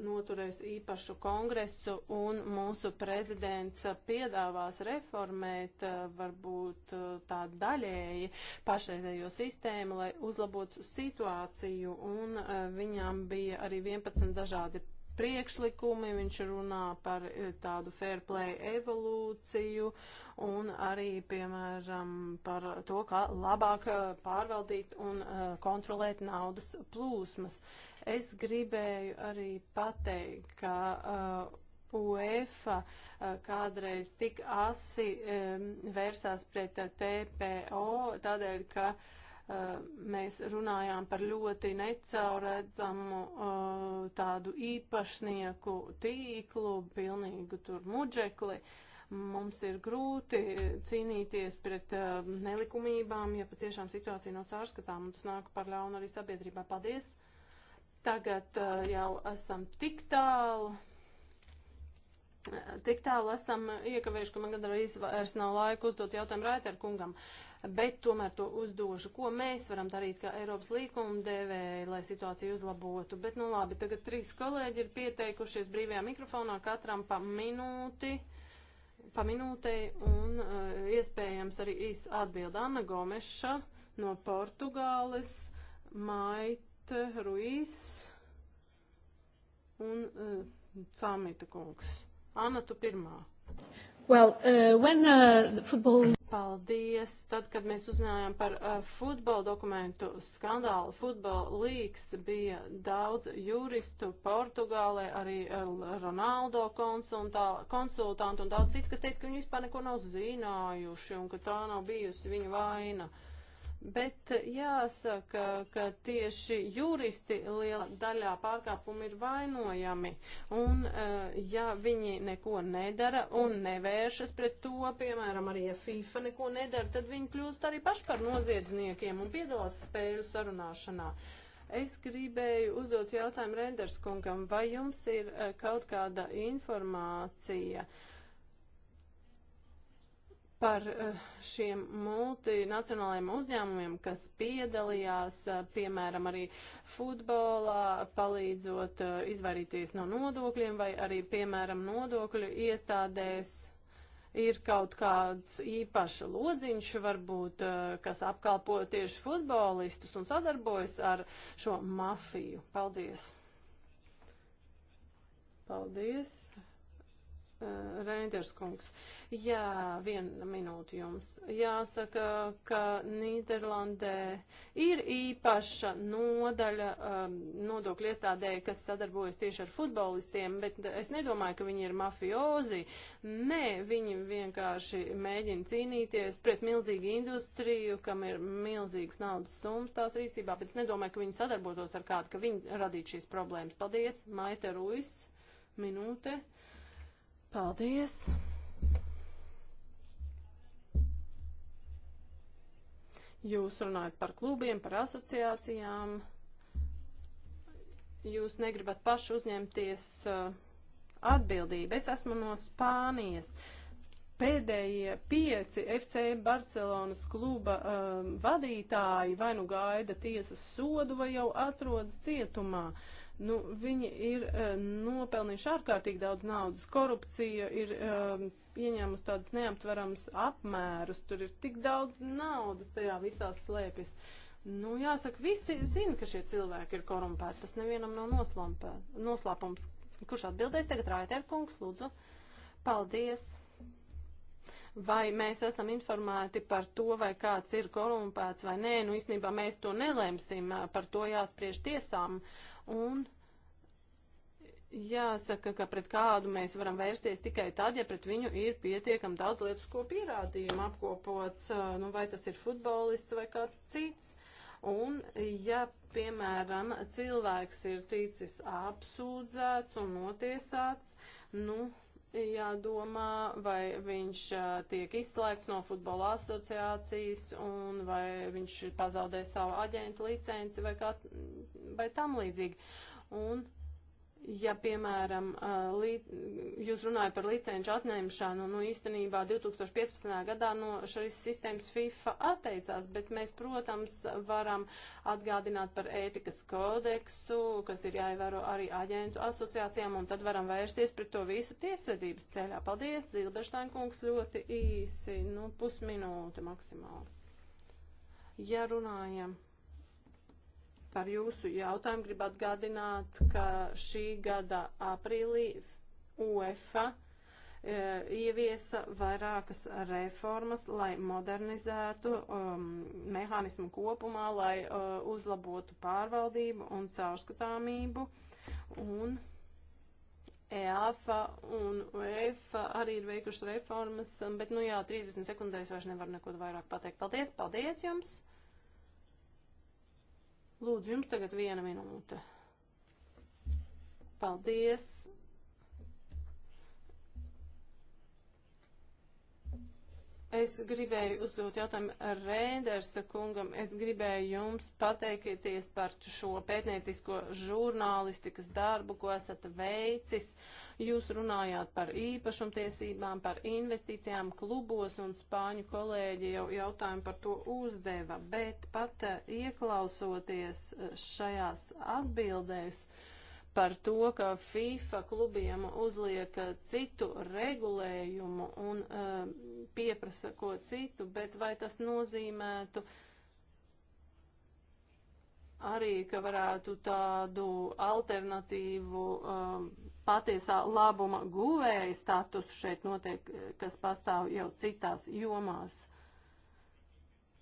noturēs īpašu kongresu un mūsu prezidents piedāvās reformēt uh, varbūt uh, tā daļēji pašreizējo sistēmu, lai uzlabotu situāciju un uh, viņām bija arī 11 dažādi priekšlikumi, viņš runā par e, tādu fair play evolūciju un arī, piemēram, par to, kā labāk e, pārvaldīt un e, kontrolēt naudas plūsmas. Es gribēju arī pateikt, ka uh, UEFA kādreiz tik asi um, vērsās pret TPO, tādēļ, ka uh, mēs runājām par ļoti necauredzamu tādu īpašnieku tīklu, pilnīgu tur muģekli. Mums ir grūti cīnīties pret nelikumībām, ja patiešām situācija nav caurskatām, un tas nāk par ļaunu arī sabiedrībā. Paldies! Tagad jau esam tik tālu. Tik tālu esam iekavējuši, ka man gandrīz vairs nav laika uzdot jautājumu Raiter kungam. Uh, bet tomēr to uzdošu, ko mēs varam darīt kā Eiropas līkuma devēja, lai situāciju uzlabotu. Bet, nu labi, tagad trīs kolēģi ir pieteikušies brīvajā mikrofonā katram pa minūti. Pa minūtei un uh, iespējams arī īs atbild Anna Gomeša no Portugāles, Maite Ruiz un uh, Samita kungs. Anna, tu pirmā. Well, uh, when, uh, football... Paldies! Tad, kad mēs uzzinājām par uh, futbola dokumentu skandālu, futbola līks bija daudz juristu Portugālē, arī uh, Ronaldo konsultantu un daudz citu, kas teica, ka viņi vispār neko nav zinājuši un ka tā nav bijusi viņa vaina. Uh, Bet eh, jāsaka, ka tieši juristi lielā daļā pārkāpumi ir vainojami. Un eh, ja viņi neko nedara un nevēršas pret to, piemēram, arī ja FIFA neko nedara, tad viņi kļūst arī paši par noziedzniekiem un piedalās spēļu sarunāšanā. Es gribēju uzdot jautājumu Renderskungam, vai jums ir eh, kaut kāda informācija? Uh, par eh, šiem multinacionālajiem uzņēmumiem, kas piedalījās, eh, piemēram, arī futbolā, palīdzot eh, izvairīties no nodokļiem vai arī, piemēram, nodokļu iestādēs. Ir kaut kāds īpašs lodziņš, varbūt, kas apkalpo tieši futbolistus un sadarbojas ar šo mafiju. Paldies! Paldies! Eh, Reinders kungs. Jā, viena minūte jums. Jāsaka, ka Nīderlandē ir īpaša nodaļa um, nodokļu iestādē, kas sadarbojas tieši ar futbolistiem, bet es nedomāju, ka viņi ir mafiozi. Nē, viņi vienkārši mēģina cīnīties pret milzīgu industriju, kam ir milzīgas naudas summas tās rīcībā, bet es nedomāju, ka viņi sadarbotos ar kādu, ka viņi radītu šīs problēmas. Paldies, Maita Ruis, minūte. Uh, Paldies! Jūs runājat par klubiem, par asociācijām. Jūs negribat paši uzņemties uh, atbildību. Es esmu no Spānijas. Pēdējie pieci FC Barcelonas kluba um, uh, vadītāji vai nu gaida tiesas sodu vai jau atrodas cietumā. Uh, Nu, viņi ir uh, nopelnījuši ārkārtīgi daudz naudas. Korupcija ir uh, ieņēmusi tādus neaptverams apmērus. Tur ir tik daudz naudas tajā visās slēpjas. Nu, jāsaka, visi zina, ka šie cilvēki ir korumpēti. Tas nevienam nav noslampē, noslēpums. Kurš atbildēs tagad? Raitērkungs, lūdzu. Paldies! vai mēs esam informēti par to, vai kāds ir korumpēts vai nē. Nu, īstenībā mēs to nelēmsim, par to jāspriež tiesām. Un jāsaka, ka pret kādu mēs varam vērsties tikai tad, ja pret viņu ir pietiekam daudz lietisko pierādījumu apkopots, nu vai tas ir futbolists vai kāds cits. Un ja, piemēram, cilvēks ir ticis apsūdzēts un notiesāts, nu, jādomā, vai viņš tiek izslēgts no futbola asociācijas un vai viņš pazaudē savu aģentu licenci vai, kā, vai tam līdzīgi. Un ja, piemēram, li, jūs runājat par licenču atņemšanu, nu īstenībā 2015. gadā no nu, šīs sistēmas FIFA atteicās, bet mēs, protams, varam atgādināt par ētikas kodeksu, kas ir jāievēro arī aģentu asociācijām, un tad varam vērsties pret to visu tiesvedības ceļā. Paldies, Zilberštain kungs, ļoti īsi, nu pusminūte maksimāli. Ja runājam par jūsu jautājumu gribu atgādināt, ka šī gada aprīlī UEFA e, ieviesa vairākas reformas, lai modernizētu um, mehānismu kopumā, lai uh, uzlabotu pārvaldību un caurskatāmību. Un EAFA un UEFA arī ir veikuši reformas, bet nu jā, 30 sekundēs vairs nevar neko vairāk pateikt. Paldies, paldies jums! Lūdzu, jums tagad viena minūte. Paldies! Es gribēju uzdot jautājumu Rēdersa kungam. Es gribēju jums pateikties par šo pētniecisko žurnālistikas darbu, ko esat veicis. Jūs runājāt par īpašumtiesībām, par investīcijām klubos, un spāņu kolēģi jau jautājumu par to uzdeva. Bet pat eh, ieklausoties eh, šajās atbildēs, uh, par to, ka FIFA klubiem uzliek eh, citu regulējumu un uh, pieprasa ko citu, bet vai tas nozīmētu arī, ka varētu tādu alternatīvu um, patiesā labuma guvēja status šeit notiek, kas pastāv jau citās jomās? Uh,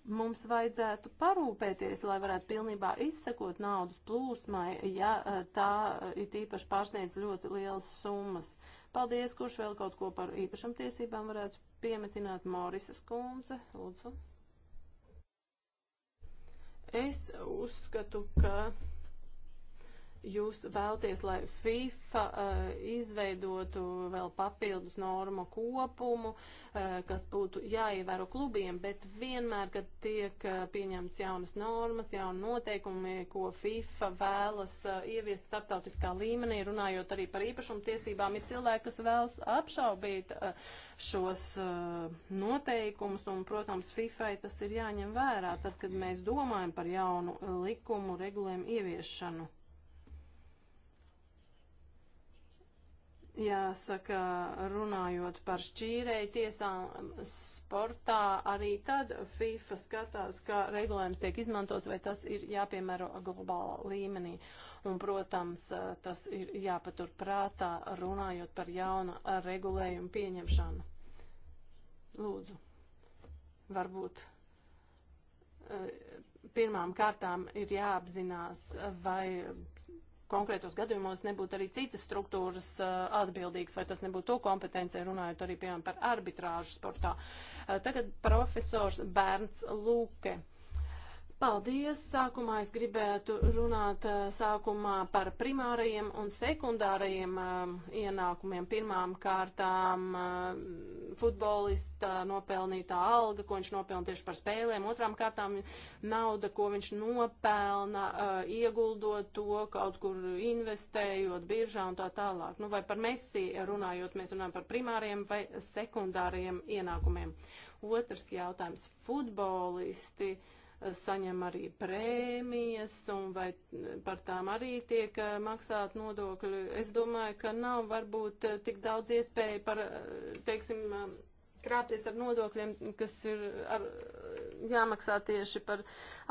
mums vajadzētu parūpēties, lai varētu pilnībā izsekot naudas plūsmai, ja e, tā e, ir īpaši pārsniedz ļoti lielas summas. Paldies, kurš vēl kaut ko par īpašumtiesībām varētu piemetināt Morisas kundze, lūdzu. Es uzskatu, ka jūs vēlties, lai FIFA uh, izveidotu vēl papildus normu kopumu, uh, kas būtu jāievēro klubiem, bet vienmēr, kad tiek uh, pieņemts jaunas normas, jauni noteikumi, ko FIFA vēlas uh, ieviest starptautiskā līmenī, runājot arī par īpašumtiesībām, ir cilvēki, kas vēlas apšaubīt uh, šos uh, noteikumus, un, protams, FIFA tas ir jāņem vērā, tad, kad mēs domājam par jaunu likumu regulējumu ieviešanu. Jāsaka, runājot par šķīrēju tiesām sportā, arī tad FIFA skatās, kā regulējums tiek izmantots, vai tas ir jāpiemēro globālā līmenī. Un, protams, tas ir jāpatur prātā, runājot par jauna regulējuma pieņemšanu. Lūdzu, varbūt eh, pirmām kārtām ir jāapzinās, vai konkrētos gadījumos nebūtu arī citas struktūras uh, atbildīgas, vai tas nebūtu to kompetencija, runājot arī, piemēram, par arbitrāžu sportā. Uh, tagad profesors Bērns Lūke. Uh, Paldies! Sākumā es gribētu runāt sākumā par primārajiem un sekundārajiem um, ienākumiem. Pirmām kārtām um, futbolista nopelnītā alga, ko viņš nopelna tieši par spēlēm. Otrām kārtām nauda, ko viņš nopelna, uh, ieguldot to kaut kur investējot biržā un tā tālāk. Nu, vai par Messi runājot, mēs runājam par primārajiem vai sekundārajiem ienākumiem. Otrs jautājums - futbolisti. Uh, saņem arī prēmijas un vai par tām arī tiek eh, maksāt nodokļi. Es domāju, ka nav varbūt eh, tik daudz iespēju par, eh, teiksim, krāpties ar nodokļiem, kas ir ar, jāmaksā tieši par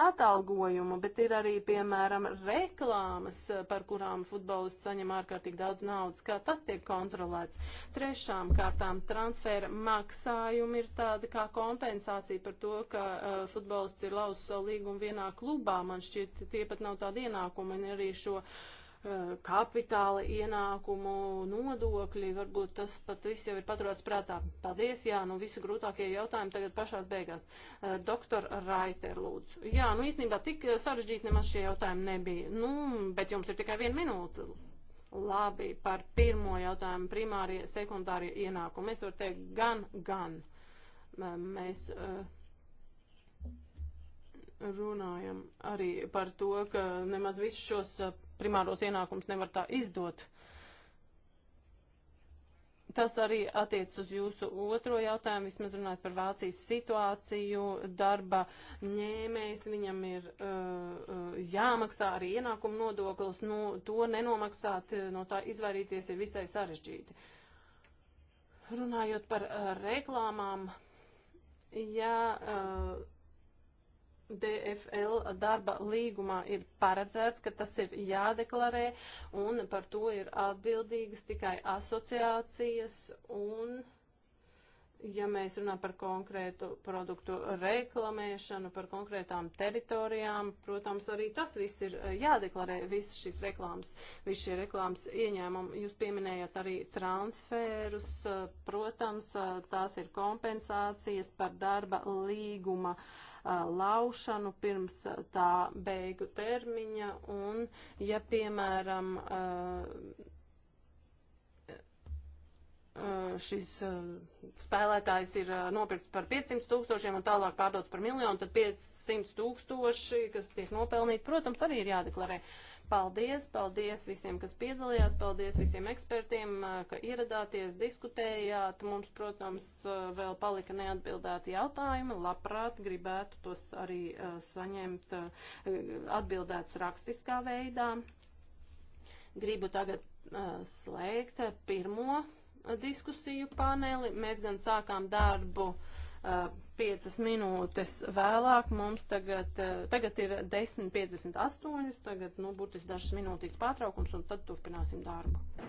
atalgojumu, bet ir arī, piemēram, reklāmas, par kurām futbolists saņem ārkārtīgi daudz naudas, kā tas tiek kontrolēts. Trešām kārtām transfēra maksājumi ir tāda kā kompensācija par to, ka uh, futbolists ir lausis savu līgumu vienā klubā. Man šķiet, tie pat nav tādi ienākumi, un arī šo uh, Eh, kapitāla ienākumu nodokļi, varbūt tas pat viss jau ir paturēts prātā. Paldies, jā, nu visi grūtākie jautājumi tagad pašās beigās. Eh, doktor Raiter, lūdzu. Jā, nu īstenībā tik eh, sarežģīti nemaz šie jautājumi nebija. Nu, bet jums ir tikai viena minūte. Labi, par pirmo jautājumu primārie, sekundārie ienākumi. Es varu teikt gan, gan. Mēs runājam arī par to, ka nemaz visus šos primāros ienākumus nevar tā izdot. Tas arī attiec uz jūsu otro jautājumu, vismaz runājot par Vācijas situāciju, darba ņēmējs, viņam ir uh, uh jāmaksā arī ienākuma nodoklis, nu, to nenomaksāt, uh, no tā izvairīties ir visai sarežģīti. Runājot par uh, reklāmām, jā. Uh, DFL darba līgumā ir paredzēts, ka tas ir jādeklarē, un par to ir atbildīgas tikai asociācijas un, ja mēs runājam par konkrētu produktu reklamēšanu, par konkrētām teritorijām, protams, arī tas viss ir eh, jādeklarē, viss šīs reklāmas, viss šie reklāmas ieņēmumi. Jūs pieminējat arī transferus, eh, protams, eh, tās ir kompensācijas par darba līguma uh, laušanu pirms tā beigu termiņa un, ja piemēram, šis spēlētājs ir nopirkts par 500 tūkstošiem un tālāk pārdots par miljonu, tad 500 tūkstoši, kas tiek nopelnīti, protams, arī ir jādeklarē. Uh, Paldies, paldies visiem, kas piedalījās, paldies visiem ekspertiem, ka ieradāties, diskutējāt. Mums, protams, vēl palika neatbildēti jautājumi. Labprāt, gribētu tos arī saņemt atbildētus rakstiskā veidā. Gribu tagad slēgt pirmo diskusiju paneli. Mēs gan sākām darbu piecas minūtes vēlāk. Mums tagad, eh, tagad ir 10.58, tagad, nu, būtiski dažas minūtītas pārtraukums, un tad turpināsim darbu.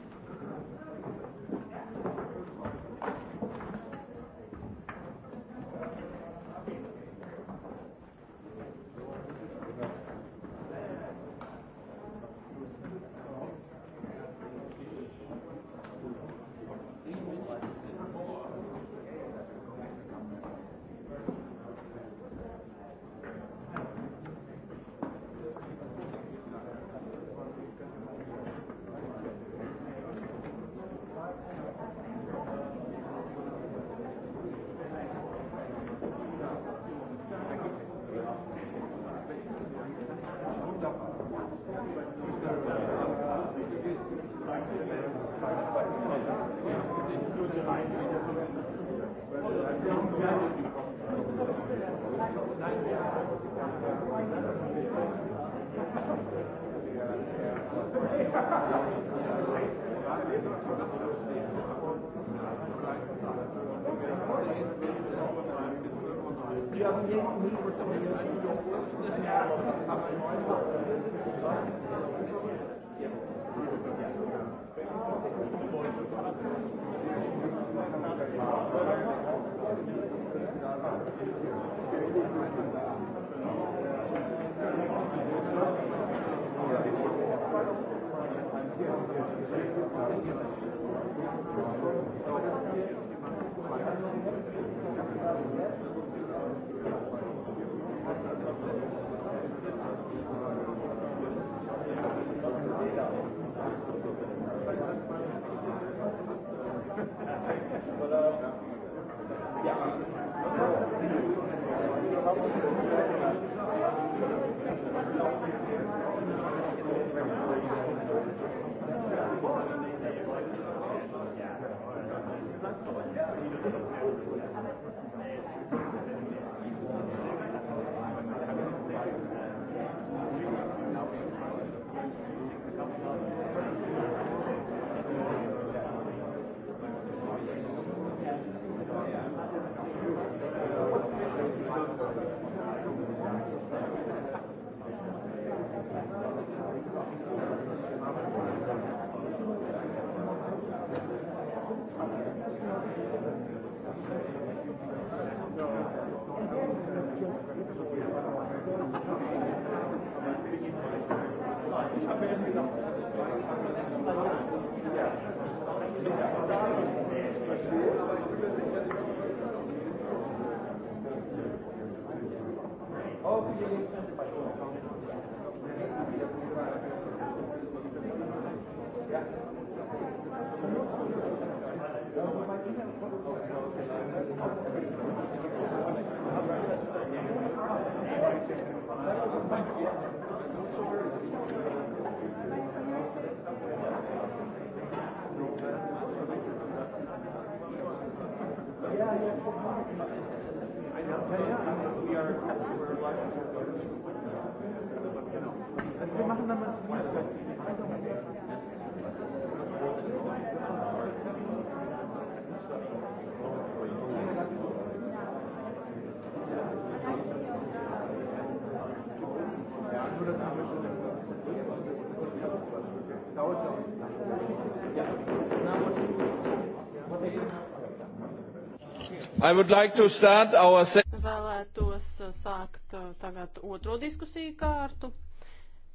Like our... Vēlētos uh, sākt uh, tagad otro diskusiju kārtu.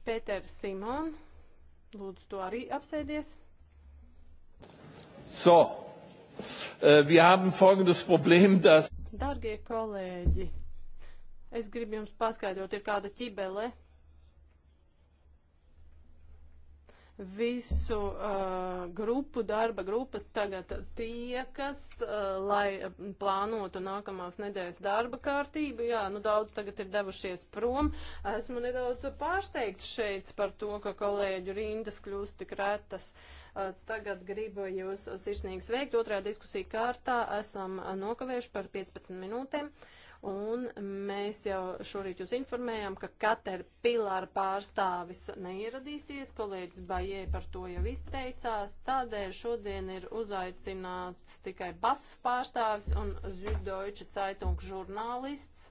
Pēters Simon, lūdzu, tu arī apsēdies. So, uh, wir haben folgendes Problem, dass... Dargie kolēģi, es gribu jums paskaidrot, ir kāda ķibele visu uh, grupu, darba grupas tagad tiekas, uh, lai plānotu nākamās nedēļas darba kārtību. Jā, nu daudz tagad ir devušies prom. Esmu nedaudz pārsteigts šeit par to, ka kolēģu rindas kļūst tik retas. Uh, tagad gribu jūs sirsnīgi sveikt. Otrajā diskusija kārtā esam nokavējuši par 15 minūtēm. Uh, Un mēs jau šorīt jūs informējām, ka Caterpillar pārstāvis neieradīsies, kolēģis Bajē par to jau izteicās, tādēļ šodien ir uzaicināts tikai BASF pārstāvis un Züddeutsche Zeitung žurnālists.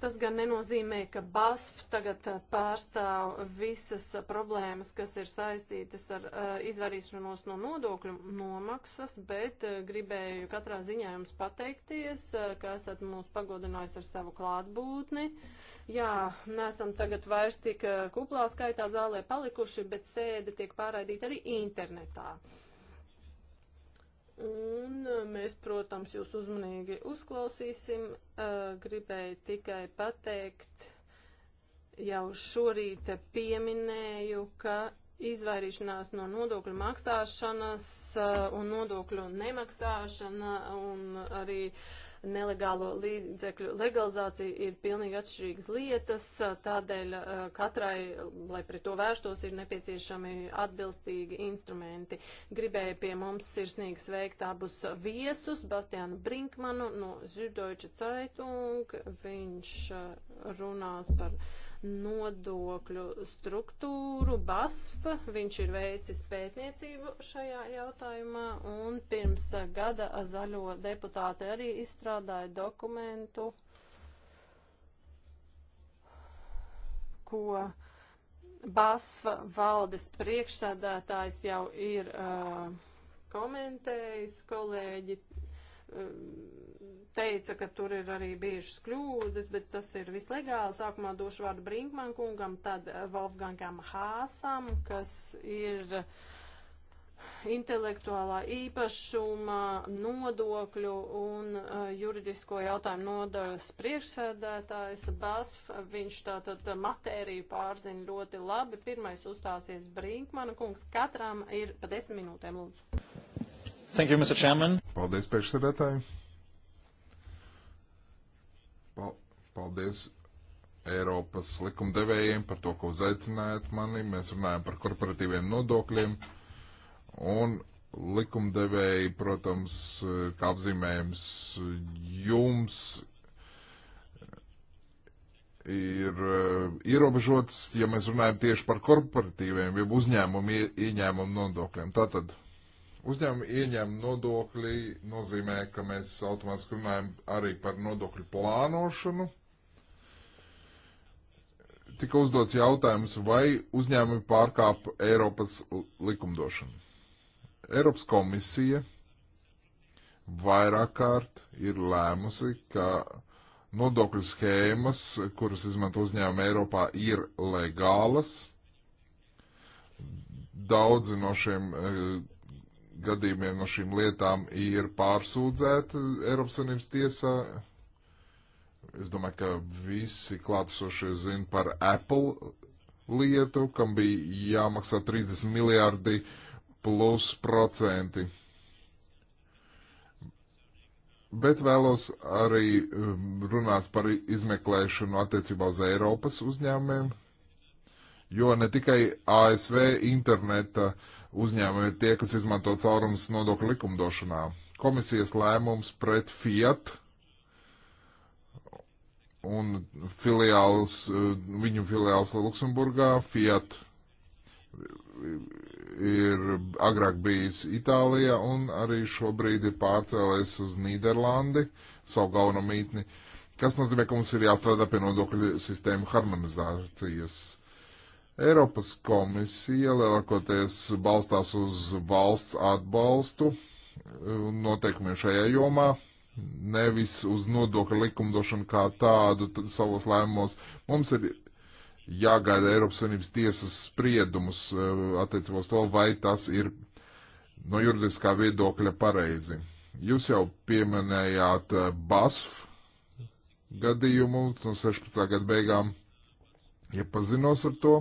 Tas gan nenozīmē, ka BASF tagad uh, pārstāv visas uh, problēmas, kas ir saistītas ar uh, izvarīšanos no nodokļu nomaksas, bet uh, gribēju katrā ziņā jums pateikties, uh, ka esat mūs pagodinājis ar savu klātbūtni. Jā, nesam tagad vairs tik uh, kuplā skaitā zālē palikuši, bet sēde tiek pārraidīta arī internetā. Uh, Un uh, mēs, protams, jūs uzmanīgi uzklausīsim. Uh, gribēju tikai pateikt, jau šorīt pieminēju, ka izvairīšanās no nodokļu maksāšanas uh, un nodokļu nemaksāšana un arī uh, nelegālo līdzekļu legalizācija ir pilnīgi atšķirīgas lietas, tādēļ uh, katrai, lai pret to vērstos, ir nepieciešami atbilstīgi instrumenti. Gribēju pie mums sirsnīgi sveikt abus viesus, Bastiānu Brinkmanu no Zirdoiča Zeitung, viņš uh, runās par nodokļu struktūru, BASF, viņš ir veicis pētniecību šajā jautājumā, un pirms gada zaļo deputāti arī izstrādāja dokumentu, ko BASF valdes priekšsēdētājs jau ir uh, komentējis, kolēģi. Uh, teica, ka tur ir arī bijušas kļūdas, bet tas ir vislegāli. Sākumā došu vārdu Brinkman kungam, tad Wolfgangam Hāsam, kas ir intelektuālā īpašuma, nodokļu un uh, juridisko jautājumu nodaļas priekšsēdētājs Basf. Viņš tātad matēriju pārzina ļoti labi. Pirmais uzstāsies Brinkmana kungs. Katram ir pa desmit minūtēm, lūdzu. Thank you, Mr. Chairman. Paldies, priekšsēdētāji. Paldies Eiropas likumdevējiem par to, ka uzaicinājāt mani. Mēs runājam par korporatīviem nodokļiem. Un likumdevēji, protams, kā apzīmējums jums ir eh, ierobežots, ja mēs runājam tieši par korporatīviem, jeb uzņēmumu ieņēmumu nodokļiem. Tātad uzņēmumu ieņēmumu nodokļi nozīmē, ka mēs automātiski runājam arī par nodokļu plānošanu tika uzdots jautājums, vai uzņēmumi pārkāp Eiropas likumdošanu. Eiropas komisija vairāk kārt ir lēmusi, ka nodokļu schēmas, kuras izmanto uzņēmumi Eiropā, ir legālas. Daudzi no šiem e, gadījumiem, no šīm lietām ir pārsūdzēti Eiropas Savienības tiesā, Es domāju, ka visi klātsošie zina par Apple lietu, kam bija jāmaksā 30 miljārdi plus procenti. Bet vēlos arī um, runāt par izmeklēšanu attiecībā uz Eiropas uzņēmumiem, jo ne tikai ASV interneta uzņēmumi ir tie, kas izmanto caurums nodokļu likumdošanā. Komisijas lēmums pret Fiat un filiāls, eh, viņu filiāls Luksemburgā, Fiat ir agrāk bijis Itālijā un arī šobrīd ir pārcēlējis uz Nīderlandi, savu galveno mītni, kas nozīmē, ka mums ir jāstrādā pie nodokļu sistēmu harmonizācijas. Eiropas komisija lielākoties balstās uz valsts atbalstu eh, noteikumiem šajā jomā, nevis uz nodokļu likumdošanu kā tādu savos lēmumos. Mums ir jāgaida Eiropas Savienības tiesas spriedumus eh, attiecībā uz to, vai tas ir no juridiskā viedokļa pareizi. Jūs jau pieminējāt eh, BASF gadījumu no 16. gada beigām iepazinos ar to,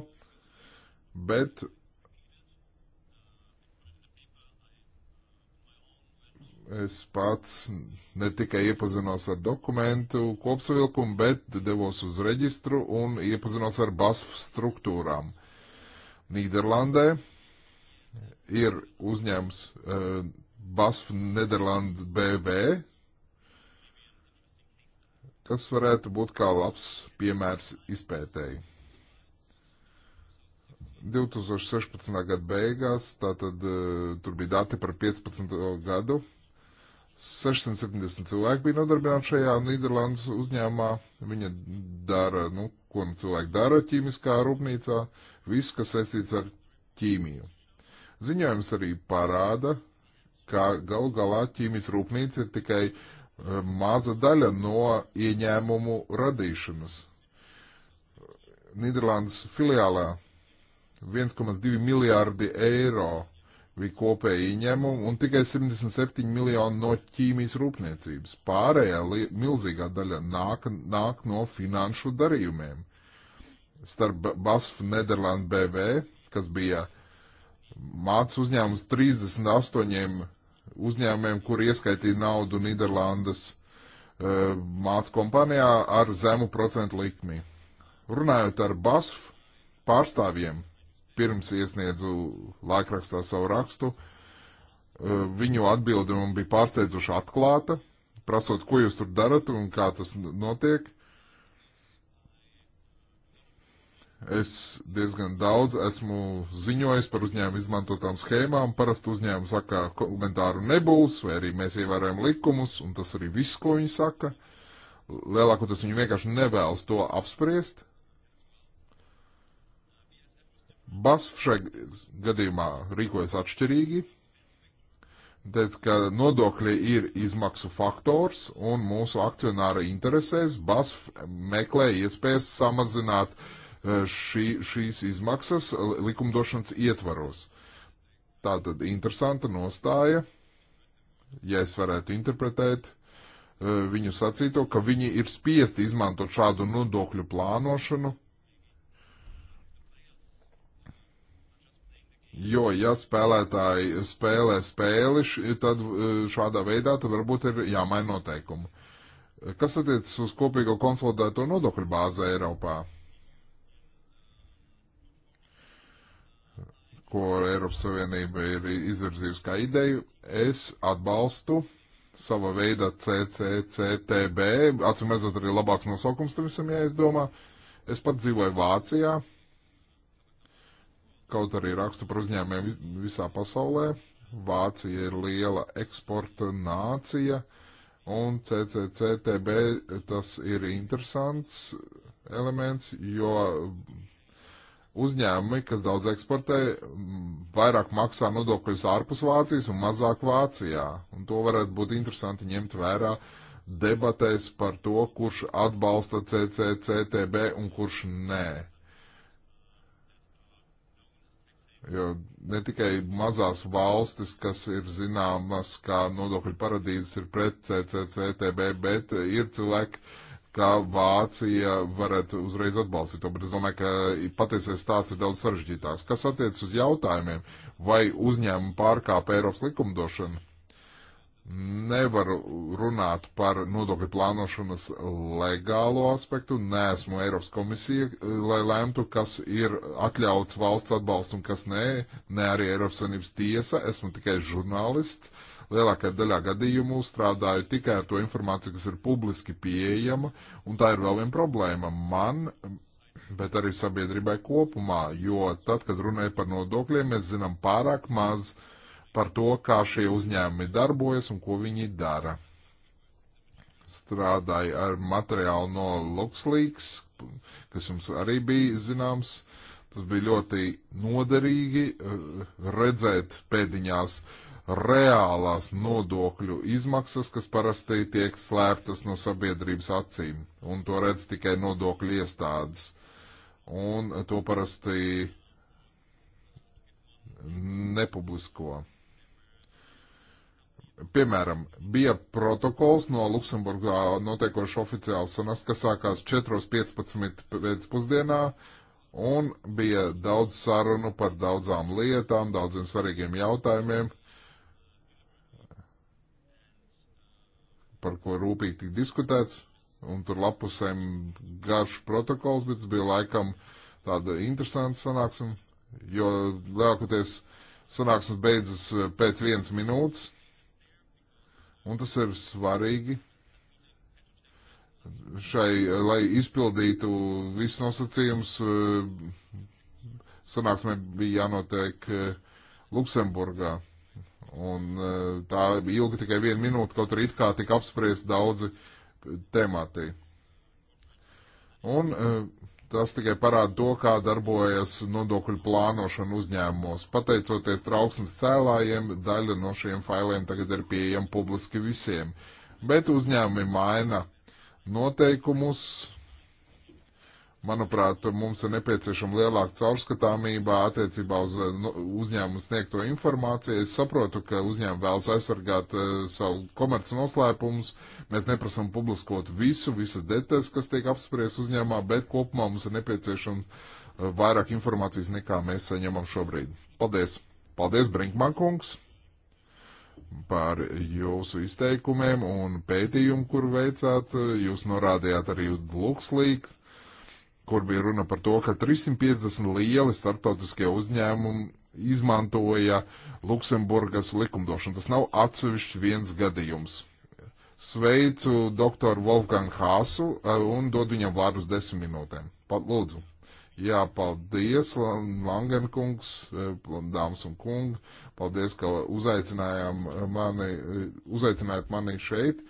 bet Es pats ne tikai iepazinos ar dokumentu kopsavilkumu, bet devos uz reģistru un iepazinos ar BASF struktūrām. Nīderlandē ir uzņēmums uh, BASF Nederlandes BV, kas varētu būt kā labs piemērs izpētēji. 2016. gada beigās, tātad uh, tur bija dati par 15. gadu, 670 cilvēki bija nodarbināti šajā Nīderlandes uzņēmumā. Viņa dara, nu, ko nu cilvēki dara ķīmiskā rūpnīcā, viss, kas saistīts ar ķīmiju. Ziņojums arī parāda, ka gal galā ķīmijas rūpnīca ir tikai eh, maza daļa no ieņēmumu radīšanas. Nīderlandes filiālā 1,2 miljārdi eiro bija kopēji ieņēmumi un tikai 77 miljoni no ķīmijas rūpniecības. Pārējā milzīgā daļa nāk, nāk no finanšu darījumiem. Starp BASF Nederland BV, kas bija mācu uzņēmums 38 uzņēmumiem, kur ieskaitīja naudu Nīderlandes uh, e, mācu kompānijā ar zemu procentu likmi. Runājot ar BASF pārstāvjiem, pirms iesniedzu laikrakstā savu rakstu. E, viņu atbildi man bija pārsteidzoši atklāta, prasot, ko jūs tur darat un kā tas notiek. Es diezgan daudz esmu ziņojis par uzņēmumu izmantotām schēmām. Parasti uzņēmumi saka, ka komentāru nebūs, vai arī mēs ievērojam likumus, un tas arī viss, ko viņi saka. Lielākoties viņi vienkārši nevēlas to apspriest, BASF šajā gadījumā rīkojas atšķirīgi. Teic, ka nodokļi ir izmaksu faktors un mūsu akcionāra interesēs BASF meklē iespējas samazināt e, šī, šīs izmaksas likumdošanas ietvaros. Tā tad interesanta nostāja, ja es varētu interpretēt e, viņu sacīto, ka viņi ir spiesti izmantot šādu nodokļu plānošanu Jo, ja spēlētāji spēlē spēli, tad e, šādā veidā tad varbūt ir jāmaina noteikumi. Kas attiecas uz kopīgo konsolidēto nodokļu bāzi Eiropā? Ko Eiropas Savienība ir izvirzījusi kā ideju, es atbalstu sava veida CCCTB, atcīm redzot, arī labāks nosaukums tam visam, ja es domāju. Es pat dzīvoju Vācijā, kaut arī rakstu par uzņēmumiem visā pasaulē. Vācija ir liela eksporta nācija, un CCCTB tas ir interesants elements, jo uzņēmumi, kas daudz eksportē, vairāk maksā nodokļus ārpus Vācijas un mazāk Vācijā. Un to varētu būt interesanti ņemt vērā debatēs par to, kurš atbalsta CCCTB un kurš nē. Jo ne tikai mazās valstis, kas ir zināmas kā nodokļu paradīzes, ir pret CCCTB, bet ir cilvēki, kā Vācija varētu uzreiz atbalstīt to. Bet es domāju, ka patiesais stāsts ir daudz sarežģītāks. Kas attiec uz jautājumiem, vai uzņēmumi pārkāpa Eiropas likumdošanu? nevar runāt par nodokļu plānošanas legālo aspektu. Nē, esmu Eiropas komisija, lai lemtu, kas ir atļauts valsts atbalsts un kas nē. Nē, arī Eiropas Savienības tiesa. Esmu tikai žurnālists. Lielākajā daļā gadījumu strādāju tikai ar to informāciju, kas ir publiski pieejama, un tā ir vēl viena problēma man, bet arī sabiedrībai kopumā, jo tad, kad runāju par nodokļiem, mēs zinām pārāk maz uh, par to, kā šie uzņēmumi darbojas un ko viņi dara. Strādāju ar materiālu no LuxLeaks, kas jums arī bija zināms. Tas bija ļoti noderīgi eh, redzēt pēdiņās reālās nodokļu izmaksas, kas parasti tiek slēptas no sabiedrības acīm, un to redz tikai nodokļu iestādes. Un to parasti nepublisko. Piemēram, bija protokols no Luksemburgā notiekošas oficiāls sanas, kas sākās 4.15 pēcpusdienā, un bija daudz sarunu par daudzām lietām, daudziem svarīgiem jautājumiem, par ko rūpīgi tika diskutēts, un tur lapusēm garš protokols, bet tas bija laikam tāda interesanta sanāksme, jo lielākoties sanāksmes beidzas pēc vienas minūtes, Un tas ir svarīgi, šai, lai izpildītu visus nosacījumus. Eh, sanāksmē bija jānotiek eh, Luksemburgā. Un eh, tā ilga tikai viena minūte, kaut arī it kā tika apspriest daudzi temati. Un uh, Tas tikai parāda to, kā darbojas nodokļu plānošana uzņēmumos. Pateicoties trauksmes cēlājiem, daļa no šiem failiem tagad ir pieejama publiski visiem. Bet uzņēmumi maina noteikumus, Manuprāt, mums ir nepieciešama lielāka caurskatāmība attiecībā uz eh, nu, uzņēmumu sniegto informāciju. Es saprotu, ka uzņēmumi vēlas aizsargāt uh, savu komerci noslēpumus. Mēs neprasam publiskot visu, visas detaļas, kas tiek apspriests uzņēmumā, bet kopumā mums ir nepieciešama uh, eh, vairāk informācijas nekā mēs saņemam šobrīd. Paldies! Paldies, Brinkmankungs! par jūsu izteikumiem un pētījumu, kur veicāt. Jūs norādījāt arī uz Luxlīgs kur bija runa par to, ka 350 lieli starptautiskie uzņēmumi izmantoja Luksemburgas likumdošanu. Tas nav atsevišķi viens gadījums. Sveicu doktoru Wolfgang Hāsu eh, un dodu viņam vārdu uz desmit minūtēm. Pat lūdzu. Jā, paldies, Langenkungs, eh, dāmas un kungi. Paldies, ka uzaicinājām eh, mani, uzaicinājāt mani šeit.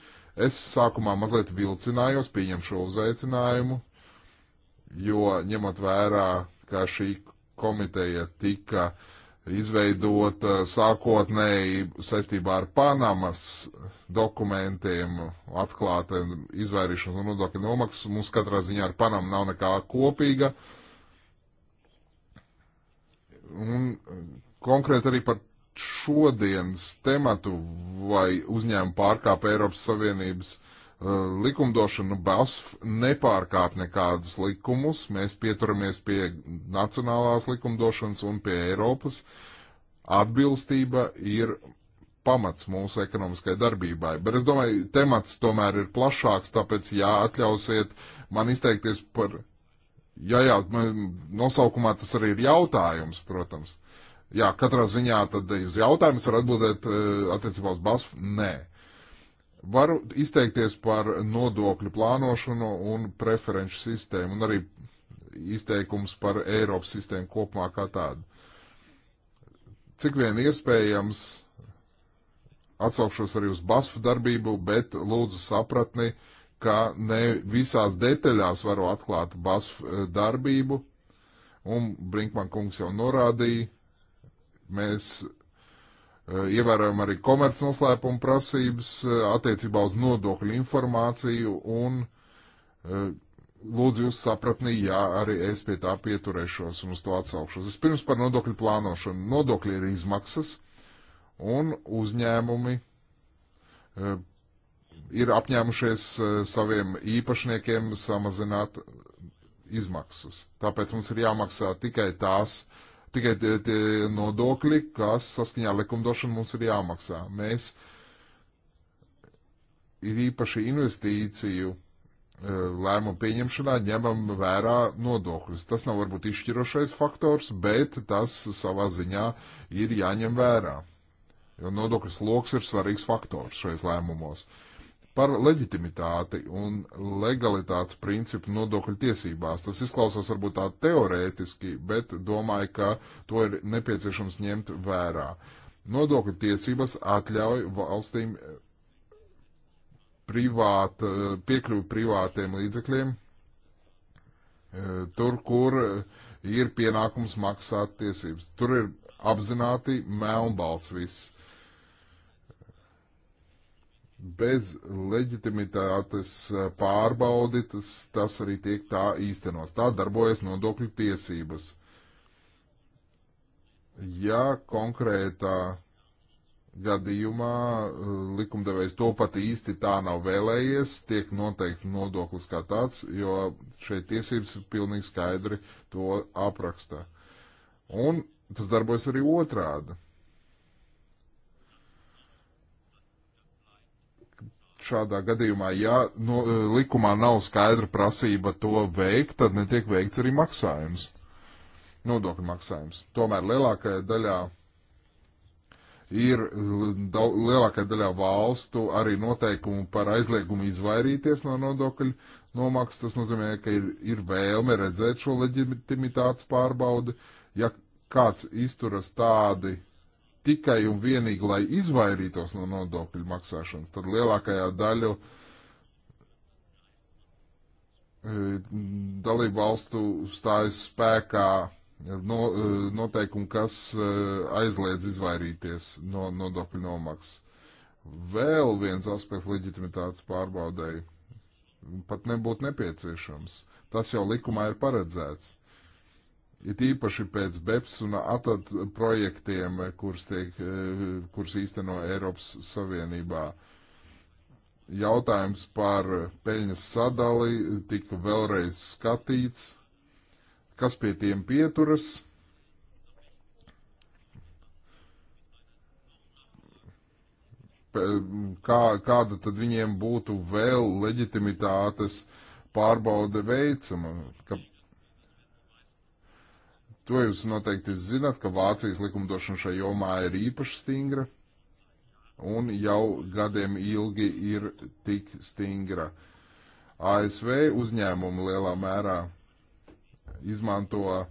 Es sākumā mazliet vilcinājos, pieņem šo uzaicinājumu jo ņemot vērā, ka šī komiteja tika izveidota sākotnēji saistībā ar Panamas dokumentiem, atklāta izvairīšanas un nodokļu nomaksas, mums katrā ziņā ar Panamu nav nekā kopīga. Un konkrēti arī par šodienas tematu vai uzņēmumu pārkāpa Eiropas Savienības Uh, likumdošana BASF nepārkāp nekādas likumus. Mēs pieturamies pie nacionālās likumdošanas un pie Eiropas. Atbilstība ir pamats mūsu ekonomiskai darbībai. Bet es domāju, temats tomēr ir plašāks, tāpēc jāatļausiet man izteikties par. Jā, jā, nu, nosaukumā tas arī ir jautājums, protams. Jā, katrā ziņā tad uz jautājumus var atbildēt uh, attiecībā uz BASF. Nē. Varu izteikties par nodokļu plānošanu un preferenču sistēmu, un arī izteikums par Eiropas sistēmu kopumā kā tādu. Cik vien iespējams, atsaukšos arī uz BASF darbību, bet lūdzu sapratni, ka ne visās detaļās varu atklāt BASF eh, darbību, un Brinkman kungs jau norādīja, mēs Eh, ievērojam arī komerc noslēpuma prasības eh, attiecībā uz nodokļu informāciju un eh, lūdzu jūs sapratnī, jā, arī es pie tā pieturēšos un uz to atsaukšos. Vispirms par nodokļu plānošanu. Nodokļi ir izmaksas un uzņēmumi ir apņēmušies saviem īpašniekiem samazināt izmaksas. Tāpēc mums ir jāmaksā tikai tās uh, tikai tie, tie nodokļi, kas saskaņā ar likumdošanu mums ir jāmaksā. Mēs ir īpaši investīciju e, lēmumu pieņemšanā ņemam vērā nodokļus. Tas nav varbūt izšķirošais faktors, bet tas savā ziņā ir jāņem vērā. Jo nodokļu sloks ir svarīgs faktors šais lēmumos. Uh, par leģitimitāti un legalitātes principu nodokļu tiesībās. Tas izklausās varbūt tā teorētiski, bet domāju, ka to ir nepieciešams ņemt vērā. Nodokļu tiesības atļauj valstīm eh, privāt, eh, piekļuvi privātiem līdzekļiem, eh, tur, kur ir pienākums maksāt tiesības. Tur ir apzināti melnbalts viss bez leģitimitātes pārbaudi tas, tas arī tiek tā īstenos. Tā darbojas nodokļu tiesības. Ja konkrētā gadījumā uh, likumdevējs to pat īsti tā nav vēlējies, tiek noteikts nodoklis kā tāds, jo šeit tiesības pilnīgi skaidri to apraksta. Un tas darbojas arī otrādi šādā gadījumā, ja no, nu, e, likumā nav skaidra prasība to veikt, tad netiek veikts arī maksājums, nodokļu maksājums. Tomēr lielākajā daļā ir daudz, lielākajā daļā valstu arī noteikumu par aizliegumu izvairīties no nodokļu nomaksas. Tas nozīmē, ka ir, ir vēlme redzēt šo leģitimitātes pārbaudi. Ja kāds izturas tādi tikai un vienīgi, lai izvairītos no nodokļu maksāšanas, tad lielākajā daļu e, dalību valstu stājas spēkā no, e, noteikumi, kas e, aizliedz izvairīties no nodokļu nomaksas. Vēl viens aspekts leģitimitātes pārbaudēji pat nebūtu nepieciešams. Tas jau likumā ir paredzēts. It īpaši pēc BEPS un ATAT projektiem, eh, kurus, tiek, eh, kurus īsteno Eiropas Savienībā. Jautājums par peļņas sadali tika vēlreiz skatīts. Kas pie tiem pieturas? kā, kāda tad viņiem būtu vēl leģitimitātes pārbaude veicama, ka To jūs noteikti zinat, ka Vācijas likumdošana šajā jomā ir īpaši stingra un jau gadiem ilgi ir tik stingra. ASV uzņēmumi lielā mērā izmanto uh,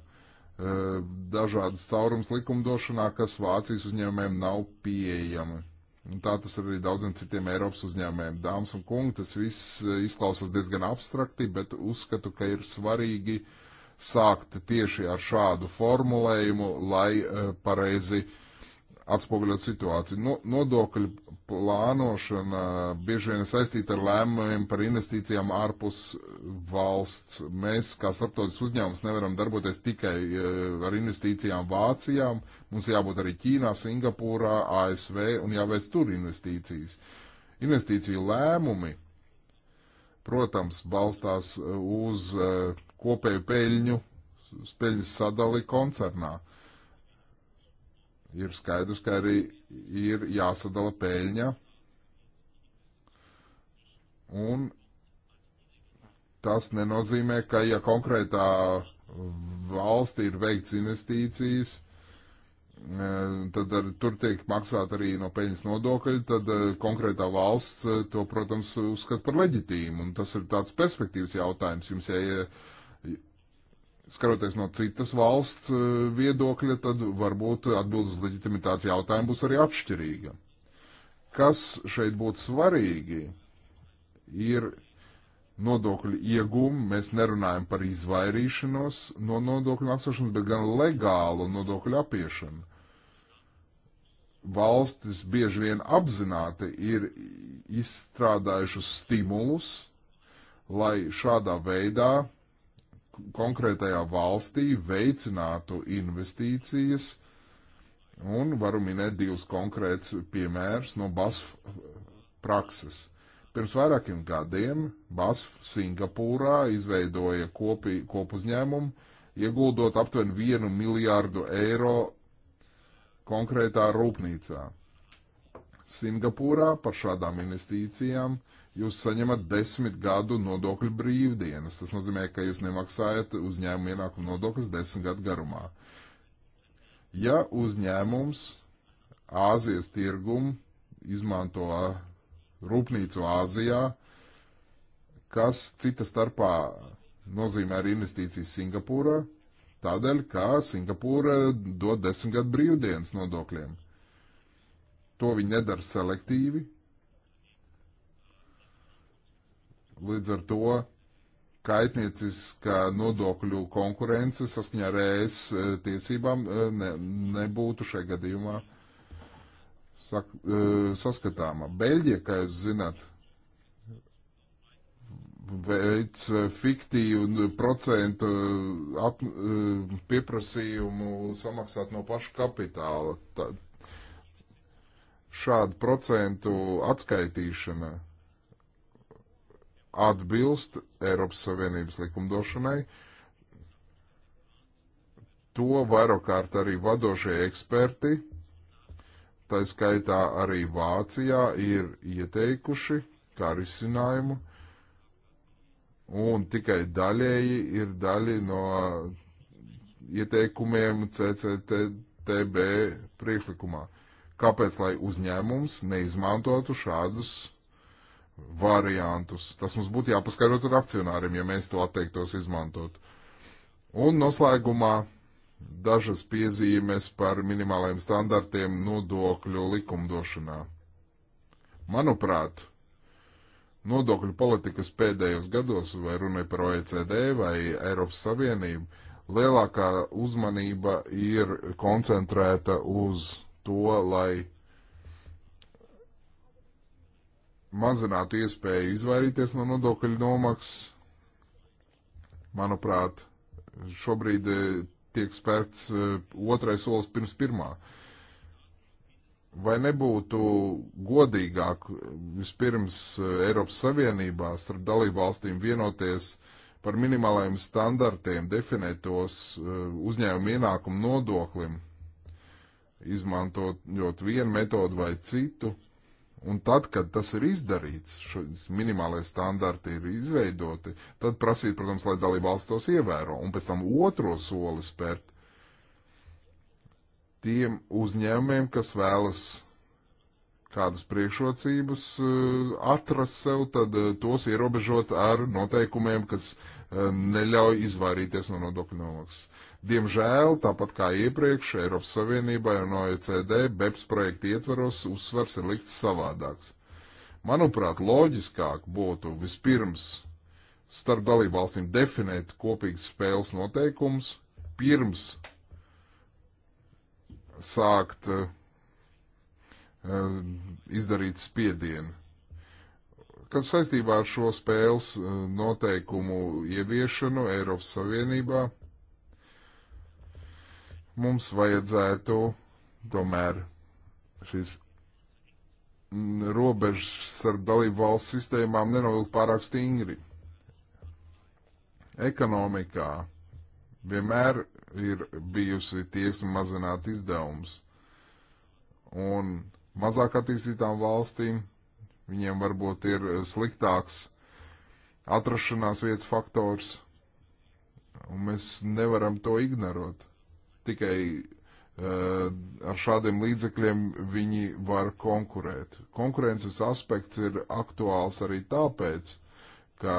dažādas caurums likumdošanā, kas Vācijas uzņēmumiem nav pieejami. Un tā tas arī daudziem citiem Eiropas uzņēmumiem. Dāmas un kungi, tas viss e, izklausās diezgan abstrakti, bet uzskatu, ka ir svarīgi uh, sākt tieši ar šādu formulējumu, lai e, pareizi atspoguļot situāciju. No, nodokļu plānošana bieži vien saistīta ar lēmumiem par investīcijām ārpus valsts. Mēs, kā starptautis uzņēmums, nevaram darboties tikai e, ar investīcijām Vācijām. Mums jābūt arī Ķīnā, Singapūrā, ASV un jāveic tur investīcijas. Investīciju lēmumi protams, balstās e, uz kopēju peļņu, peļņas sadali koncernā. Ir skaidrs, ka arī ir jāsadala peļņa un tas nenozīmē, ka ja konkrētā valstī ir veikts investīcijas, e, tad ar, tur tiek maksāt arī no peļņas nodokļa, tad e, konkrētā valsts e, to, protams, uzskata par leģitīmu. Un tas ir tāds perspektīvas jautājums. Jums, ja Skaroties no citas valsts eh, viedokļa, tad varbūt atbildes leģitimitātes jautājumi būs arī atšķirīga. Kas šeit būtu svarīgi, ir nodokļu iegūmu, mēs nerunājam par izvairīšanos no nodokļu maksāšanas, bet gan legālu nodokļu apiešanu. Valstis bieži vien apzināti ir izstrādājušas stimulus, lai šādā veidā konkrētajā valstī veicinātu investīcijas, un varu minēt divus konkrētus piemērus no BASF prakses. Pirms vairākiem gadiem BASF Singapūrā izveidoja kopi, kopuzņēmumu, ieguldot aptuveni vienu miljārdu eiro konkrētā rūpnīcā. Singapūrā par šādām investīcijām uh, jūs saņemat desmit gadu nodokļu brīvdienas. Tas nozīmē, ka jūs nemaksājat uzņēmumu ienākumu nodokļus desmit gadu garumā. Ja uzņēmums Āzijas tirgumu izmanto rūpnīcu Āzijā, kas cita starpā nozīmē arī investīcijas Singapūrā, tādēļ, ka Singapūra dod desmit gadu brīvdienas nodokļiem. To viņi nedara selektīvi, Līdz ar to kaitnieciskā nodokļu konkurence saskaņā ar ES e, tiesībām e, ne, nebūtu šai gadījumā sak, e, saskatāma. Beļģija, kā jūs zināt, veids fiktīvu procentu ap, pieprasījumu samaksāt no paša kapitāla. Tā, šādu procentu atskaitīšana atbilst Eiropas Savienības likumdošanai. To vairākārt arī vadošie eksperti, tā skaitā arī Vācijā, ir ieteikuši kā risinājumu, un tikai daļēji ir daļi no ieteikumiem CCTB priekšlikumā. Kāpēc lai uzņēmums neizmantotu šādus variantus. Tas mums būtu jāpaskaidrot ar akcionāriem, ja mēs to atteiktos izmantot. Un noslēgumā dažas piezīmes par minimālajiem standartiem nodokļu likumdošanā. Manuprāt, nodokļu politikas pēdējos gados, vai runai par OECD vai Eiropas Savienību, lielākā uzmanība ir koncentrēta uz to, lai mazinātu iespēju izvairīties no nodokļu nomaksas. Manuprāt, šobrīd eh, tiek spērts eh, otrais solis pirms pirmā. Vai nebūtu godīgāk eh, vispirms Eiropas Savienībā starp dalību valstīm vienoties par minimālajiem standartiem, definēt tos uzņēmumu ienākumu nodoklim, izmantojot vienu metodu vai citu, Un tad, kad tas ir izdarīts, minimālai standarti ir izveidoti, tad prasīt, protams, lai dalībvalsts tos ievēro. Un pēc tam otro soli spērt tiem uzņēmumiem, kas vēlas kādas priekšrocības eh, atrast sev, tad eh, tos ierobežot ar noteikumiem, kas eh, neļauj izvairīties no nodokļu nomaksas. Diemžēl, tāpat kā iepriekš, Eiropas Savienībai un OECD BEPS projekta ietvaros uzsvers ir likts savādāks. Manuprāt, loģiskāk būtu vispirms starp dalībvalstīm definēt kopīgas spēles noteikumus, pirms sākt uh, izdarīt spiedienu. Kad saistībā ar šo spēles eh, noteikumu ieviešanu Eiropas Savienībā, mums vajadzētu tomēr šīs robežas starp dalību valsts sistēmām nenovilkt pārāk stingri. Ekonomikā vienmēr ir bijusi tieksme mazināt izdevumus, un mazāk attīstītām valstīm viņiem varbūt ir sliktāks atrašanās vietas faktors, un mēs nevaram to ignorēt tikai eh, ar šādiem līdzekļiem viņi var konkurēt. Konkurences aspekts ir aktuāls arī tāpēc, ka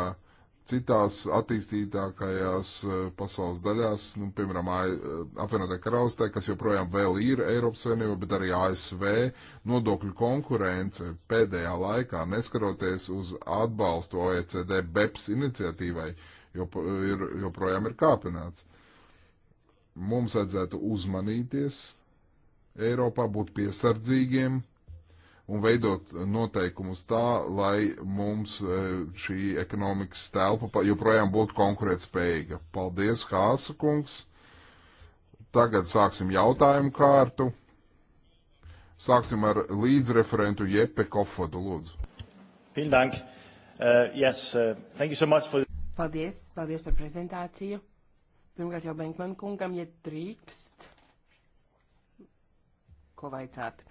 citās attīstītākajās eh, pasaules daļās, nu, piemēram, eh, apvienotā karalistē, kas joprojām vēl ir Eiropas Savienība, bet arī ASV, nodokļu konkurence pēdējā laikā, neskaroties uz atbalstu OECD BEPS iniciatīvai, jop, ir, joprojām ir kāpināts mums vajadzētu uzmanīties, Eiropā būt piesardzīgiem un veidot noteikumus tā, lai mums e, šī ekonomikas telpa joprojām būtu konkurētspējīga. Paldies, Hāsa kungs! Tagad sāksim jautājumu kārtu. Sāksim ar līdzreferentu Jeppe Kofodu, lūdzu. Äh, äh, paldies, paldies par prezentāciju. Pirmkārt jau Benkman kungam, ja drīkst, ko vajadzētu.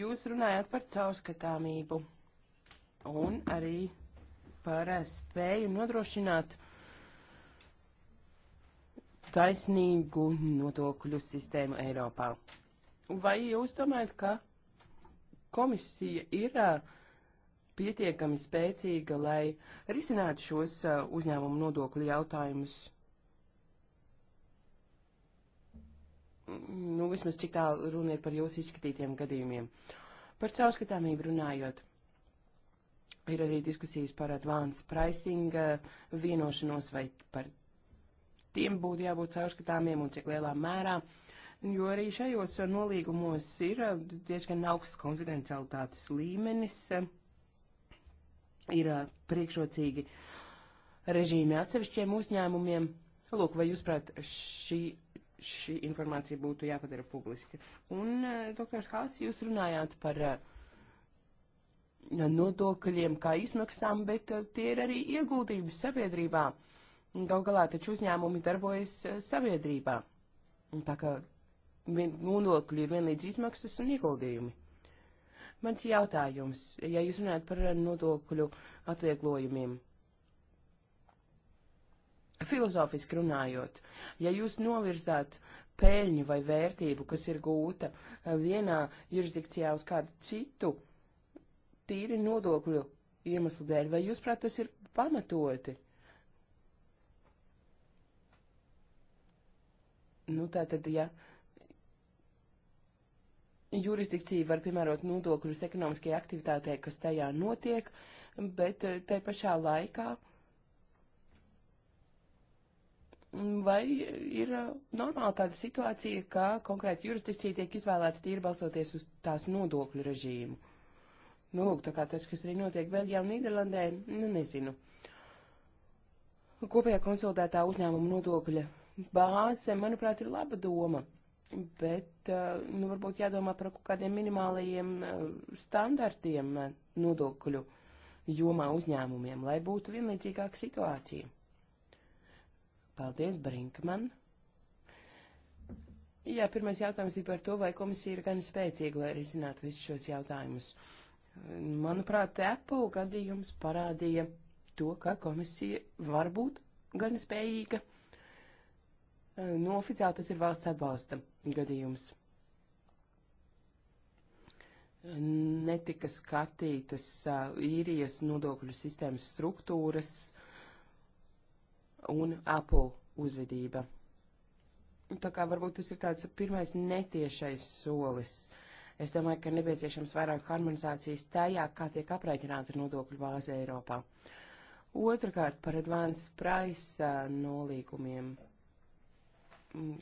Jūs runājāt par caurskatāmību un arī par spēju nodrošināt taisnīgu nodokļu sistēmu Eiropā. Vai jūs domājat, ka komisija ir pietiekami spēcīga, lai risinātu šos uzņēmumu nodokļu jautājumus nu, vismaz cik tālu runa ir par jūsu izskatītiem gadījumiem. Par caurskatāmību runājot, ir arī diskusijas par advance pricing eh, vienošanos, vai par tiem būtu jābūt caurskatāmiem un cik lielā mērā, jo arī šajos nolīgumos ir eh, diezgan augsts konfidencialitātes līmenis, eh, ir priekšrocīgi režīmi atsevišķiem uzņēmumiem. Lūk, vai jūs prāt, šī šī informācija būtu jāpadara publiski. Un, eh, doktors Hāss, jūs runājāt par eh, nodokļiem kā izmaksām, bet eh, tie ir arī ieguldījumi sabiedrībā. Gal galā taču uzņēmumi darbojas sabiedrībā. Tā kā nodokļi ir vienlīdz izmaksas un ieguldījumi. Mans jautājums, ja jūs runājat par nodokļu atvieglojumiem, Filozofiski runājot, ja jūs novirzāt peļņu vai vērtību, kas ir gūta eh, vienā jurisdikcijā uz kādu citu, tīri nodokļu iemeslu dēļ, vai jūs prāt tas ir pamatoti? Nu, tā tad, ja jurisdikcija var piemērot nodokļus ekonomiskajai aktivitātei, kas tajā notiek, bet eh, tai pašā laikā Vai ir uh, normāla tāda situācija, ka konkrēti jurisdikcija tiek izvēlēta tīri balstoties uz tās nodokļu režīmu? Nu, lūk, tā kā tas, kas arī notiek Beļģijā un Nīderlandē, nu, nezinu. Kopējā konsultētā uzņēmuma nodokļa bāze, manuprāt, ir laba doma, bet, uh, nu, varbūt jādomā par kaut kādiem minimālajiem uh, standartiem nodokļu jomā uzņēmumiem, lai būtu vienlīdzīgāka situācija. Paldies, Brinkman. Jā, pirmais jautājums ir par to, vai komisija ir gan spēcīga, lai risinātu visus šos jautājumus. Manuprāt, Apple gadījums parādīja to, ka komisija var būt gan spējīga. Nu, oficiāli tas ir valsts atbalsta gadījums. Netika skatītas īrijas nodokļu sistēmas struktūras un Apple uzvedība. Tā kā varbūt tas ir tāds pirmais netiešais solis. Es domāju, ka nepieciešams vairāk harmonizācijas tajā, kā tiek aprēķināta nodokļu bāze Eiropā. Otrakārt par advanced price uh, nolīgumiem, mm,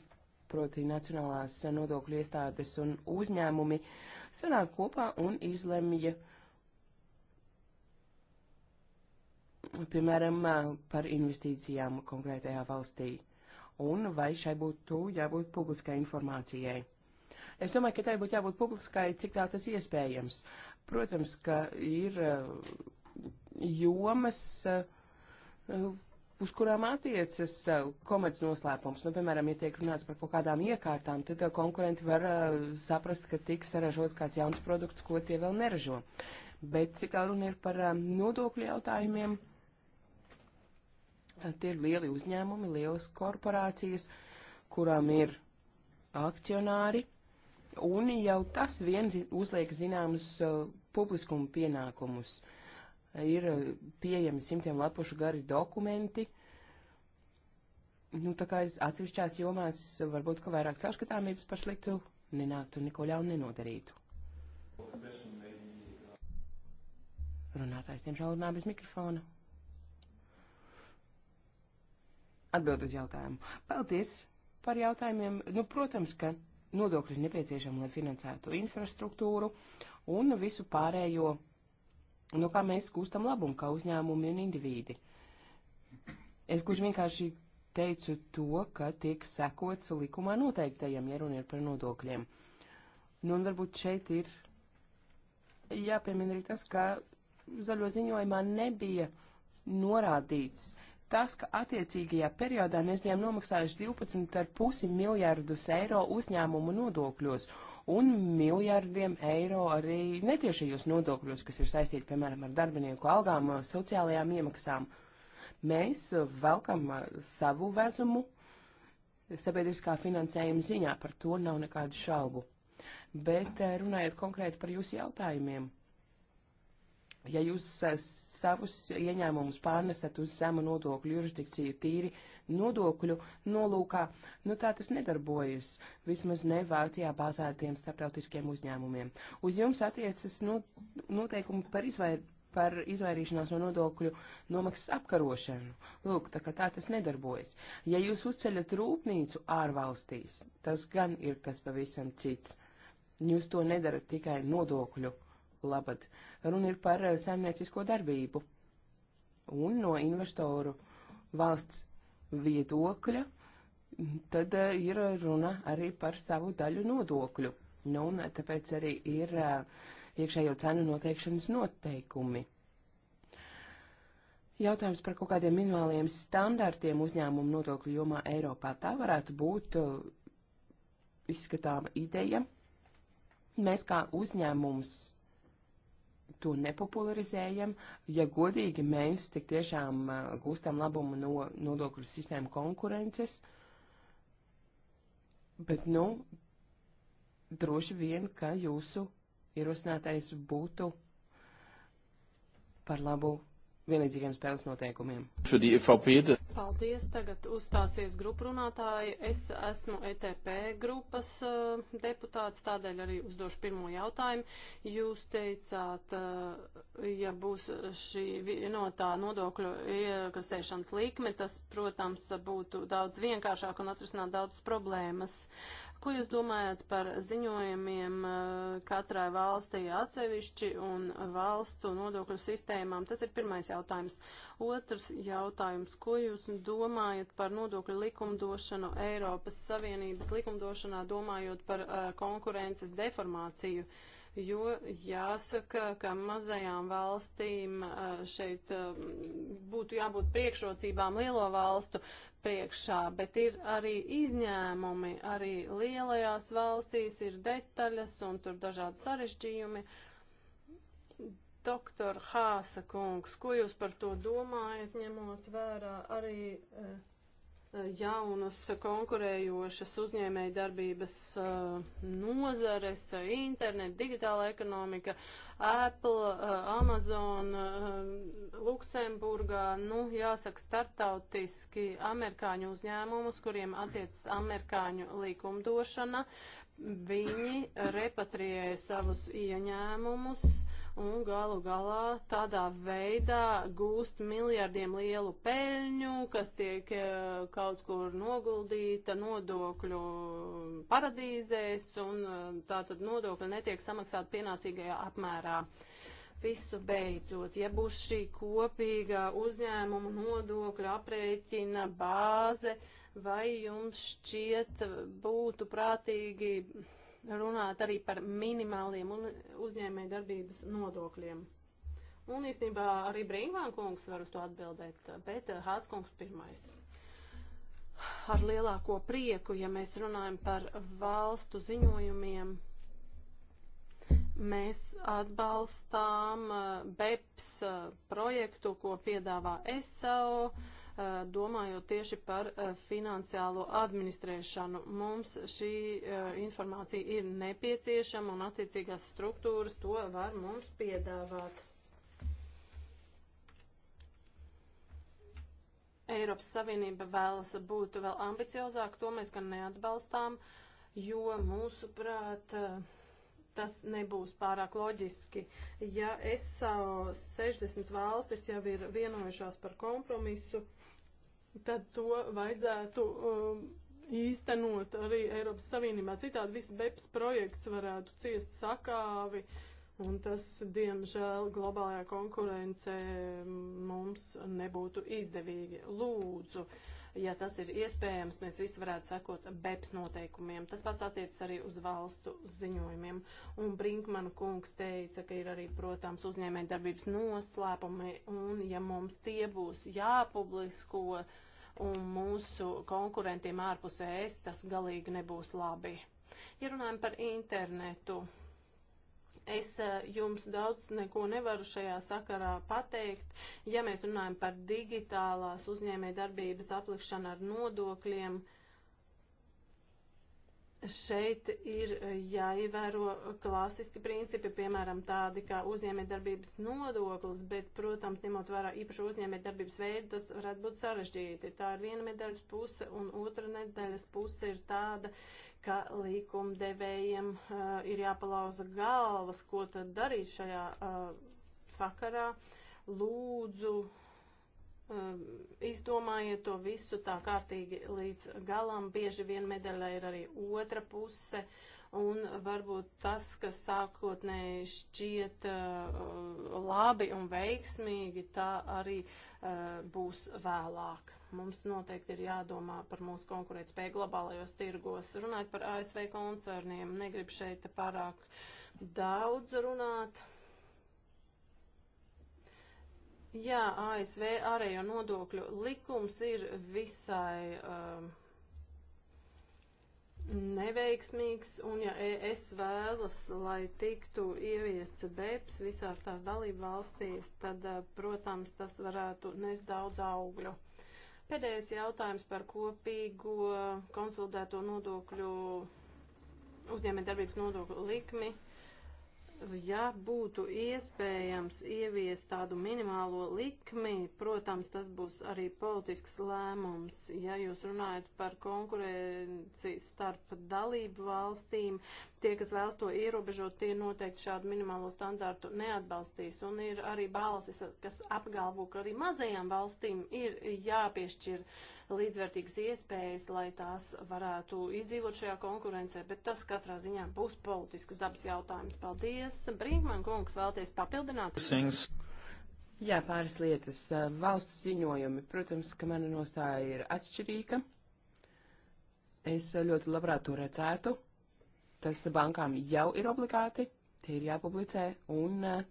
proti nacionālās nodokļu iestādes un uzņēmumi sanāk kopā un izlemja uh, piemēram, par investīcijām konkrētajā valstī, un vai šai būtu jābūt publiskai informācijai. Es domāju, ka tai būtu jābūt publiskai, cik tā tas iespējams. Protams, ka ir jomas, uz kurām attiecas komerc noslēpums. Nu, piemēram, ja tiek runāts par kaut kādām iekārtām, tad konkurenti var saprast, ka tiks saražots kāds jauns produkts, ko tie vēl neražo. Bet cik tā runa ir par nodokļu jautājumiem? Tie ir lieli uzņēmumi, lielas korporācijas, kurām ir akcionāri, un jau tas viens uzliek zināmus uh, publiskumu pienākumus. Ir uh, pieejami simtiem lapušu gari dokumenti. Nu, tā kā atsevišķās jomās uh, varbūt, ka vairāk caurskatāmības par sliktu nenāktu un neko ļaunu nenodarītu. Runātājs, diemžēl, runā bez mikrofona. Atbild uz jautājumu. Paldies par jautājumiem. Nu, protams, ka nodokļi ir nepieciešami, lai finansētu infrastruktūru un visu pārējo, no nu, kā mēs gūstam labumu, kā uzņēmumi un indivīdi. Es gluži vienkārši teicu to, ka tiek sekots likumā noteiktajiem, ja runa ir par nodokļiem. Nu, un varbūt šeit ir jāpiemina arī tas, ka zaļo ziņojumā nebija norādīts, uh, tas, ka attiecīgajā periodā mēs bijām nomaksājuši 12,5 miljārdus eiro uzņēmumu nodokļos un miljārdiem eiro arī netiešajos nodokļos, kas ir saistīti, piemēram, ar darbinieku algām, sociālajām iemaksām. Mēs velkam uh, savu vezumu sabiedriskā finansējuma ziņā, par to nav nekādu šaubu. Bet uh, runājot konkrēti par jūsu jautājumiem ja jūs eh, savus ieņēmumus pārnesat uz zemu nodokļu jurisdikciju tīri nodokļu nolūkā, nu tā tas nedarbojas, vismaz ne Vācijā bāzētiem starptautiskiem uzņēmumiem. Uz jums attiecas no, noteikumi par izvairību par izvairīšanās no nodokļu nomaksas apkarošanu. Lūk, tā kā tā tas nedarbojas. Ja jūs uzceļat rūpnīcu ārvalstīs, tas gan ir kas pavisam cits. Jūs to nedarat tikai nodokļu labad. Runa ir par eh, saimniecisko darbību. Un no investoru valsts viedokļa tad eh, ir runa arī par savu daļu nodokļu. Nu, un eh, tāpēc arī ir iekšējo cenu noteikšanas noteikumi. Jautājums par kaut kādiem minimāliem standartiem uzņēmumu nodokļu jomā Eiropā. Tā varētu būt izskatāma ideja. Mēs kā uzņēmums to nepopularizējam. Ja godīgi mēs tik tiešām uh, gūstam labumu no nodokļu sistēmu konkurences, bet, nu, droši vien, ka jūsu ierosinātais būtu par labu vienlīdzīgiem spēles noteikumiem. E Paldies, tagad uzstāsies gruprunātāji. Es esmu ETP grupas uh, deputāts, tādēļ arī uzdošu pirmo jautājumu. Jūs teicāt, uh, ja būs šī vienotā nodokļu iekasēšanas likme, tas, protams, būtu daudz vienkāršāk un atrisināt daudz problēmas. Ko jūs domājat par ziņojumiem eh, katrai valstī atsevišķi un valstu nodokļu sistēmām? Tas ir pirmais jautājums. Otrs jautājums. Ko jūs domājat par nodokļu likumdošanu Eiropas Savienības likumdošanā, domājot par eh, konkurences deformāciju? Uh, jo jāsaka, ka mazajām valstīm uh, šeit um, būtu jābūt priekšrocībām lielo valstu priekšā, bet ir arī izņēmumi, arī lielajās valstīs ir detaļas un tur dažādi sarežģījumi. Doktor Hāsa kungs, ko jūs par to domājat, ņemot vērā arī. Uh, jaunas konkurējošas uzņēmēja darbības uh, nozares, uh, internet, digitāla ekonomika, Apple, uh, Amazon, Luksemburgā, nu, jāsaka, startautiski amerikāņu uzņēmumus, kuriem attiecas amerikāņu likumdošana, viņi repatriē savus ieņēmumus un galu galā tādā veidā gūst miljardiem lielu peļņu, kas tiek eh, kaut kur noguldīta nodokļu paradīzēs, un eh, tā tad nodokļi netiek samaksāti pienācīgajā apmērā visu beidzot, ja būs šī kopīgā uzņēmuma nodokļa aprēķina bāze, vai jums šķiet būtu prātīgi runāt arī par minimāliem uzņēmēju darbības nodokļiem. Un īstenībā arī Brīngvān kungs var uz to atbildēt, bet eh, Hāskungs pirmais ar lielāko prieku, ja mēs runājam par valstu ziņojumiem. Mēs atbalstām eh, BEPS eh, projektu, ko piedāvā ESAO. Uh, domājot tieši par uh, finansiālo administrēšanu. Mums šī uh, informācija ir nepieciešama un attiecīgās struktūras to var mums piedāvāt. Eiropas Savienība vēlas būt vēl ambiciozāk, to mēs gan neatbalstām, jo mūsuprāt tas nebūs pārāk loģiski. Ja es savu 60 valstis jau ir vienojušās par kompromisu, tad to vajadzētu um, īstenot arī Eiropas Savienībā. Citādi viss BEPS projekts varētu ciest sakāvi, un tas, diemžēl, globālajā konkurencē mums nebūtu izdevīgi. Lūdzu, uh, ja tas ir iespējams, mēs visi varētu sekot BEPS noteikumiem. Tas pats attiecas arī uz valstu ziņojumiem. Un Brinkmana kungs teica, ka ir arī, protams, uzņēmē darbības noslēpumi, un ja mums tie būs jāpublisko un mūsu konkurentiem ārpus ēst, e tas galīgi nebūs labi. Ja runājam par internetu, Es eh, jums daudz neko nevaru šajā sakarā pateikt. Ja mēs runājam par digitālās uzņēmē darbības aplikšanu ar nodokļiem, šeit ir eh, jāievēro klasiski principi, piemēram, tādi kā uzņēmējdarbības nodoklis, bet, protams, ņemot vērā īpašu uzņēmējdarbības veidu, tas varētu būt sarežģīti. Tā ir viena medaļas puse, un otra medaļas puse ir tāda, ka likumdevējiem uh, ir jāpalauza galvas, ko tad darīt šajā uh, sakarā. Lūdzu, uh, izdomājiet to visu tā kārtīgi līdz galam. Bieži vien medaļā ir arī otra puse. Un varbūt tas, kas sākotnēji šķiet uh, labi un veiksmīgi, tā arī uh, būs vēlāk. Mums noteikti ir jādomā par mūsu konkurētspēju globālajos tirgos. Runājot par ASV koncerniem, negribu šeit pārāk daudz runāt. Jā, ASV ārējo nodokļu likums ir visai um, neveiksmīgs, un ja es vēlas, lai tiktu ieviests BEPS visās tās dalību valstīs, tad, uh, protams, tas varētu nes daudz augļu. Pēdējais jautājums par kopīgo konsolidēto nodokļu uzņēmē darbības nodokļu likmi. Ja būtu iespējams ieviest tādu minimālo likmi, protams, tas būs arī politisks lēmums. Ja jūs runājat par konkurenci starp dalību valstīm, tie, kas vēlas to ierobežot, tie noteikti šādu minimālo standārtu neatbalstīs. Un ir arī balsis, kas apgalvo, ka arī mazajām valstīm ir jāpiešķir līdzvērtīgas iespējas, lai tās varētu izdzīvot šajā konkurencē, bet tas katrā ziņā būs politisks dabas jautājums. Paldies! Brinkman kungs vēlties papildināt. Sings. Jā, pāris lietas. Valsts ziņojumi, protams, ka mana nostāja ir atšķirīga. Es ļoti labprāt to redzētu, tas bankām jau ir obligāti, tie ir jāpublicē, un eh,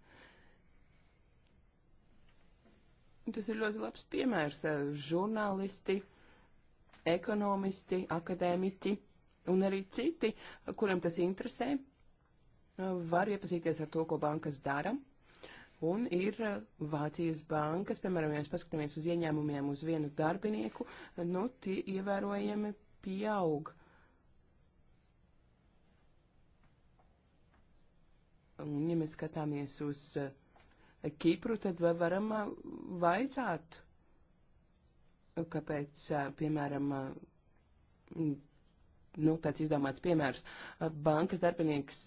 tas ir ļoti labs piemērs. Eh, žurnālisti, ekonomisti, akadēmiķi un arī citi, kuriem tas interesē, eh, var iepazīties ar to, ko bankas dara. Un ir Vācijas bankas, piemēram, ja mēs paskatāmies uz ieņēmumiem uz vienu darbinieku, nu, tie ievērojami pieaug. Uh, Un ja mēs skatāmies uz eh, Kipru, tad varam eh, vaicāt, eh, kāpēc, piemēram, nu, tāds izdomāts piemērs, bankas darbinieks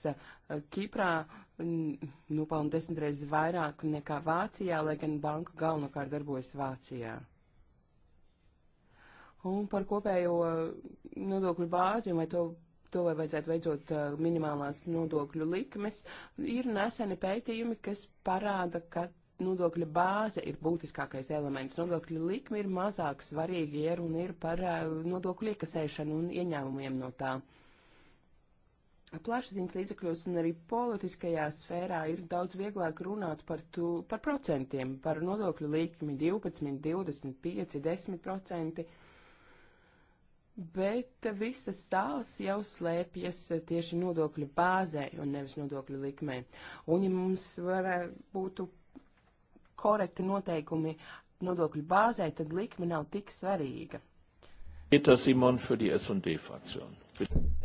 Kiprā nopelna nu, desmitreiz vairāk nekā Vācijā, lai gan banka galvenokārt darbojas Vācijā. Un par kopējo nodokļu bāzi, vai to to, vai vajadzētu veidot uh, minimālās nodokļu likmes, ir neseni pētījumi, kas parāda, ka nodokļa bāze ir būtiskākais elements. Nodokļa likme ir mazāk svarīga, ja runa ir par uh, nodokļu iekasēšanu un ieņēmumiem no tā. Plašsaziņas līdzekļos un arī politiskajā sfērā ir daudz vieglāk runāt par, tu, par procentiem, par nodokļu likmi 12, 25, 10 procenti. Uh, bet visas tās jau slēpjas tieši nodokļu bāzē un nevis nodokļu likmē. Un ja mums var, eh, būtu korekti noteikumi nodokļu bāzē, tad likme nav tik svarīga. Pēter Simon für die S&D Fraktion.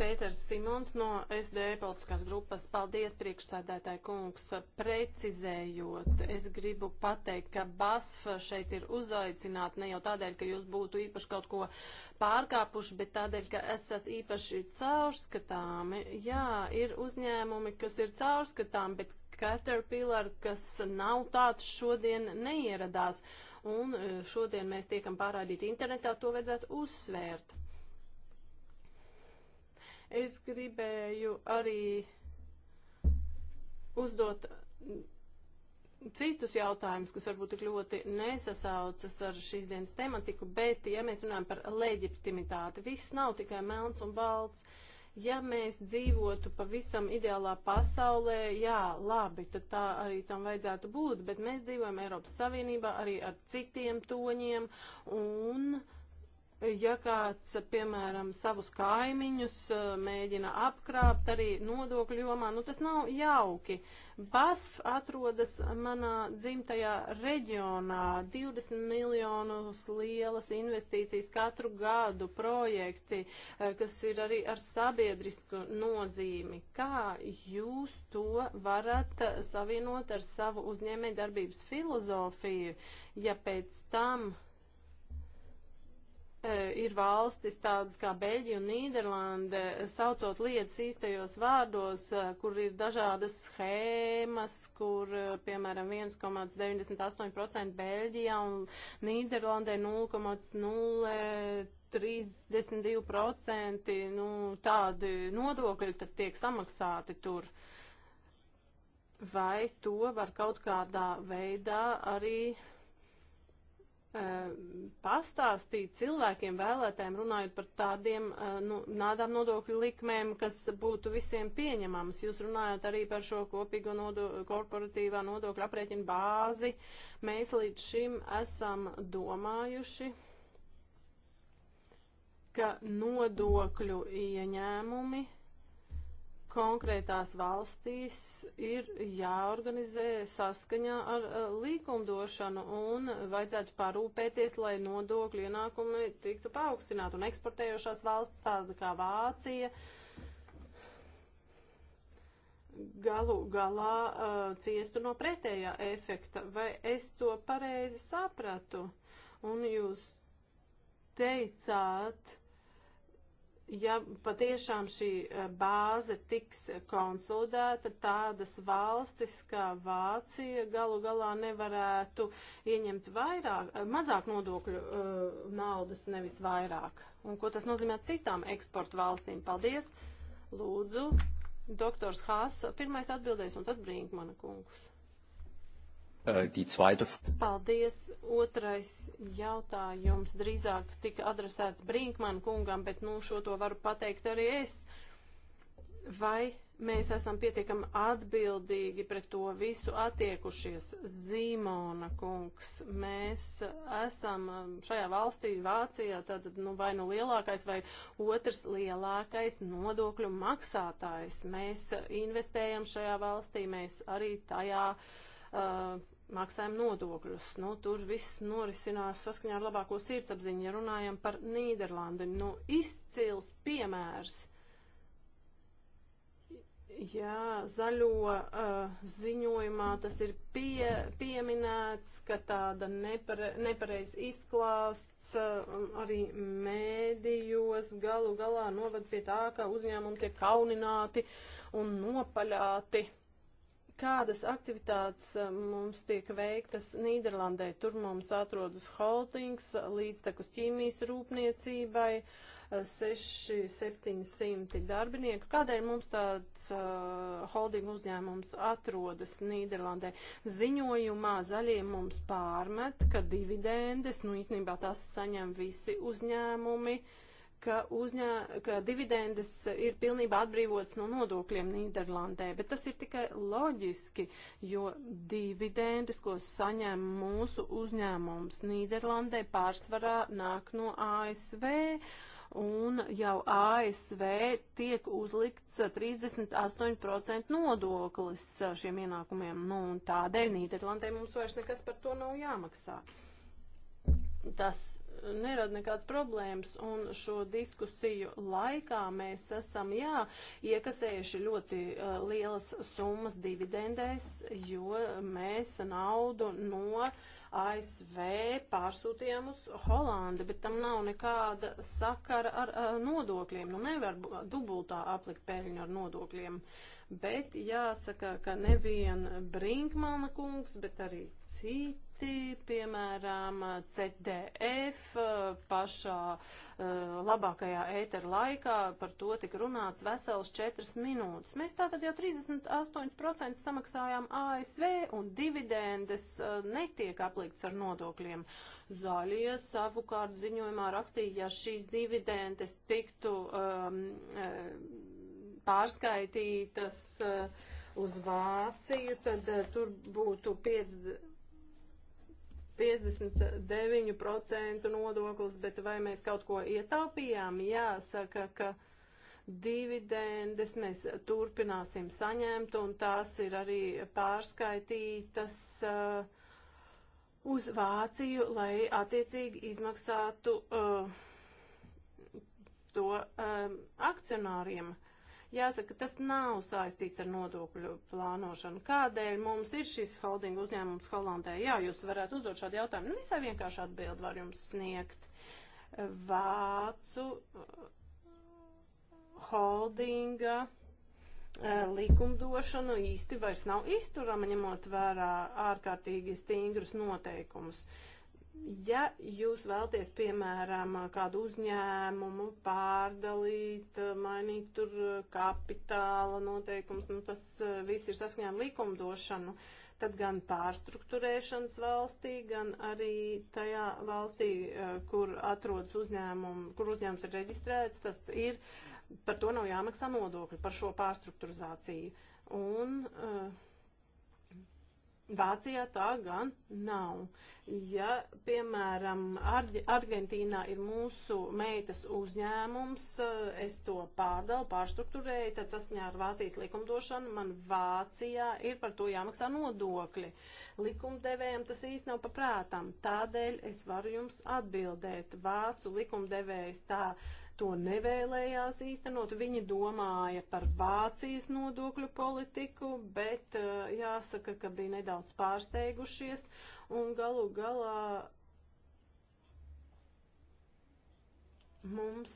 Pēters Simons no SD politiskās grupas. Paldies, priekšsādātāji kungs. Precizējot, es gribu pateikt, ka BASF šeit ir uzaicināta ne jau tādēļ, ka jūs būtu īpaši kaut ko pārkāpuši, bet tādēļ, ka esat īpaši caurskatāmi. Jā, ir uzņēmumi, kas ir caurskatāmi, bet Caterpillar, kas nav tāds, šodien neieradās. Un eh, šodien mēs tiekam pārādīti internetā, to vajadzētu uzsvērt. Es gribēju arī uzdot citus jautājumus, kas varbūt tik ļoti nesasaucas ar šīs dienas tematiku, bet, ja mēs runājam par leģitimitāti, viss nav tikai melns un balts. Ja mēs dzīvotu pavisam ideālā pasaulē, jā, labi, tad tā arī tam vajadzētu būt, bet mēs dzīvojam Eiropas Savienībā arī ar citiem toņiem un. Uh, Ja kāds, piemēram, savus kaimiņus eh, mēģina apkrāpt arī nodokļu jomā, nu tas nav jauki. BASF atrodas manā dzimtajā reģionā 20 miljonus lielas investīcijas katru gadu projekti, eh, kas ir arī ar sabiedrisku nozīmi. Kā jūs to varat eh, savienot ar savu uzņēmē darbības filozofiju, ja pēc tam E, ir valstis tādas kā Beļģija un Nīderlande, e, saucot lietas īstajos vārdos, e, kur ir dažādas schēmas, kur, piemēram, 1,98% Beļģijā un Nīderlandē 0,032% nu, tādi nodokļi tad tiek samaksāti tur. Vai to var kaut kādā veidā arī uh, Ehm, pastāstīt cilvēkiem, vēlētājiem, runājot par tādiem eh, nu, nādām nodokļu likmēm, kas būtu visiem pieņemamas. Jūs runājat arī par šo kopīgo nodo korporatīvā nodokļa aprēķinu bāzi. Mēs līdz šim esam domājuši, ka nodokļu ieņēmumi. Ja konkrētās valstīs ir jāorganizē saskaņā ar eh, līkumdošanu un vajadzētu parūpēties, lai nodokļu ienākumi tiktu paaugstināti un eksportējošās valsts tāda kā Vācija galu galā uh, ciestu no pretējā efekta. Vai es to pareizi sapratu? Un jūs teicāt, ja patiešām šī eh, bāze tiks eh, konsolidēta, tādas valstis kā Vācija galu galā nevarētu ieņemt vairāk, eh, mazāk nodokļu uh, naudas, nevis vairāk. Un ko tas nozīmē citām eksporta valstīm? Paldies! Lūdzu, doktors Hās, pirmais atbildēs un tad Brinkmana kungs. Äh, Paldies. Otrais jautājums drīzāk tika adresēts Brinkman kungam, bet nu šo to varu pateikt arī es. Vai mēs esam pietiekami atbildīgi pret to visu attiekušies? Zīmona kungs, mēs esam um, šajā valstī, Vācijā, tad nu, vai nu lielākais vai otrs lielākais nodokļu maksātājs. Mēs investējam šajā valstī, mēs arī tajā. Uh, maksājam nodokļus. Nu, tur viss norisinās saskaņā ar labāko sirdsapziņu. Ja runājam par Nīderlandi, nu, izcils piemērs. Jā, zaļo uh, ziņojumā tas ir pie, pieminēts, ka tāda nepare, nepareiz izklāsts uh, arī mēdījos galu galā noved pie tā, ka uzņēmumi tiek kaunināti un nopaļāti. Uh, kādas aktivitātes eh, mums tiek veiktas Nīderlandē. Tur mums atrodas holdings līdztekus ķīmijas rūpniecībai, 6700 eh, darbinieku. Kādēļ mums tāds uh, eh, holdinga uzņēmums atrodas Nīderlandē? Ziņojumā zaļie mums pārmet, ka dividendes, nu īstenībā tās saņem visi uzņēmumi. Uh, ka, uzņē, ka dividendes ir pilnībā atbrīvotas no nodokļiem Nīderlandē, bet tas ir tikai loģiski, jo dividendes, ko saņem mūsu uzņēmums Nīderlandē, pārsvarā nāk no ASV. Un jau ASV tiek uzlikts 38% nodoklis šiem ienākumiem. Nu, tādēļ Nīderlandē mums vairs nekas par to nav jāmaksā. Tas nerada nekādas problēmas. Un šo diskusiju laikā mēs esam, jā, iekasējuši ļoti uh, lielas summas dividendēs, jo mēs naudu no ASV pārsūtījām uz Holandi, bet tam nav nekāda sakara ar, ar eh, nodokļiem. Nu, nevar dubultā aplikt peļņu ar nodokļiem. Bet jāsaka, ka nevien Brinkmana kungs, bet arī citi citi, piemēram, CDF eh, pašā uh, labākajā ētera laikā, par to tika runāts vesels 4 minūtes. Mēs tātad jau 38% samaksājām ASV un dividendes uh, netiek aplikts ar nodokļiem. Zaļie savukārt ziņojumā rakstīja, ja šīs dividendes tiktu um, pārskaitītas uh, uz Vāciju, tad tur būtu 50 59% nodoklis, bet vai mēs kaut ko ietaupījām? Jāsaka, ka dividendes mēs turpināsim saņemt, un tās ir arī pārskaitītas uh, uz Vāciju, lai attiecīgi izmaksātu uh, to um, akcionāriem. Jāsaka, tas nav saistīts ar nodokļu plānošanu. Kādēļ mums ir šis holdinga uzņēmums Holandē? Jā, jūs varētu uzdot šādu jautājumu. Nu, visai vienkārši atbildi var jums sniegt. Vācu uh, holdinga uh, likumdošanu īsti vairs nav izturama, ņemot vērā ārkārtīgi stingrus noteikumus. Uh, Ja jūs vēlties, piemēram, kādu uzņēmumu pārdalīt, mainīt tur kapitāla noteikums, nu tas eh, viss ir saskaņā likumdošanu, tad gan pārstruktūrēšanas valstī, gan arī tajā valstī, eh, kur atrodas uzņēmumu, kur uzņēmums ir reģistrēts, tas ir, par to nav jāmaksā nodokļi, par šo pārstruktūrizāciju. Un, uh, Vācijā tā gan nav. Ja, piemēram, Ar Argentīnā ir mūsu meitas uzņēmums, eh, es to pārdalu, pārstruktūrēju, tad saskaņā ar Vācijas likumdošanu man Vācijā ir par to jāmaksā nodokļi. Likumdevējiem tas īsti nav paprātām. Tādēļ es varu jums atbildēt. Vācu likumdevējs tā uh, to nevēlējās īstenot. Viņi domāja par Vācijas nodokļu politiku, bet eh, jāsaka, ka bija nedaudz pārsteigušies un galu galā mums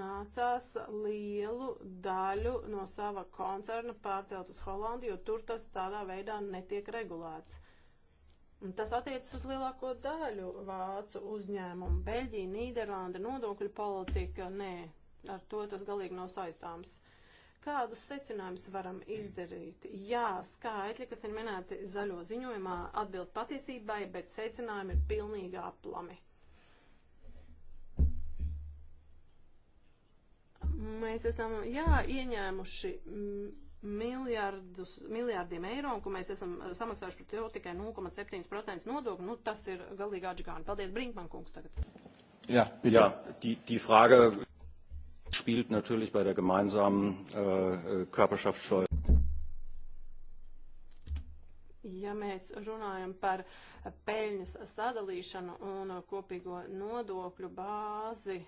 nācās lielu daļu no sava koncerna pārcelt uz Holandu, jo tur tas tādā veidā netiek regulēts. Un tas attiecas uz lielāko daļu vācu uzņēmumu. Beļģija, Nīderlanda, nodokļu politika, nē, ar to tas galīgi nav saistāms. Kādus secinājumus varam izdarīt? Jā, skaitļi, kas ir minēti zaļo ziņojumā, atbilst patiesībai, bet secinājumi ir pilnīgi aplami. Mēs esam, jā, ieņēmuši. Mm, miljardus, miljārdiem eiro, un ko mēs esam eh, samaksājuši par to tikai 0,7% nodokļu, nu tas ir galīgi atžgāni. Paldies, Brinkman kungs tagad. Jā, bitte. jā die, die Frage spielt natürlich bei der gemeinsamen äh, äh Körperschaftssteuer. Ja mēs runājam par peļņas sadalīšanu un kopīgo nodokļu bāzi,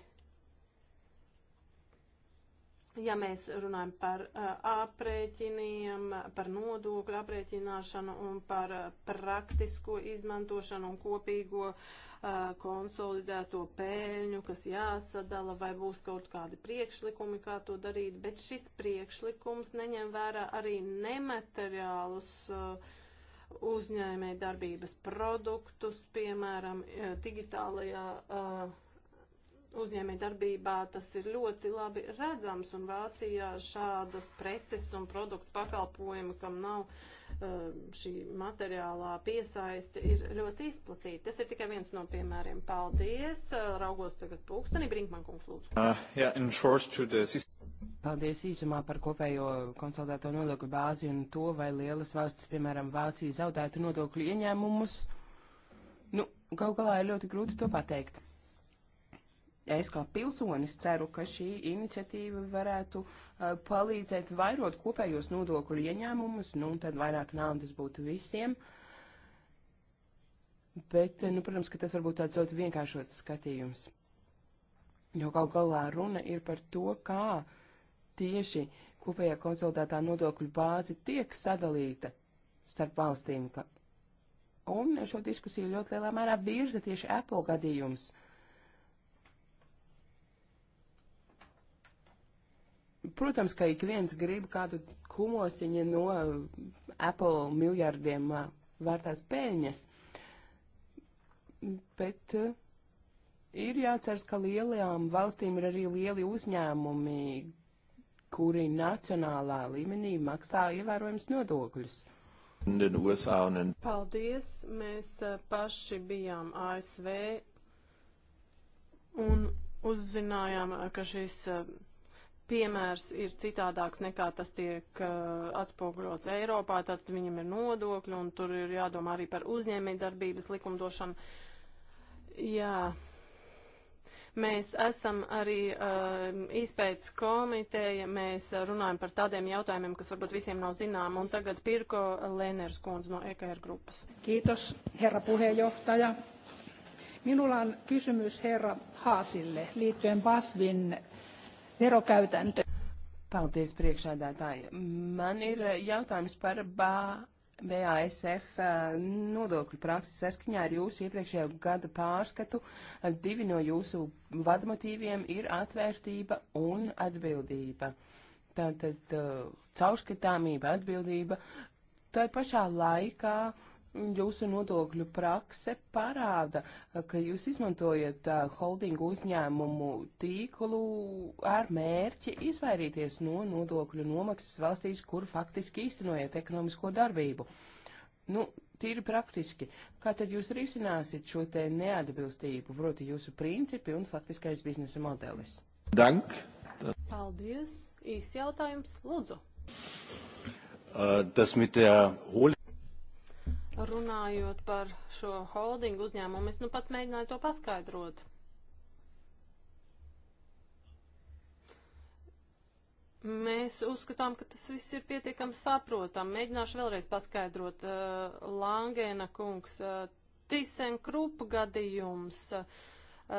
ja mēs runājam par uh, aprēķiniem, par nodokļu aprēķināšanu un par uh, praktisko izmantošanu un kopīgo uh, konsolidēto pēļņu, kas jāsadala, vai būs kaut kādi priekšlikumi, kā to darīt, bet šis priekšlikums neņem vērā arī nemateriālus uh, uzņēmē darbības produktus, piemēram, uh, digitālajā uh, uzņēmē darbībā tas ir ļoti labi redzams, un Vācijā šādas preces un produktu pakalpojumi, kam nav eh, šī materiālā piesaiste, ir ļoti izplatīta. Tas ir tikai viens no piemēriem. Paldies! Eh, raugos tagad pūksteni, Brinkman kungs lūdzu. Uh, yeah, Paldies īsumā par kopējo konsolidēto nodokļu bāzi un to, vai lielas valstis, piemēram, Vācija, zaudētu nodokļu ieņēmumus. Nu, galu galā ir ļoti grūti to pateikt es kā pilsonis ceru, ka šī iniciatīva varētu uh, palīdzēt vairot kopējos nodokļu ieņēmumus, nu, un tad vairāk naudas būtu visiem. Bet, uh, nu, protams, ka tas varbūt tāds ļoti vienkāršots skatījums. Jo kaut galā runa ir par to, kā tieši kopējā konsolidētā nodokļu bāze tiek sadalīta starp valstīm. Un šo diskusiju ļoti lielā mērā virza tieši Apple gadījums – Protams, ka ik viens grib kādu kumosiņu no uh, Apple miljardiem uh, vērtās peļņas, bet uh, ir jāceras, ka lielajām valstīm ir arī lieli uzņēmumi, kuri nacionālā līmenī maksā ievērojams nodokļus. Paldies, mēs paši bijām ASV un uzzinājām, ka šīs. Uh, piemērs ir citādāks nekā tas tiek uh, atspoguļots Eiropā, tad viņam ir nodokļi un tur ir jādomā arī par uzņēmējdarbības likumdošanu. Jā. Mēs esam arī uh, izpētes komiteja, mēs runājam par tādiem jautājumiem, kas varbūt visiem nav zinām. Un tagad Pirko Lēners kundze no EKR grupas. Kiitos, herra puheenjohtaja. Minulla on kysymys herra Haasille liittyen Basvin verokäytäntö. Paldies priekšādātāji. Man ir eh, jautājums par BA, BASF eh, nodokļu praksi saskaņā ar jūsu iepriekšējo gada pārskatu. Divi no jūsu vadmotīviem ir atvērtība un atbildība. Tātad eh, caurskatāmība, atbildība. Tā pašā laikā uh, Jūsu nodokļu prakse parāda, ka jūs izmantojat holdingu uzņēmumu tīklu ar mērķi izvairīties no nodokļu nomaksas valstīs, kur faktiski īstenojat ekonomisko darbību. Nu, tīri praktiski, kā tad jūs risināsiet šo te neatbilstību, proti jūsu principi un faktiskais biznesa modelis? Dank. Paldies. Īs jautājums, lūdzu. Uh, das mit der Hohl Runājot par šo holdingu uzņēmumu, es nu pat mēģināju to paskaidrot. Mēs uzskatām, ka tas viss ir pietiekami saprotam. Mēģināšu vēlreiz paskaidrot. Uh, Langēna kungs, uh, Tisen Krupa gadījums, uh,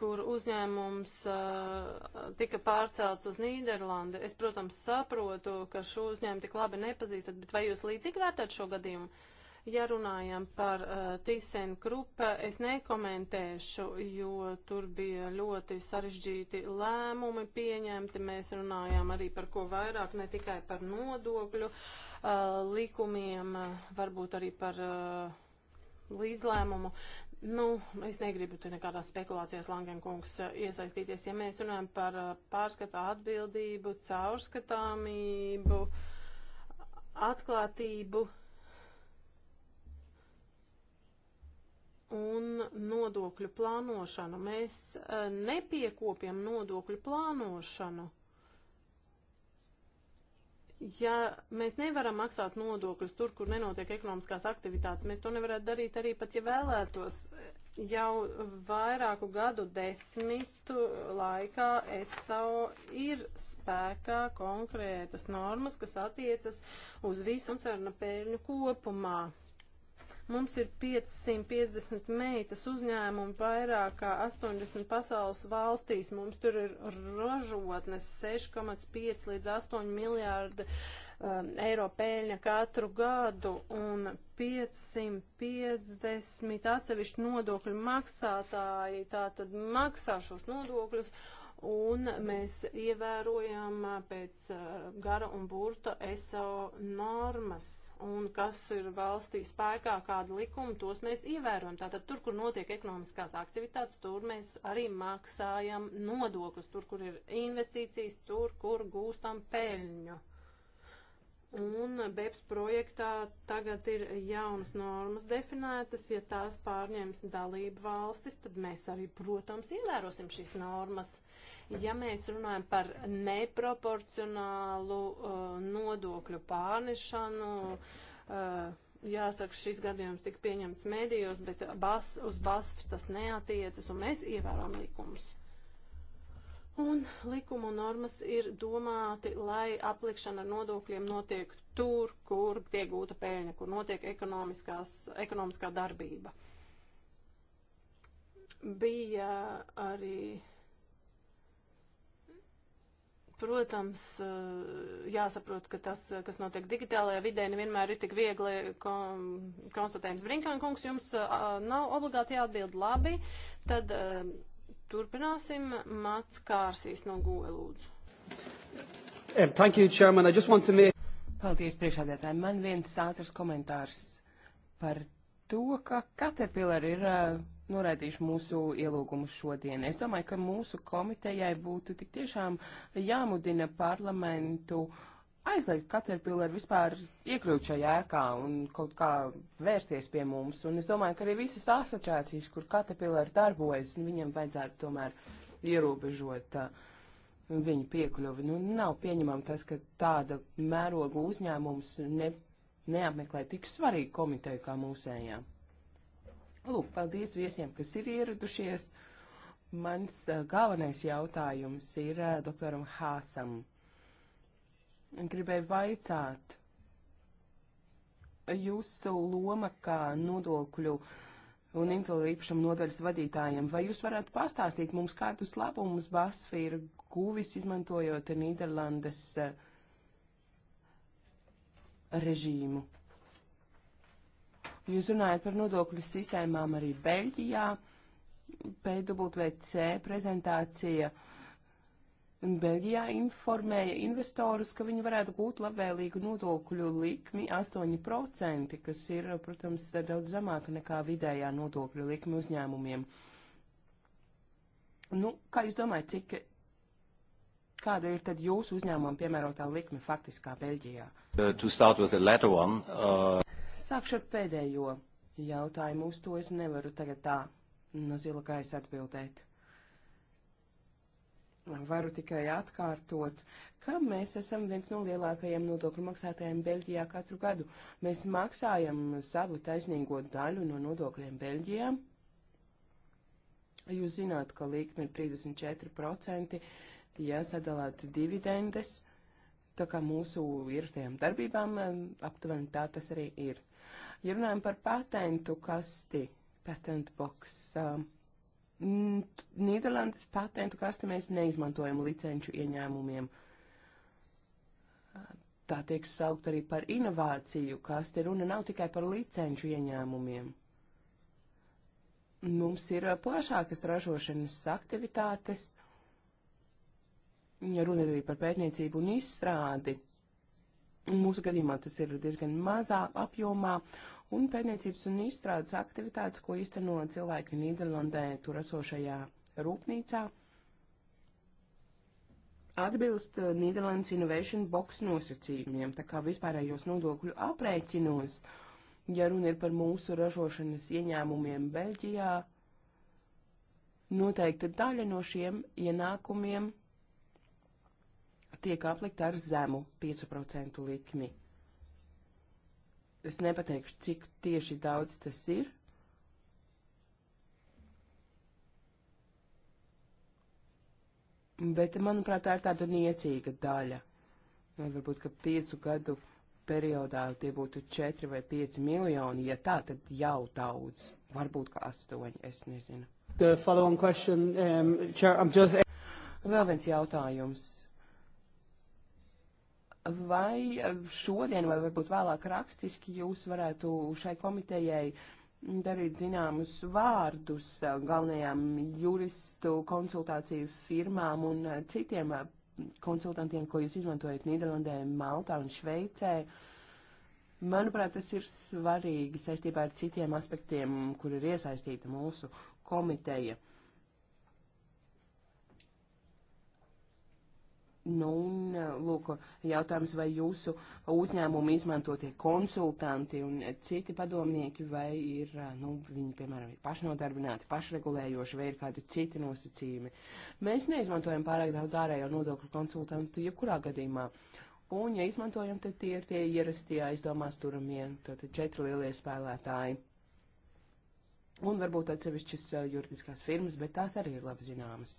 kur uzņēmums uh, tika pārcelts uz Nīderlandi. Es, protams, saprotu, ka šo uzņēmumu tik labi nepazīstat, bet vai jūs līdzīgi vērtēt šo gadījumu? Uh, Ja runājam par uh, Tīsēnu Krupa, es nekomentēšu, jo tur bija ļoti sarežģīti lēmumi pieņemti. Mēs runājām arī par ko vairāk, ne tikai par nodokļu uh, likumiem, uh, varbūt arī par uh, līdzlēmumu. Nu, es negribu te nekādās spekulācijās, Langenkungs, uh, iesaistīties. Ja mēs runājam par uh, pārskatā atbildību, caurskatāmību, atklātību, uh, un nodokļu plānošanu. Mēs e, nepiekopjam nodokļu plānošanu. Ja mēs nevaram maksāt nodokļus tur, kur nenotiek ekonomiskās aktivitātes, mēs to nevarētu darīt arī pat, ja vēlētos. Jau vairāku gadu desmitu laikā SAO ir spēkā konkrētas normas, kas attiecas uz visu koncerna pēļņu kopumā. Mums ir 550 meitas uzņēmumi vairāk kā 80 pasaules valstīs. Mums tur ir ražotnes 6,5 līdz 8 miljārdi um, eiro pēļņa katru gadu un 550 atsevišķi nodokļu maksātāji tātad maksā šos nodokļus un mēs ievērojam uh, pēc uh, gara un burta ESO normas un kas ir valstī spēkā, kādi likumi, tos mēs ievērojam. Tātad tur, kur notiek ekonomiskās aktivitātes, tur mēs arī maksājam nodokļus, tur, kur ir investīcijas, tur, kur gūstam peļņu. Un BEPS projektā tagad ir jaunas normas definētas. Ja tās pārņems dalību valstis, tad mēs arī, protams, ievērosim šīs normas. Ja mēs runājam par neproporcionālu uh, nodokļu pārnešanu, uh, jāsaka, šis gadījums tika pieņemts mēdījos, bet bas, uz BASF tas neatiecas, un mēs ievērām likumus. Un likumu normas ir domāti, lai aplikšana ar nodokļiem notiek tur, kur tiek gūta pēļņa, kur notiek ekonomiskā darbība. Bija arī protams, eh, jāsaprot, ka tas, kas notiek digitālajā vidē, nevienmēr ir tik viegli konstatējums. Brinkāna kungs, jums eh, nav obligāti jāatbild labi, tad eh, Turpināsim. Mats Kārsīs no Goe, lūdzu. Eh, thank you, Chairman. I just want to make... Paldies, priekšādētāji. Man viens ātrs komentārs par to, ka Caterpillar ir uh, noraidījuši mūsu ielūgumu šodien. Es domāju, ka mūsu komitejai būtu tik tiešām jāmudina parlamentu uh, aizliegt Caterpillar vispār iekļūt šajā ēkā un kaut kā vērsties pie mums. Un es domāju, ka arī visas asociācijas, kur Caterpillar darbojas, viņiem vajadzētu tomēr ierobežot uh, viņu piekļuvi. Nu, nav pieņemam tas, ka tāda mēroga uzņēmums ne, neapmeklē tik svarīgu komiteju kā mūsējā. Lūk, paldies viesiem, kas ir ieradušies. Mans uh, galvenais jautājums ir uh, doktoram Hāsam gribēju vaicāt, jūsu loma kā nodokļu un intelektu īpašumu nodaļas vadītājiem, vai jūs varētu pastāstīt mums kādus labumus BASFI ir guvis izmantojot Nīderlandes eh, režīmu? Jūs runājat par nodokļu sistēmām arī Beļģijā, PWC prezentācija. Uh, Beļģijā informēja investorus, ka viņi varētu gūt labvēlīgu nodokļu likmi 8%, kas ir, protams, daudz zemāka nekā vidējā nodokļu likme uzņēmumiem. Nu, kā jūs domājat, cik, kāda ir tad jūsu uzņēmuma piemērotā likme faktiskā Beļģijā? Uh, one, uh... Sākšu ar pēdējo jautājumu, uz to es nevaru tagad tā no zila gaisa atbildēt varu tikai atkārtot, ka mēs esam viens no lielākajiem nodokļu maksātājiem Beļģijā katru gadu. Mēs maksājam savu taisnīgo daļu no nodokļiem Beļģijā. Jūs zināt, ka likme ir 34%, ja sadalāt dividendes, tā kā mūsu ierastajām darbībām eh, aptuveni tā tas arī ir. Ja runājam par patentu kasti, patent box, uh, Nīderlandes patentu kaste mēs neizmantojam licenču ieņēmumiem. Tā tiek saukt arī par inovāciju kaste. Runa nav tikai par licenču ieņēmumiem. Mums ir plašākas ražošanas aktivitātes. Runa ir arī par pētniecību un izstrādi. Mūsu gadījumā tas ir diezgan mazā apjomā, un pētniecības un izstrādes aktivitātes, ko īsteno cilvēki Nīderlandē tur esošajā rūpnīcā, atbilst eh, Nīderlandes Innovation Box nosacījumiem, tā kā vispārējos nodokļu aprēķinos, ja runa ir par mūsu ražošanas ieņēmumiem Beļģijā, noteikti daļa no šiem ienākumiem tiek aplikta ar zemu 5% likmi. Es nepateikšu, cik tieši daudz tas ir. Bet, manuprāt, tā ir tāda niecīga daļa. Nu, varbūt, ka piecu gadu periodā tie būtu 4 vai 5 miljoni, ja tā, tad jau daudz, varbūt kā 8, es nezinu. The following question, um, chair, I'm just... Vēl viens jautājums. Vai šodien, vai varbūt vēlāk rakstiski, jūs varētu šai komitejai darīt zināmus vārdus galvenajām juristu konsultāciju firmām un citiem konsultantiem, ko jūs izmantojat Nīderlandē, Maltā un Šveicē? Manuprāt, tas ir svarīgi saistībā ar citiem aspektiem, kur ir iesaistīta mūsu komiteja. Nu, un, lūk, jautājums, vai jūsu uzņēmumu izmanto tie konsultanti un citi padomnieki, vai ir, nu, viņi, piemēram, ir pašnodarbināti, pašregulējoši, vai ir kādi citi nosacījumi. Mēs neizmantojam pārāk daudz ārējo nodokļu konsultantu, jebkurā gadījumā. Un, ja izmantojam, tad tie ir tie ierastie aizdomās turamie, tātad četri lielie spēlētāji. Un varbūt atsevišķas uh, juridiskās firmas, bet tās arī ir labi zināmas.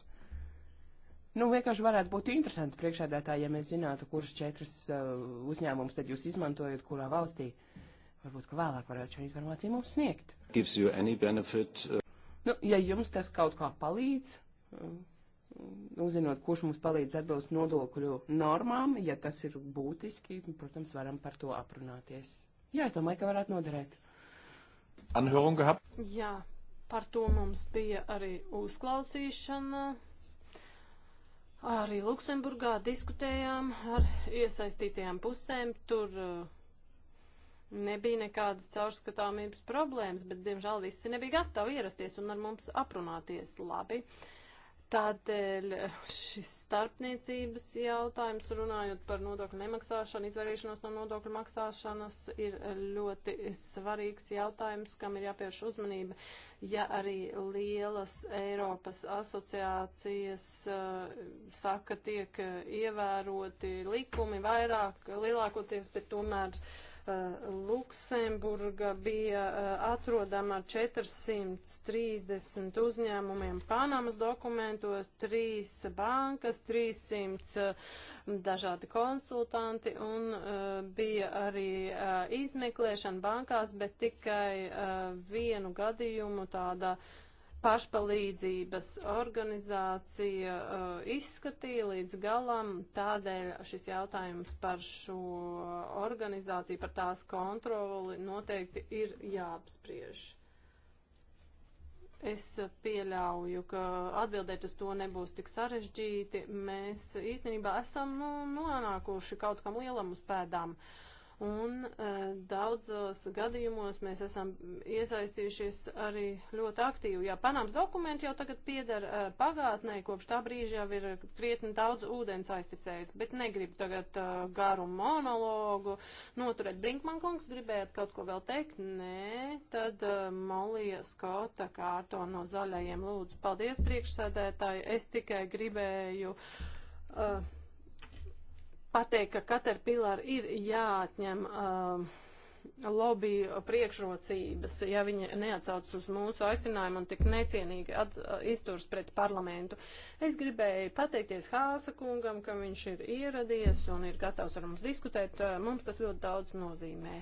Nu, vienkārši varētu būt interesanti priekšēdētāji, ja mēs zinātu, kuras četras uh, uzņēmumus tad jūs izmantojat, kurā valstī. Varbūt, ka vēlāk varētu šo informāciju mums sniegt. Gives you any benefit? Uh... Nu, ja jums tas kaut kā palīdz, uh, uzzinot, kurš mums palīdz atbilst nodokļu normām, ja tas ir būtiski, protams, varam par to aprunāties. Jā, es domāju, ka varētu noderēt. Anhörung gehabt? Jā, par to mums bija arī uzklausīšana. Arī Luksemburgā diskutējām ar iesaistītajām pusēm. Tur uh, nebija nekādas caurskatāmības problēmas, bet, diemžēl, visi nebija gatavi ierasties un ar mums aprunāties labi. Uh, Tādēļ šis starpniecības jautājums, runājot par nodokļu nemaksāšanu, izvairīšanos no nodokļu maksāšanas, ir ļoti svarīgs jautājums, kam ir jāpievērš uzmanība. Ja arī lielas Eiropas asociācijas uh, saka, tiek eh, ievēroti likumi vairāk, lielākoties, bet tomēr uh, Luksemburga bija eh, atrodama 430 uzņēmumiem Panamas dokumentos, 3 bankas, 300 eh, dažādi konsultanti un eh, bija arī izmeklēšana bankās, bet tikai vienu gadījumu tādā uh, pašpalīdzības organizācija uh, izskatīja līdz galam. Tādēļ šis jautājums par šo organizāciju, par tās kontroli noteikti ir jāapspriež. Es pieļauju, ka atbildēt uz to nebūs tik sarežģīti. Mēs īstenībā esam nu, nonākuši kaut kam lielam uz pēdām. Uh, Un e, daudzos gadījumos mēs esam iesaistījušies arī ļoti aktīvi. Jā, Panams dokumenti jau tagad pieder e, pagātnē, kopš tā brīža jau ir krietni daudz ūdens aizticējis, bet negribu tagad e, garu monologu noturēt. Brinkmankungs gribējāt kaut ko vēl teikt? Nē, tad Molija Skota kārto no zaļajiem lūdzu. Paldies priekšsēdētāji, es tikai gribēju. Uh, pateikt, ka Caterpillar ir jāatņem uh, lobby priekšrocības, ja viņi neatsaucas uz mūsu aicinājumu un tik necienīgi at, uh, izturs pret parlamentu. Es gribēju pateikties Hāsa kungam, ka viņš ir ieradies un ir gatavs ar mums diskutēt. Uh, mums tas ļoti daudz nozīmē.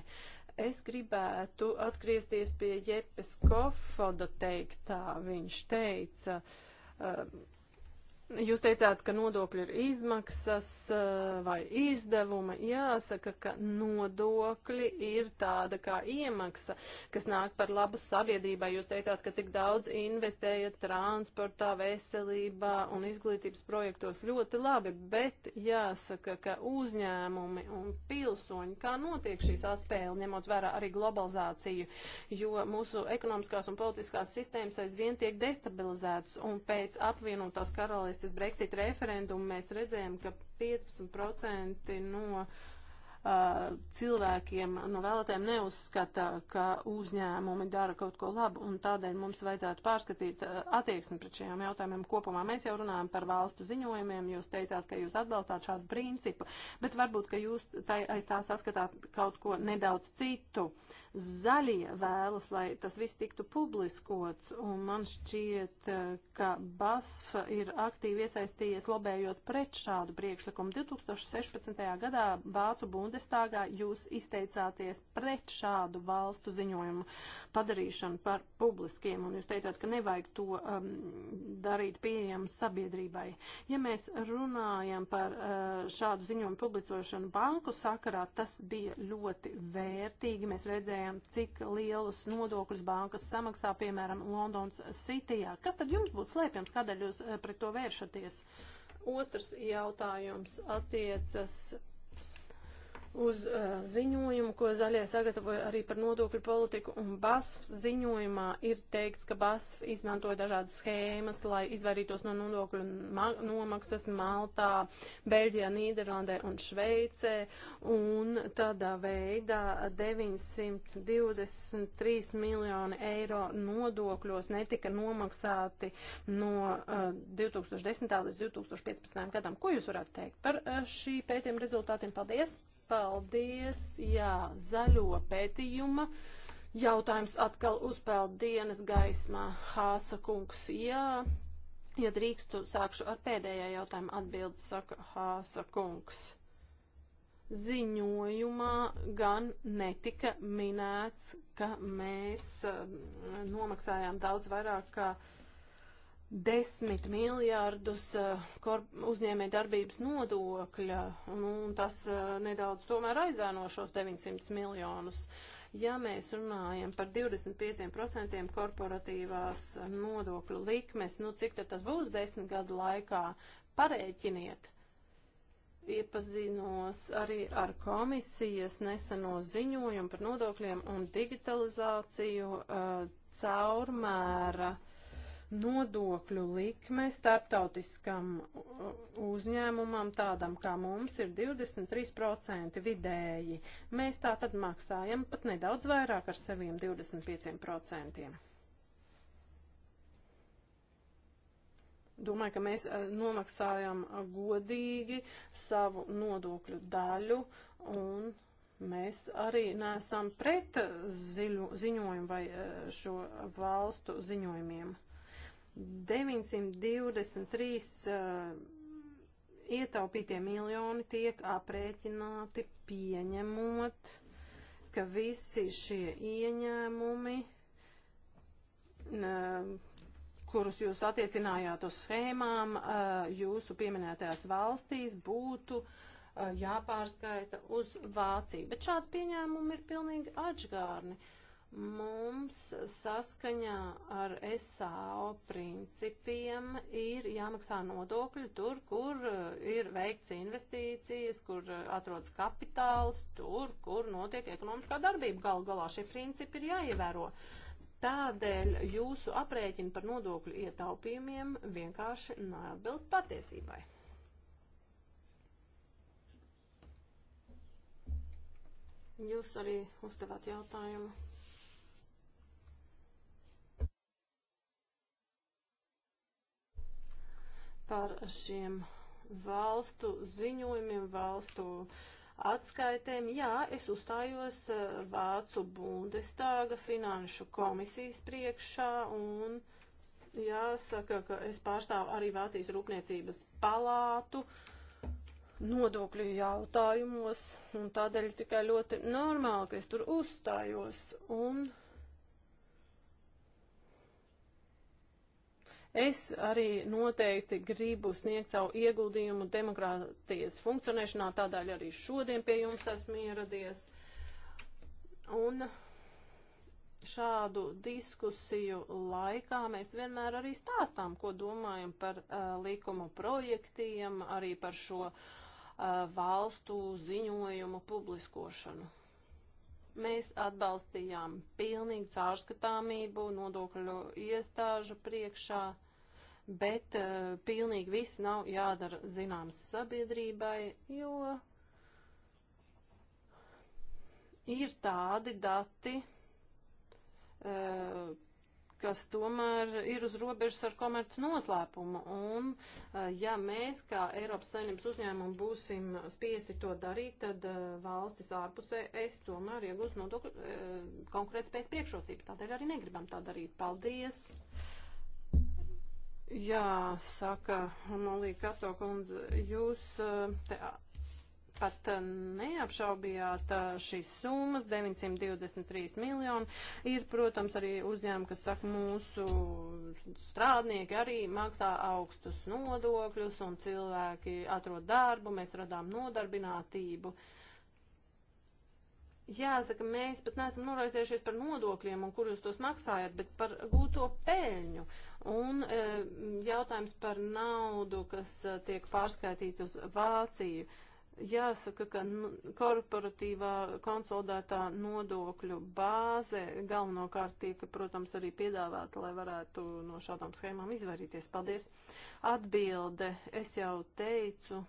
Es gribētu atgriezties pie Jepes Kofoda teiktā. Viņš teica, uh, Jūs teicāt, ka nodokļi ir izmaksas eh, vai izdevuma. Jāsaka, ka nodokļi ir tāda kā iemaksa, kas nāk par labu sabiedrībai. Jūs teicāt, ka tik daudz investējat transportā, veselībā un izglītības projektos ļoti labi, bet jāsaka, ka uzņēmumi un pilsoņi, kā notiek šī saspēle, ņemot vērā arī globalizāciju, jo mūsu ekonomiskās un politiskās sistēmas aizvien tiek destabilizētas un pēc apvienotās karalīs pēc tas Brexit referendumu mēs redzējām, ka 15% no uh, cilvēkiem no vēlētēm neuzskata, ka uzņēmumi dara kaut ko labu, un tādēļ mums vajadzētu pārskatīt attieksmi pret šiem jautājumiem kopumā. Mēs jau runājam par valstu ziņojumiem, jūs teicāt, ka jūs atbalstāt šādu principu, bet varbūt, ka jūs tai, aiz tā saskatāt kaut ko nedaudz citu. Zaļie vēlas, lai tas viss tiktu publiskots, un man šķiet, ka BASF ir aktīvi iesaistījies lobējot pret šādu priekšlikumu. 2016. gadā Vācu bundu Bundestagā jūs izteicāties pret šādu valstu ziņojumu padarīšanu par publiskiem, un jūs teicāt, ka nevajag to um, darīt pieejamu sabiedrībai. Ja mēs runājam par uh, šādu ziņojumu publicošanu banku sakarā, tas bija ļoti vērtīgi. Mēs redzējām, cik lielus nodokļus bankas samaksā, piemēram, Londons Cityjā. Kas tad jums būtu slēpjams, kādēļ jūs uh, pret to vēršaties? Otrs jautājums attiecas uz uh, ziņojumu, ko zaļie sagatavoja arī par nodokļu politiku, un BASF ziņojumā ir teikts, ka BASF izmantoja dažādas schēmas, lai izvairītos no nodokļu ma nomaksas Maltā, Beļģijā, Nīderlandē un Šveicē, un tādā veidā 923 miljoni eiro nodokļos netika nomaksāti no uh, 2010. līdz 2015. gadam. Ko jūs varētu teikt par uh, šī pētījuma rezultātiem? Paldies! paldies. Jā, zaļo pētījuma. Jautājums atkal uzpeld dienas gaismā. Hāsa kungs, jā. Ja drīkstu, sākšu ar pēdējā jautājuma atbildi, saka Hāsa kungs ziņojumā gan netika minēts, ka mēs um, nomaksājām daudz vairāk kā desmit miljārdus eh, uzņēmē darbības nodokļa, un, un tas eh, nedaudz tomēr aizēno šos 900 miljonus. Ja mēs runājam par 25% korporatīvās eh, nodokļu likmes, nu cik tad tas būs desmit gadu laikā, parēķiniet. Iepazinos arī ar komisijas neseno ziņojumu par nodokļiem un digitalizāciju uh, caurmēra uh, nodokļu likme starptautiskam uzņēmumam, tādam kā mums, ir 23% vidēji. Mēs tā tad maksājam pat nedaudz vairāk ar saviem 25%. Domāju, ka mēs eh, nomaksājam eh, godīgi savu nodokļu daļu un mēs arī neesam pret ziļu, ziņojumu vai eh, šo valstu ziņojumiem. 923 uh, eh, ietaupītie miljoni tiek aprēķināti pieņemot, ka visi šie ieņēmumi, uh, kurus jūs attiecinājāt uz schēmām, uh, jūsu pieminētajās valstīs būtu jāpārskaita uz Vāciju. Bet šādi pieņēmumi ir pilnīgi atžgārni. Uh, Mums saskaņā ar SAO principiem ir jāmaksā nodokļi tur, kur eh, ir veikts investīcijas, kur eh, atrodas kapitāls, tur, kur notiek ekonomiskā darbība. Galu galā šie principi ir jāievēro. Tādēļ jūsu aprēķini par nodokļu ietaupījumiem vienkārši neatbilst patiesībai. Jūs arī uzdevāt jautājumu. par šiem valstu ziņojumiem, valstu atskaitēm. Jā, es uzstājos eh, Vācu Bundestāga finanšu komisijas priekšā un jāsaka, ka es pārstāvu arī Vācijas rūpniecības palātu nodokļu jautājumos un tādēļ tikai ļoti normāli, ka es tur uzstājos un Es arī noteikti gribu sniegt savu ieguldījumu demokrātijas funkcionēšanā, tādēļ arī šodien pie jums esmu ieradies. Un šādu diskusiju laikā mēs vienmēr arī stāstām, ko domājam par uh, likuma projektiem, arī par šo uh, valstu ziņojumu publiskošanu. Mēs atbalstījām pilnīgu caurskatāmību nodokļu iestāžu priekšā, bet uh, pilnīgi viss nav jādara zināms sabiedrībai, jo ir tādi dati, uh, kas tomēr ir uz robežas ar komerc noslēpumu. Un, eh, ja mēs, kā Eiropas saimnības uzņēmumi, būsim spiesti to darīt, tad eh, valstis ārpusē es tomēr iegūst nodokļu eh, konkurētspējas priekšrocības. Tādēļ arī negribam tā darīt. Paldies! Jā, saka Nolī Kato kundze, jūs te pat eh, neapšaubījāt eh, šīs summas, 923 miljoni. Ir, protams, arī uzņēmumi, kas saka, mūsu strādnieki arī maksā augstus nodokļus un cilvēki atrod darbu, mēs radām nodarbinātību. Jāsaka, mēs pat neesam noraizējušies par nodokļiem un kur jūs tos maksājat, bet par gūto peļņu. Un e, jautājums par naudu, kas tiek pārskaitīta uz Vāciju. E, Jāsaka, ka nu, korporatīvā konsolidētā nodokļu bāze galvenokārt tiek, protams, arī piedāvāta, lai varētu no šādām schēmām izvairīties. Paldies! Atbilde, es jau teicu,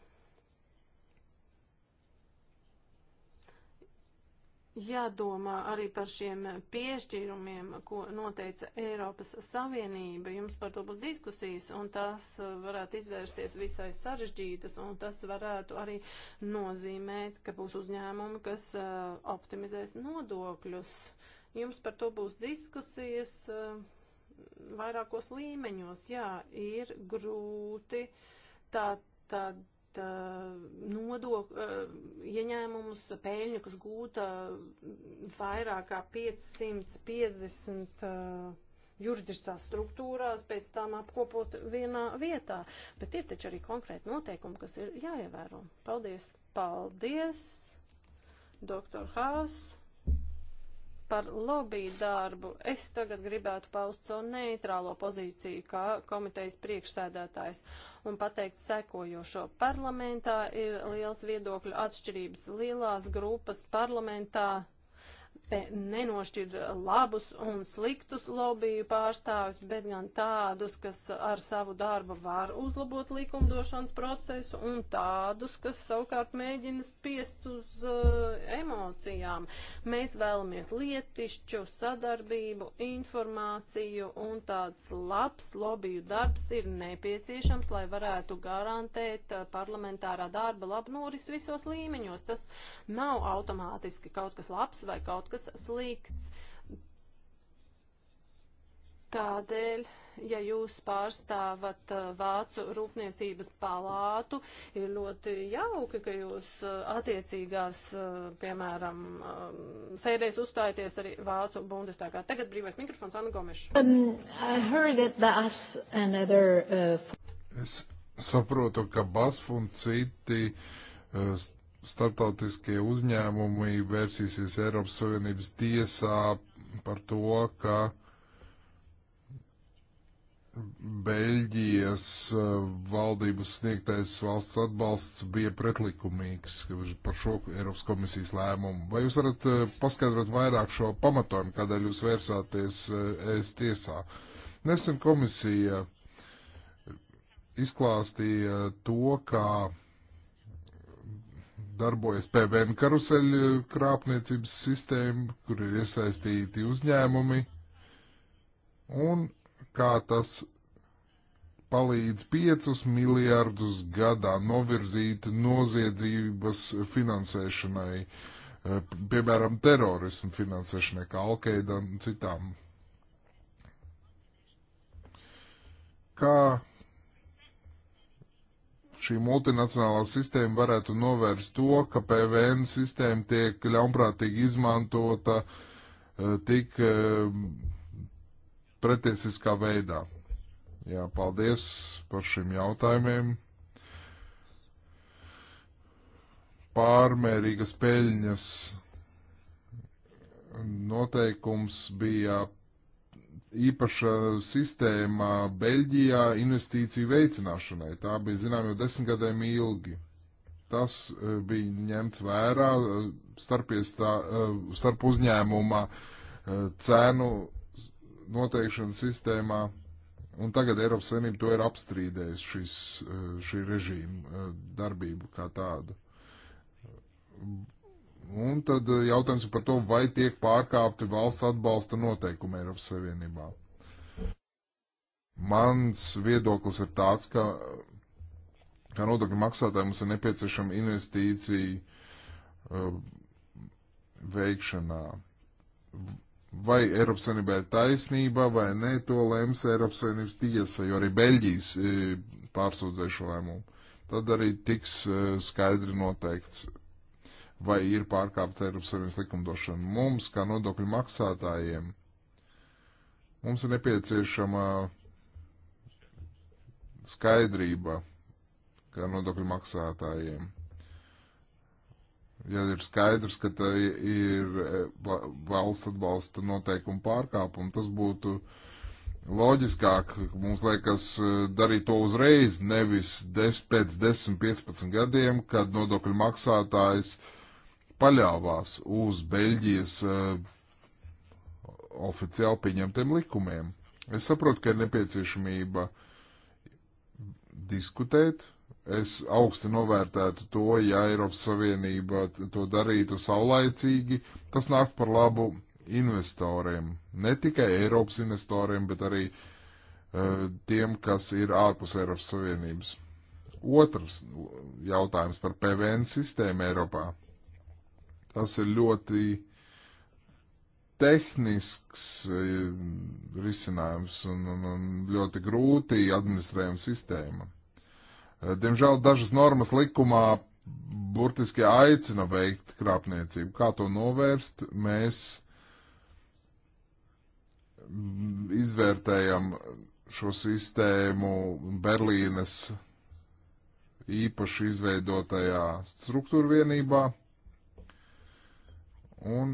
jādomā arī par šiem piešķīrumiem, ko noteica Eiropas Savienība. Jums par to būs diskusijas, un tās uh, varētu izvērsties visai sarežģītas, un tas varētu arī nozīmēt, ka būs uzņēmumi, kas uh, optimizēs nodokļus. Jums par to būs diskusijas uh, vairākos līmeņos. Jā, ir grūti tā tad Eh, nodok, eh, ieņēmumus, pēļņu, kas gūta vairāk kā 550 eh, juridiskās struktūrās, pēc tām apkopot vienā vietā. Bet ir taču arī konkrēti noteikumi, kas ir jāievēro. Paldies! Paldies, doktor Haas! par lobby darbu. Es tagad gribētu paust savu neitrālo pozīciju kā komitejas priekšsēdētājs un pateikt sekojošo. Parlamentā ir liels viedokļu atšķirības. Lielās grupas parlamentā te nenošķir labus un sliktus lobiju pārstāvis, bet gan tādus, kas ar savu darbu var uzlabot likumdošanas procesu un tādus, kas savukārt mēģina spiest uz uh, emocijām. Mēs vēlamies lietišķu sadarbību, informāciju un tāds labs lobiju darbs ir nepieciešams, lai varētu garantēt eh, parlamentārā darba labu noris visos līmeņos. Tas nav automātiski kaut kas labs vai kaut kas kas slikts. Tādēļ, ja jūs pārstāvat uh, Vācu rūpniecības palātu, ir ļoti jauki, ka jūs uh, attiecīgās, uh, piemēram, um, sēdēs uzstājaties arī Vācu bundestākā. Tagad brīvais mikrofons Anna Gomeša. Um, other, uh... Es saprotu, ka BASF un citi uh, starptautiskie uzņēmumi vērsīsies Eiropas Savienības tiesā par to, ka Beļģijas eh, valdības sniegtais valsts atbalsts bija pretlikumīgs par šo Eiropas komisijas lēmumu. Vai jūs varat eh, paskaidrot vairāk šo pamatojumu, kādēļ jūs vērsāties eh, ES tiesā? Nesen komisija izklāstīja to, kā darbojas PVN karuseļu krāpniecības sistēma, kur ir iesaistīti uzņēmumi, un kā tas palīdz 5 miljārdus gadā novirzīt noziedzības finansēšanai, eh, piemēram, terorismu finansēšanai, kā Alkeida un citām. Kā šī multinacionālā sistēma varētu novērst to, ka PVN sistēma tiek ļaunprātīgi izmantota eh, tik eh, pretiesiskā veidā. Jā, paldies par šiem jautājumiem. Pārmērīgas peļņas noteikums bija īpaša sistēma Beļģijā investīciju veicināšanai. Tā bija, zinām, jau desmit gadiem ilgi. Tas e, bija ņemts vērā e, e, starp, iestā, starp uzņēmumā cēnu noteikšanas sistēmā. Un tagad Eiropas Savienība to ir apstrīdējis, šis, šī režīma darbību kā tādu. Un tad eh, jautājums par to, vai tiek pārkāpti valsts atbalsta noteikumi Eiropas Savienībā. Mans viedoklis ir tāds, ka, ka nodokļu maksātājiem mums ir nepieciešama investīcija uh, eh, veikšanā. Vai Eiropas Savienībā ir taisnība vai nē, to lems Eiropas Savienības tiesa, jo arī Beļģijas uh, eh, pārsūdzēja šo lēmumu. Tad arī tiks uh, skaidri noteikts, vai ir pārkāpta Eiropas Savienības likumdošana. Mums, kā nodokļu maksātājiem, mums ir nepieciešama skaidrība, kā nodokļu maksātājiem. Ja ir skaidrs, ka tā ir e, valsts atbalsta noteikuma pārkāpuma, tas būtu loģiskāk. Mums liekas e, darīt to uzreiz, nevis des, pēc 10, 15 gadiem, kad nodokļu maksātājs uh, paļāvās uz Beļģijas uh, oficiāli pieņemtiem likumiem. Es saprotu, ka ir nepieciešamība diskutēt. Es augsti novērtētu to, ja Eiropas Savienība to darītu saulaicīgi. Tas nāk par labu investoriem. Ne tikai Eiropas investoriem, bet arī uh, tiem, kas ir ārpus Eiropas Savienības. Otrs jautājums par PVN sistēmu Eiropā. Tas ir ļoti tehnisks eh, risinājums un, un, un ļoti grūti administrējama sistēma. Eh, diemžēl dažas normas likumā burtiski aicina veikt krāpniecību. Kā to novērst? Mēs izvērtējam šo sistēmu Berlīnes īpaši izveidotajā struktūrvienībā un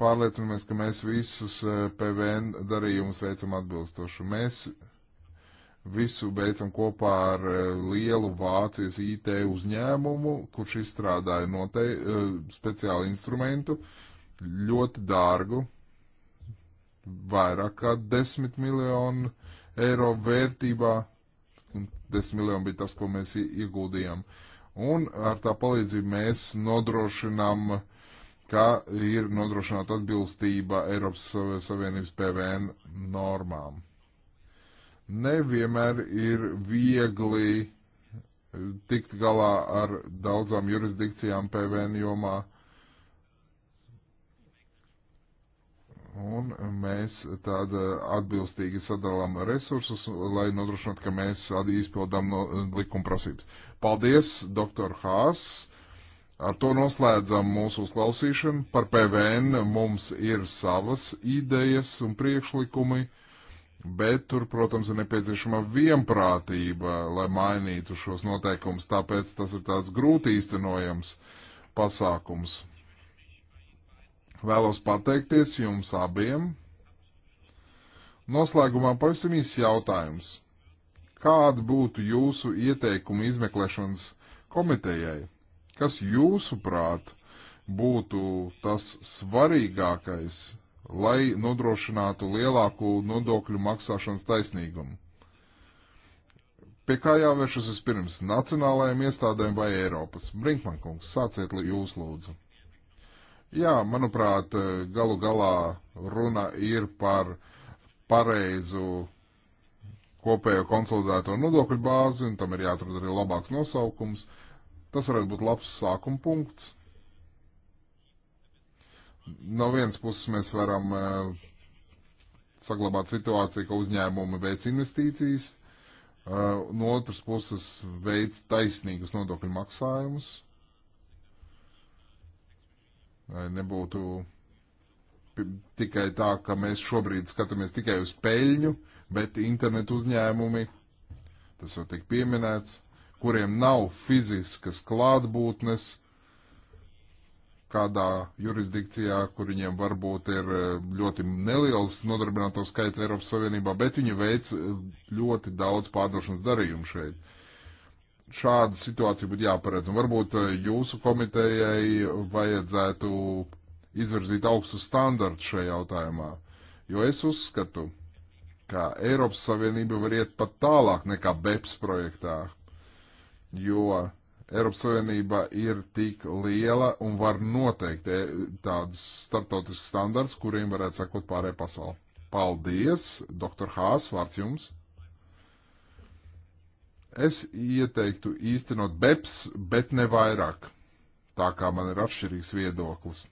pārliecinamies, ka mēs visus e, PVN darījumus veicam atbilstoši. Mēs visu beidzam kopā ar e, lielu Vācijas IT uzņēmumu, kurš izstrādāja notei, e, speciālu instrumentu, ļoti dārgu, vairāk kā 10 miljonu eiro vērtībā, un 10 miljoni bija tas, ko mēs ieguldījām. Un ar tā palīdzību mēs nodrošinām uh, kā ir nodrošināta atbilstība Eiropas Savienības PVN normām. Nevienmēr ir viegli eh, tikt galā ar daudzām jurisdikcijām PVN jomā. Un mēs tad eh, atbilstīgi sadalām resursus, lai nodrošinātu, ka mēs izpildām no eh, likuma prasības. Paldies, doktor Hāss! Ar to noslēdzam mūsu uzklausīšanu. Par PVN mums ir savas idejas un priekšlikumi, bet tur, protams, ir nepieciešama vienprātība, lai mainītu šos noteikumus. Tāpēc tas ir tāds grūti īstenojams pasākums. Vēlos pateikties jums abiem. Noslēgumā pavisam īsts jautājums. Kāda būtu jūsu ieteikuma izmeklēšanas komitejai? Kas jūsuprāt būtu tas svarīgākais, lai nodrošinātu lielāku nodokļu maksāšanas taisnīgumu? Pie kā jāvēršas vispirms - nacionālajiem iestādēm vai Eiropas? Brinkman kungs, sāciet jūs lūdzu. Jā, manuprāt, galu galā runa ir par pareizu kopējo konsolidēto nodokļu bāzi, un tam ir jāatrod arī labāks nosaukums. Uh, Tas varētu būt labs sākuma punkts. No vienas puses mēs varam eh, saglabāt situāciju, ka uzņēmumi veic investīcijas, eh, no otras puses veic taisnīgus nodokļu maksājumus, lai nebūtu tikai tā, ka mēs šobrīd skatāmies tikai uz peļņu, bet internetu uzņēmumi, tas jau tik pieminēts, kuriem nav fiziskas klātbūtnes kādā jurisdikcijā, kur viņiem varbūt ir eh, ļoti neliels nodarbināto skaits Eiropas Savienībā, bet viņi veic eh, ļoti daudz pārdošanas darījumu šeit. Šāda situācija būtu jāparedz. Un varbūt eh, jūsu komitejai vajadzētu izvirzīt augstu standartu šajā jautājumā, jo es uzskatu, ka Eiropas Savienība var iet pat tālāk nekā BEPS projektā, jo Eiropas Savienība ir tik liela un var noteikt e, tādus starptautiskus standarts, kuriem varētu sekot pārējai pasauli. Paldies, doktor Hās, vārds jums. Es ieteiktu īstenot BEPS, bet ne vairāk, tā kā man ir atšķirīgs viedoklis.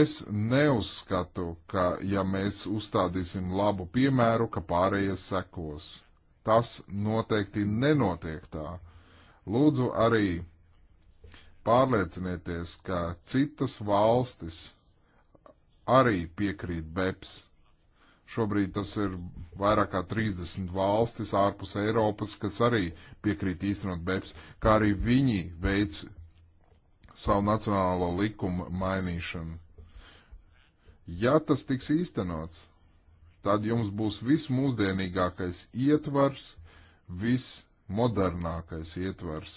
Es neuzskatu, ka ja mēs uzstādīsim labu piemēru, ka pārējie sekos. Tas noteikti nenotiek tā Lūdzu arī pārliecinieties, ka citas valstis arī piekrīt BEPS. Šobrīd tas ir vairāk kā 30 valstis ārpus Eiropas, kas arī piekrīt īstenot BEPS, kā arī viņi veic savu nacionālo likumu mainīšanu. Ja tas tiks īstenots, tad jums būs vismūsdienīgākais ietvars, viss modernākais ietvers,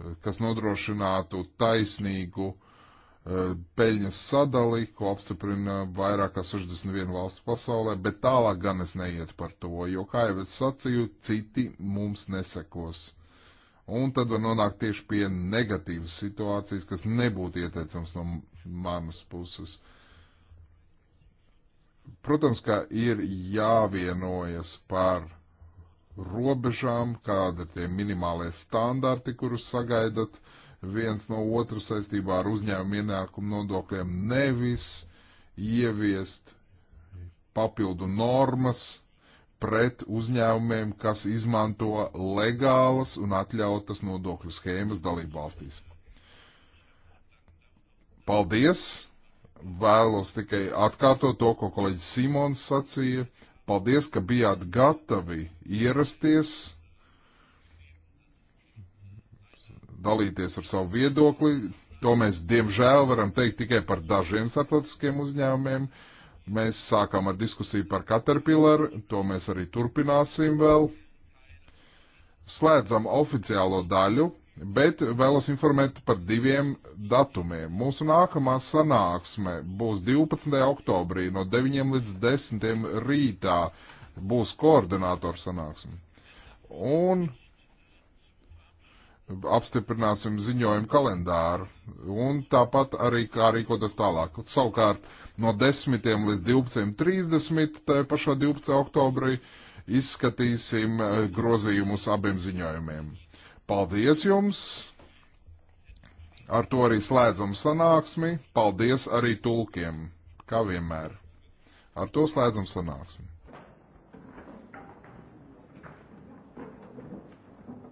eh, kas nodrošinātu taisnīgu uh, peļņas sadali, ko apstiprina vairāk kā 61 valsts pasaulē, bet tālāk gan es neiet par to, jo, kā jau es sacīju, citi mums nesekos. Un tad var nonākt tieši pie negatīvas situācijas, kas nebūtu ieteicams no manas puses. Protams, ka ir jāvienojas par robežām, kāda ir tie minimālie standarti, kurus sagaidat viens no otra saistībā ar uzņēmumu ienākumu nodokļiem, nevis ieviest papildu normas pret uzņēmumiem, kas izmanto legālas un atļautas nodokļu schēmas dalību valstīs. Paldies! Vēlos tikai atkārtot to, ko kolēģis Simons sacīja Paldies, ka bijāt gatavi ierasties, dalīties ar savu viedokli. To mēs, diemžēl, varam teikt tikai par dažiem starptautiskiem uzņēmumiem. Mēs sākām ar diskusiju par Caterpillar, to mēs arī turpināsim vēl. Slēdzam oficiālo daļu Bet vēlos informēt par diviem datumiem. Mūsu nākamā sanāksme būs 12. oktobrī no 9 līdz 10 rītā būs koordinātora sanāksme. Un apstiprināsim ziņojumu kalendāru un tāpat arī kā rīkoties tālāk. Savukārt no 10 līdz 12.30 tajā pašā 12. oktobrī izskatīsim eh, grozījumus abiem ziņojumiem. Paldies jums! Ar to arī slēdzam sanāksmi. Paldies arī tulkiem, kā vienmēr. Ar to slēdzam sanāksmi.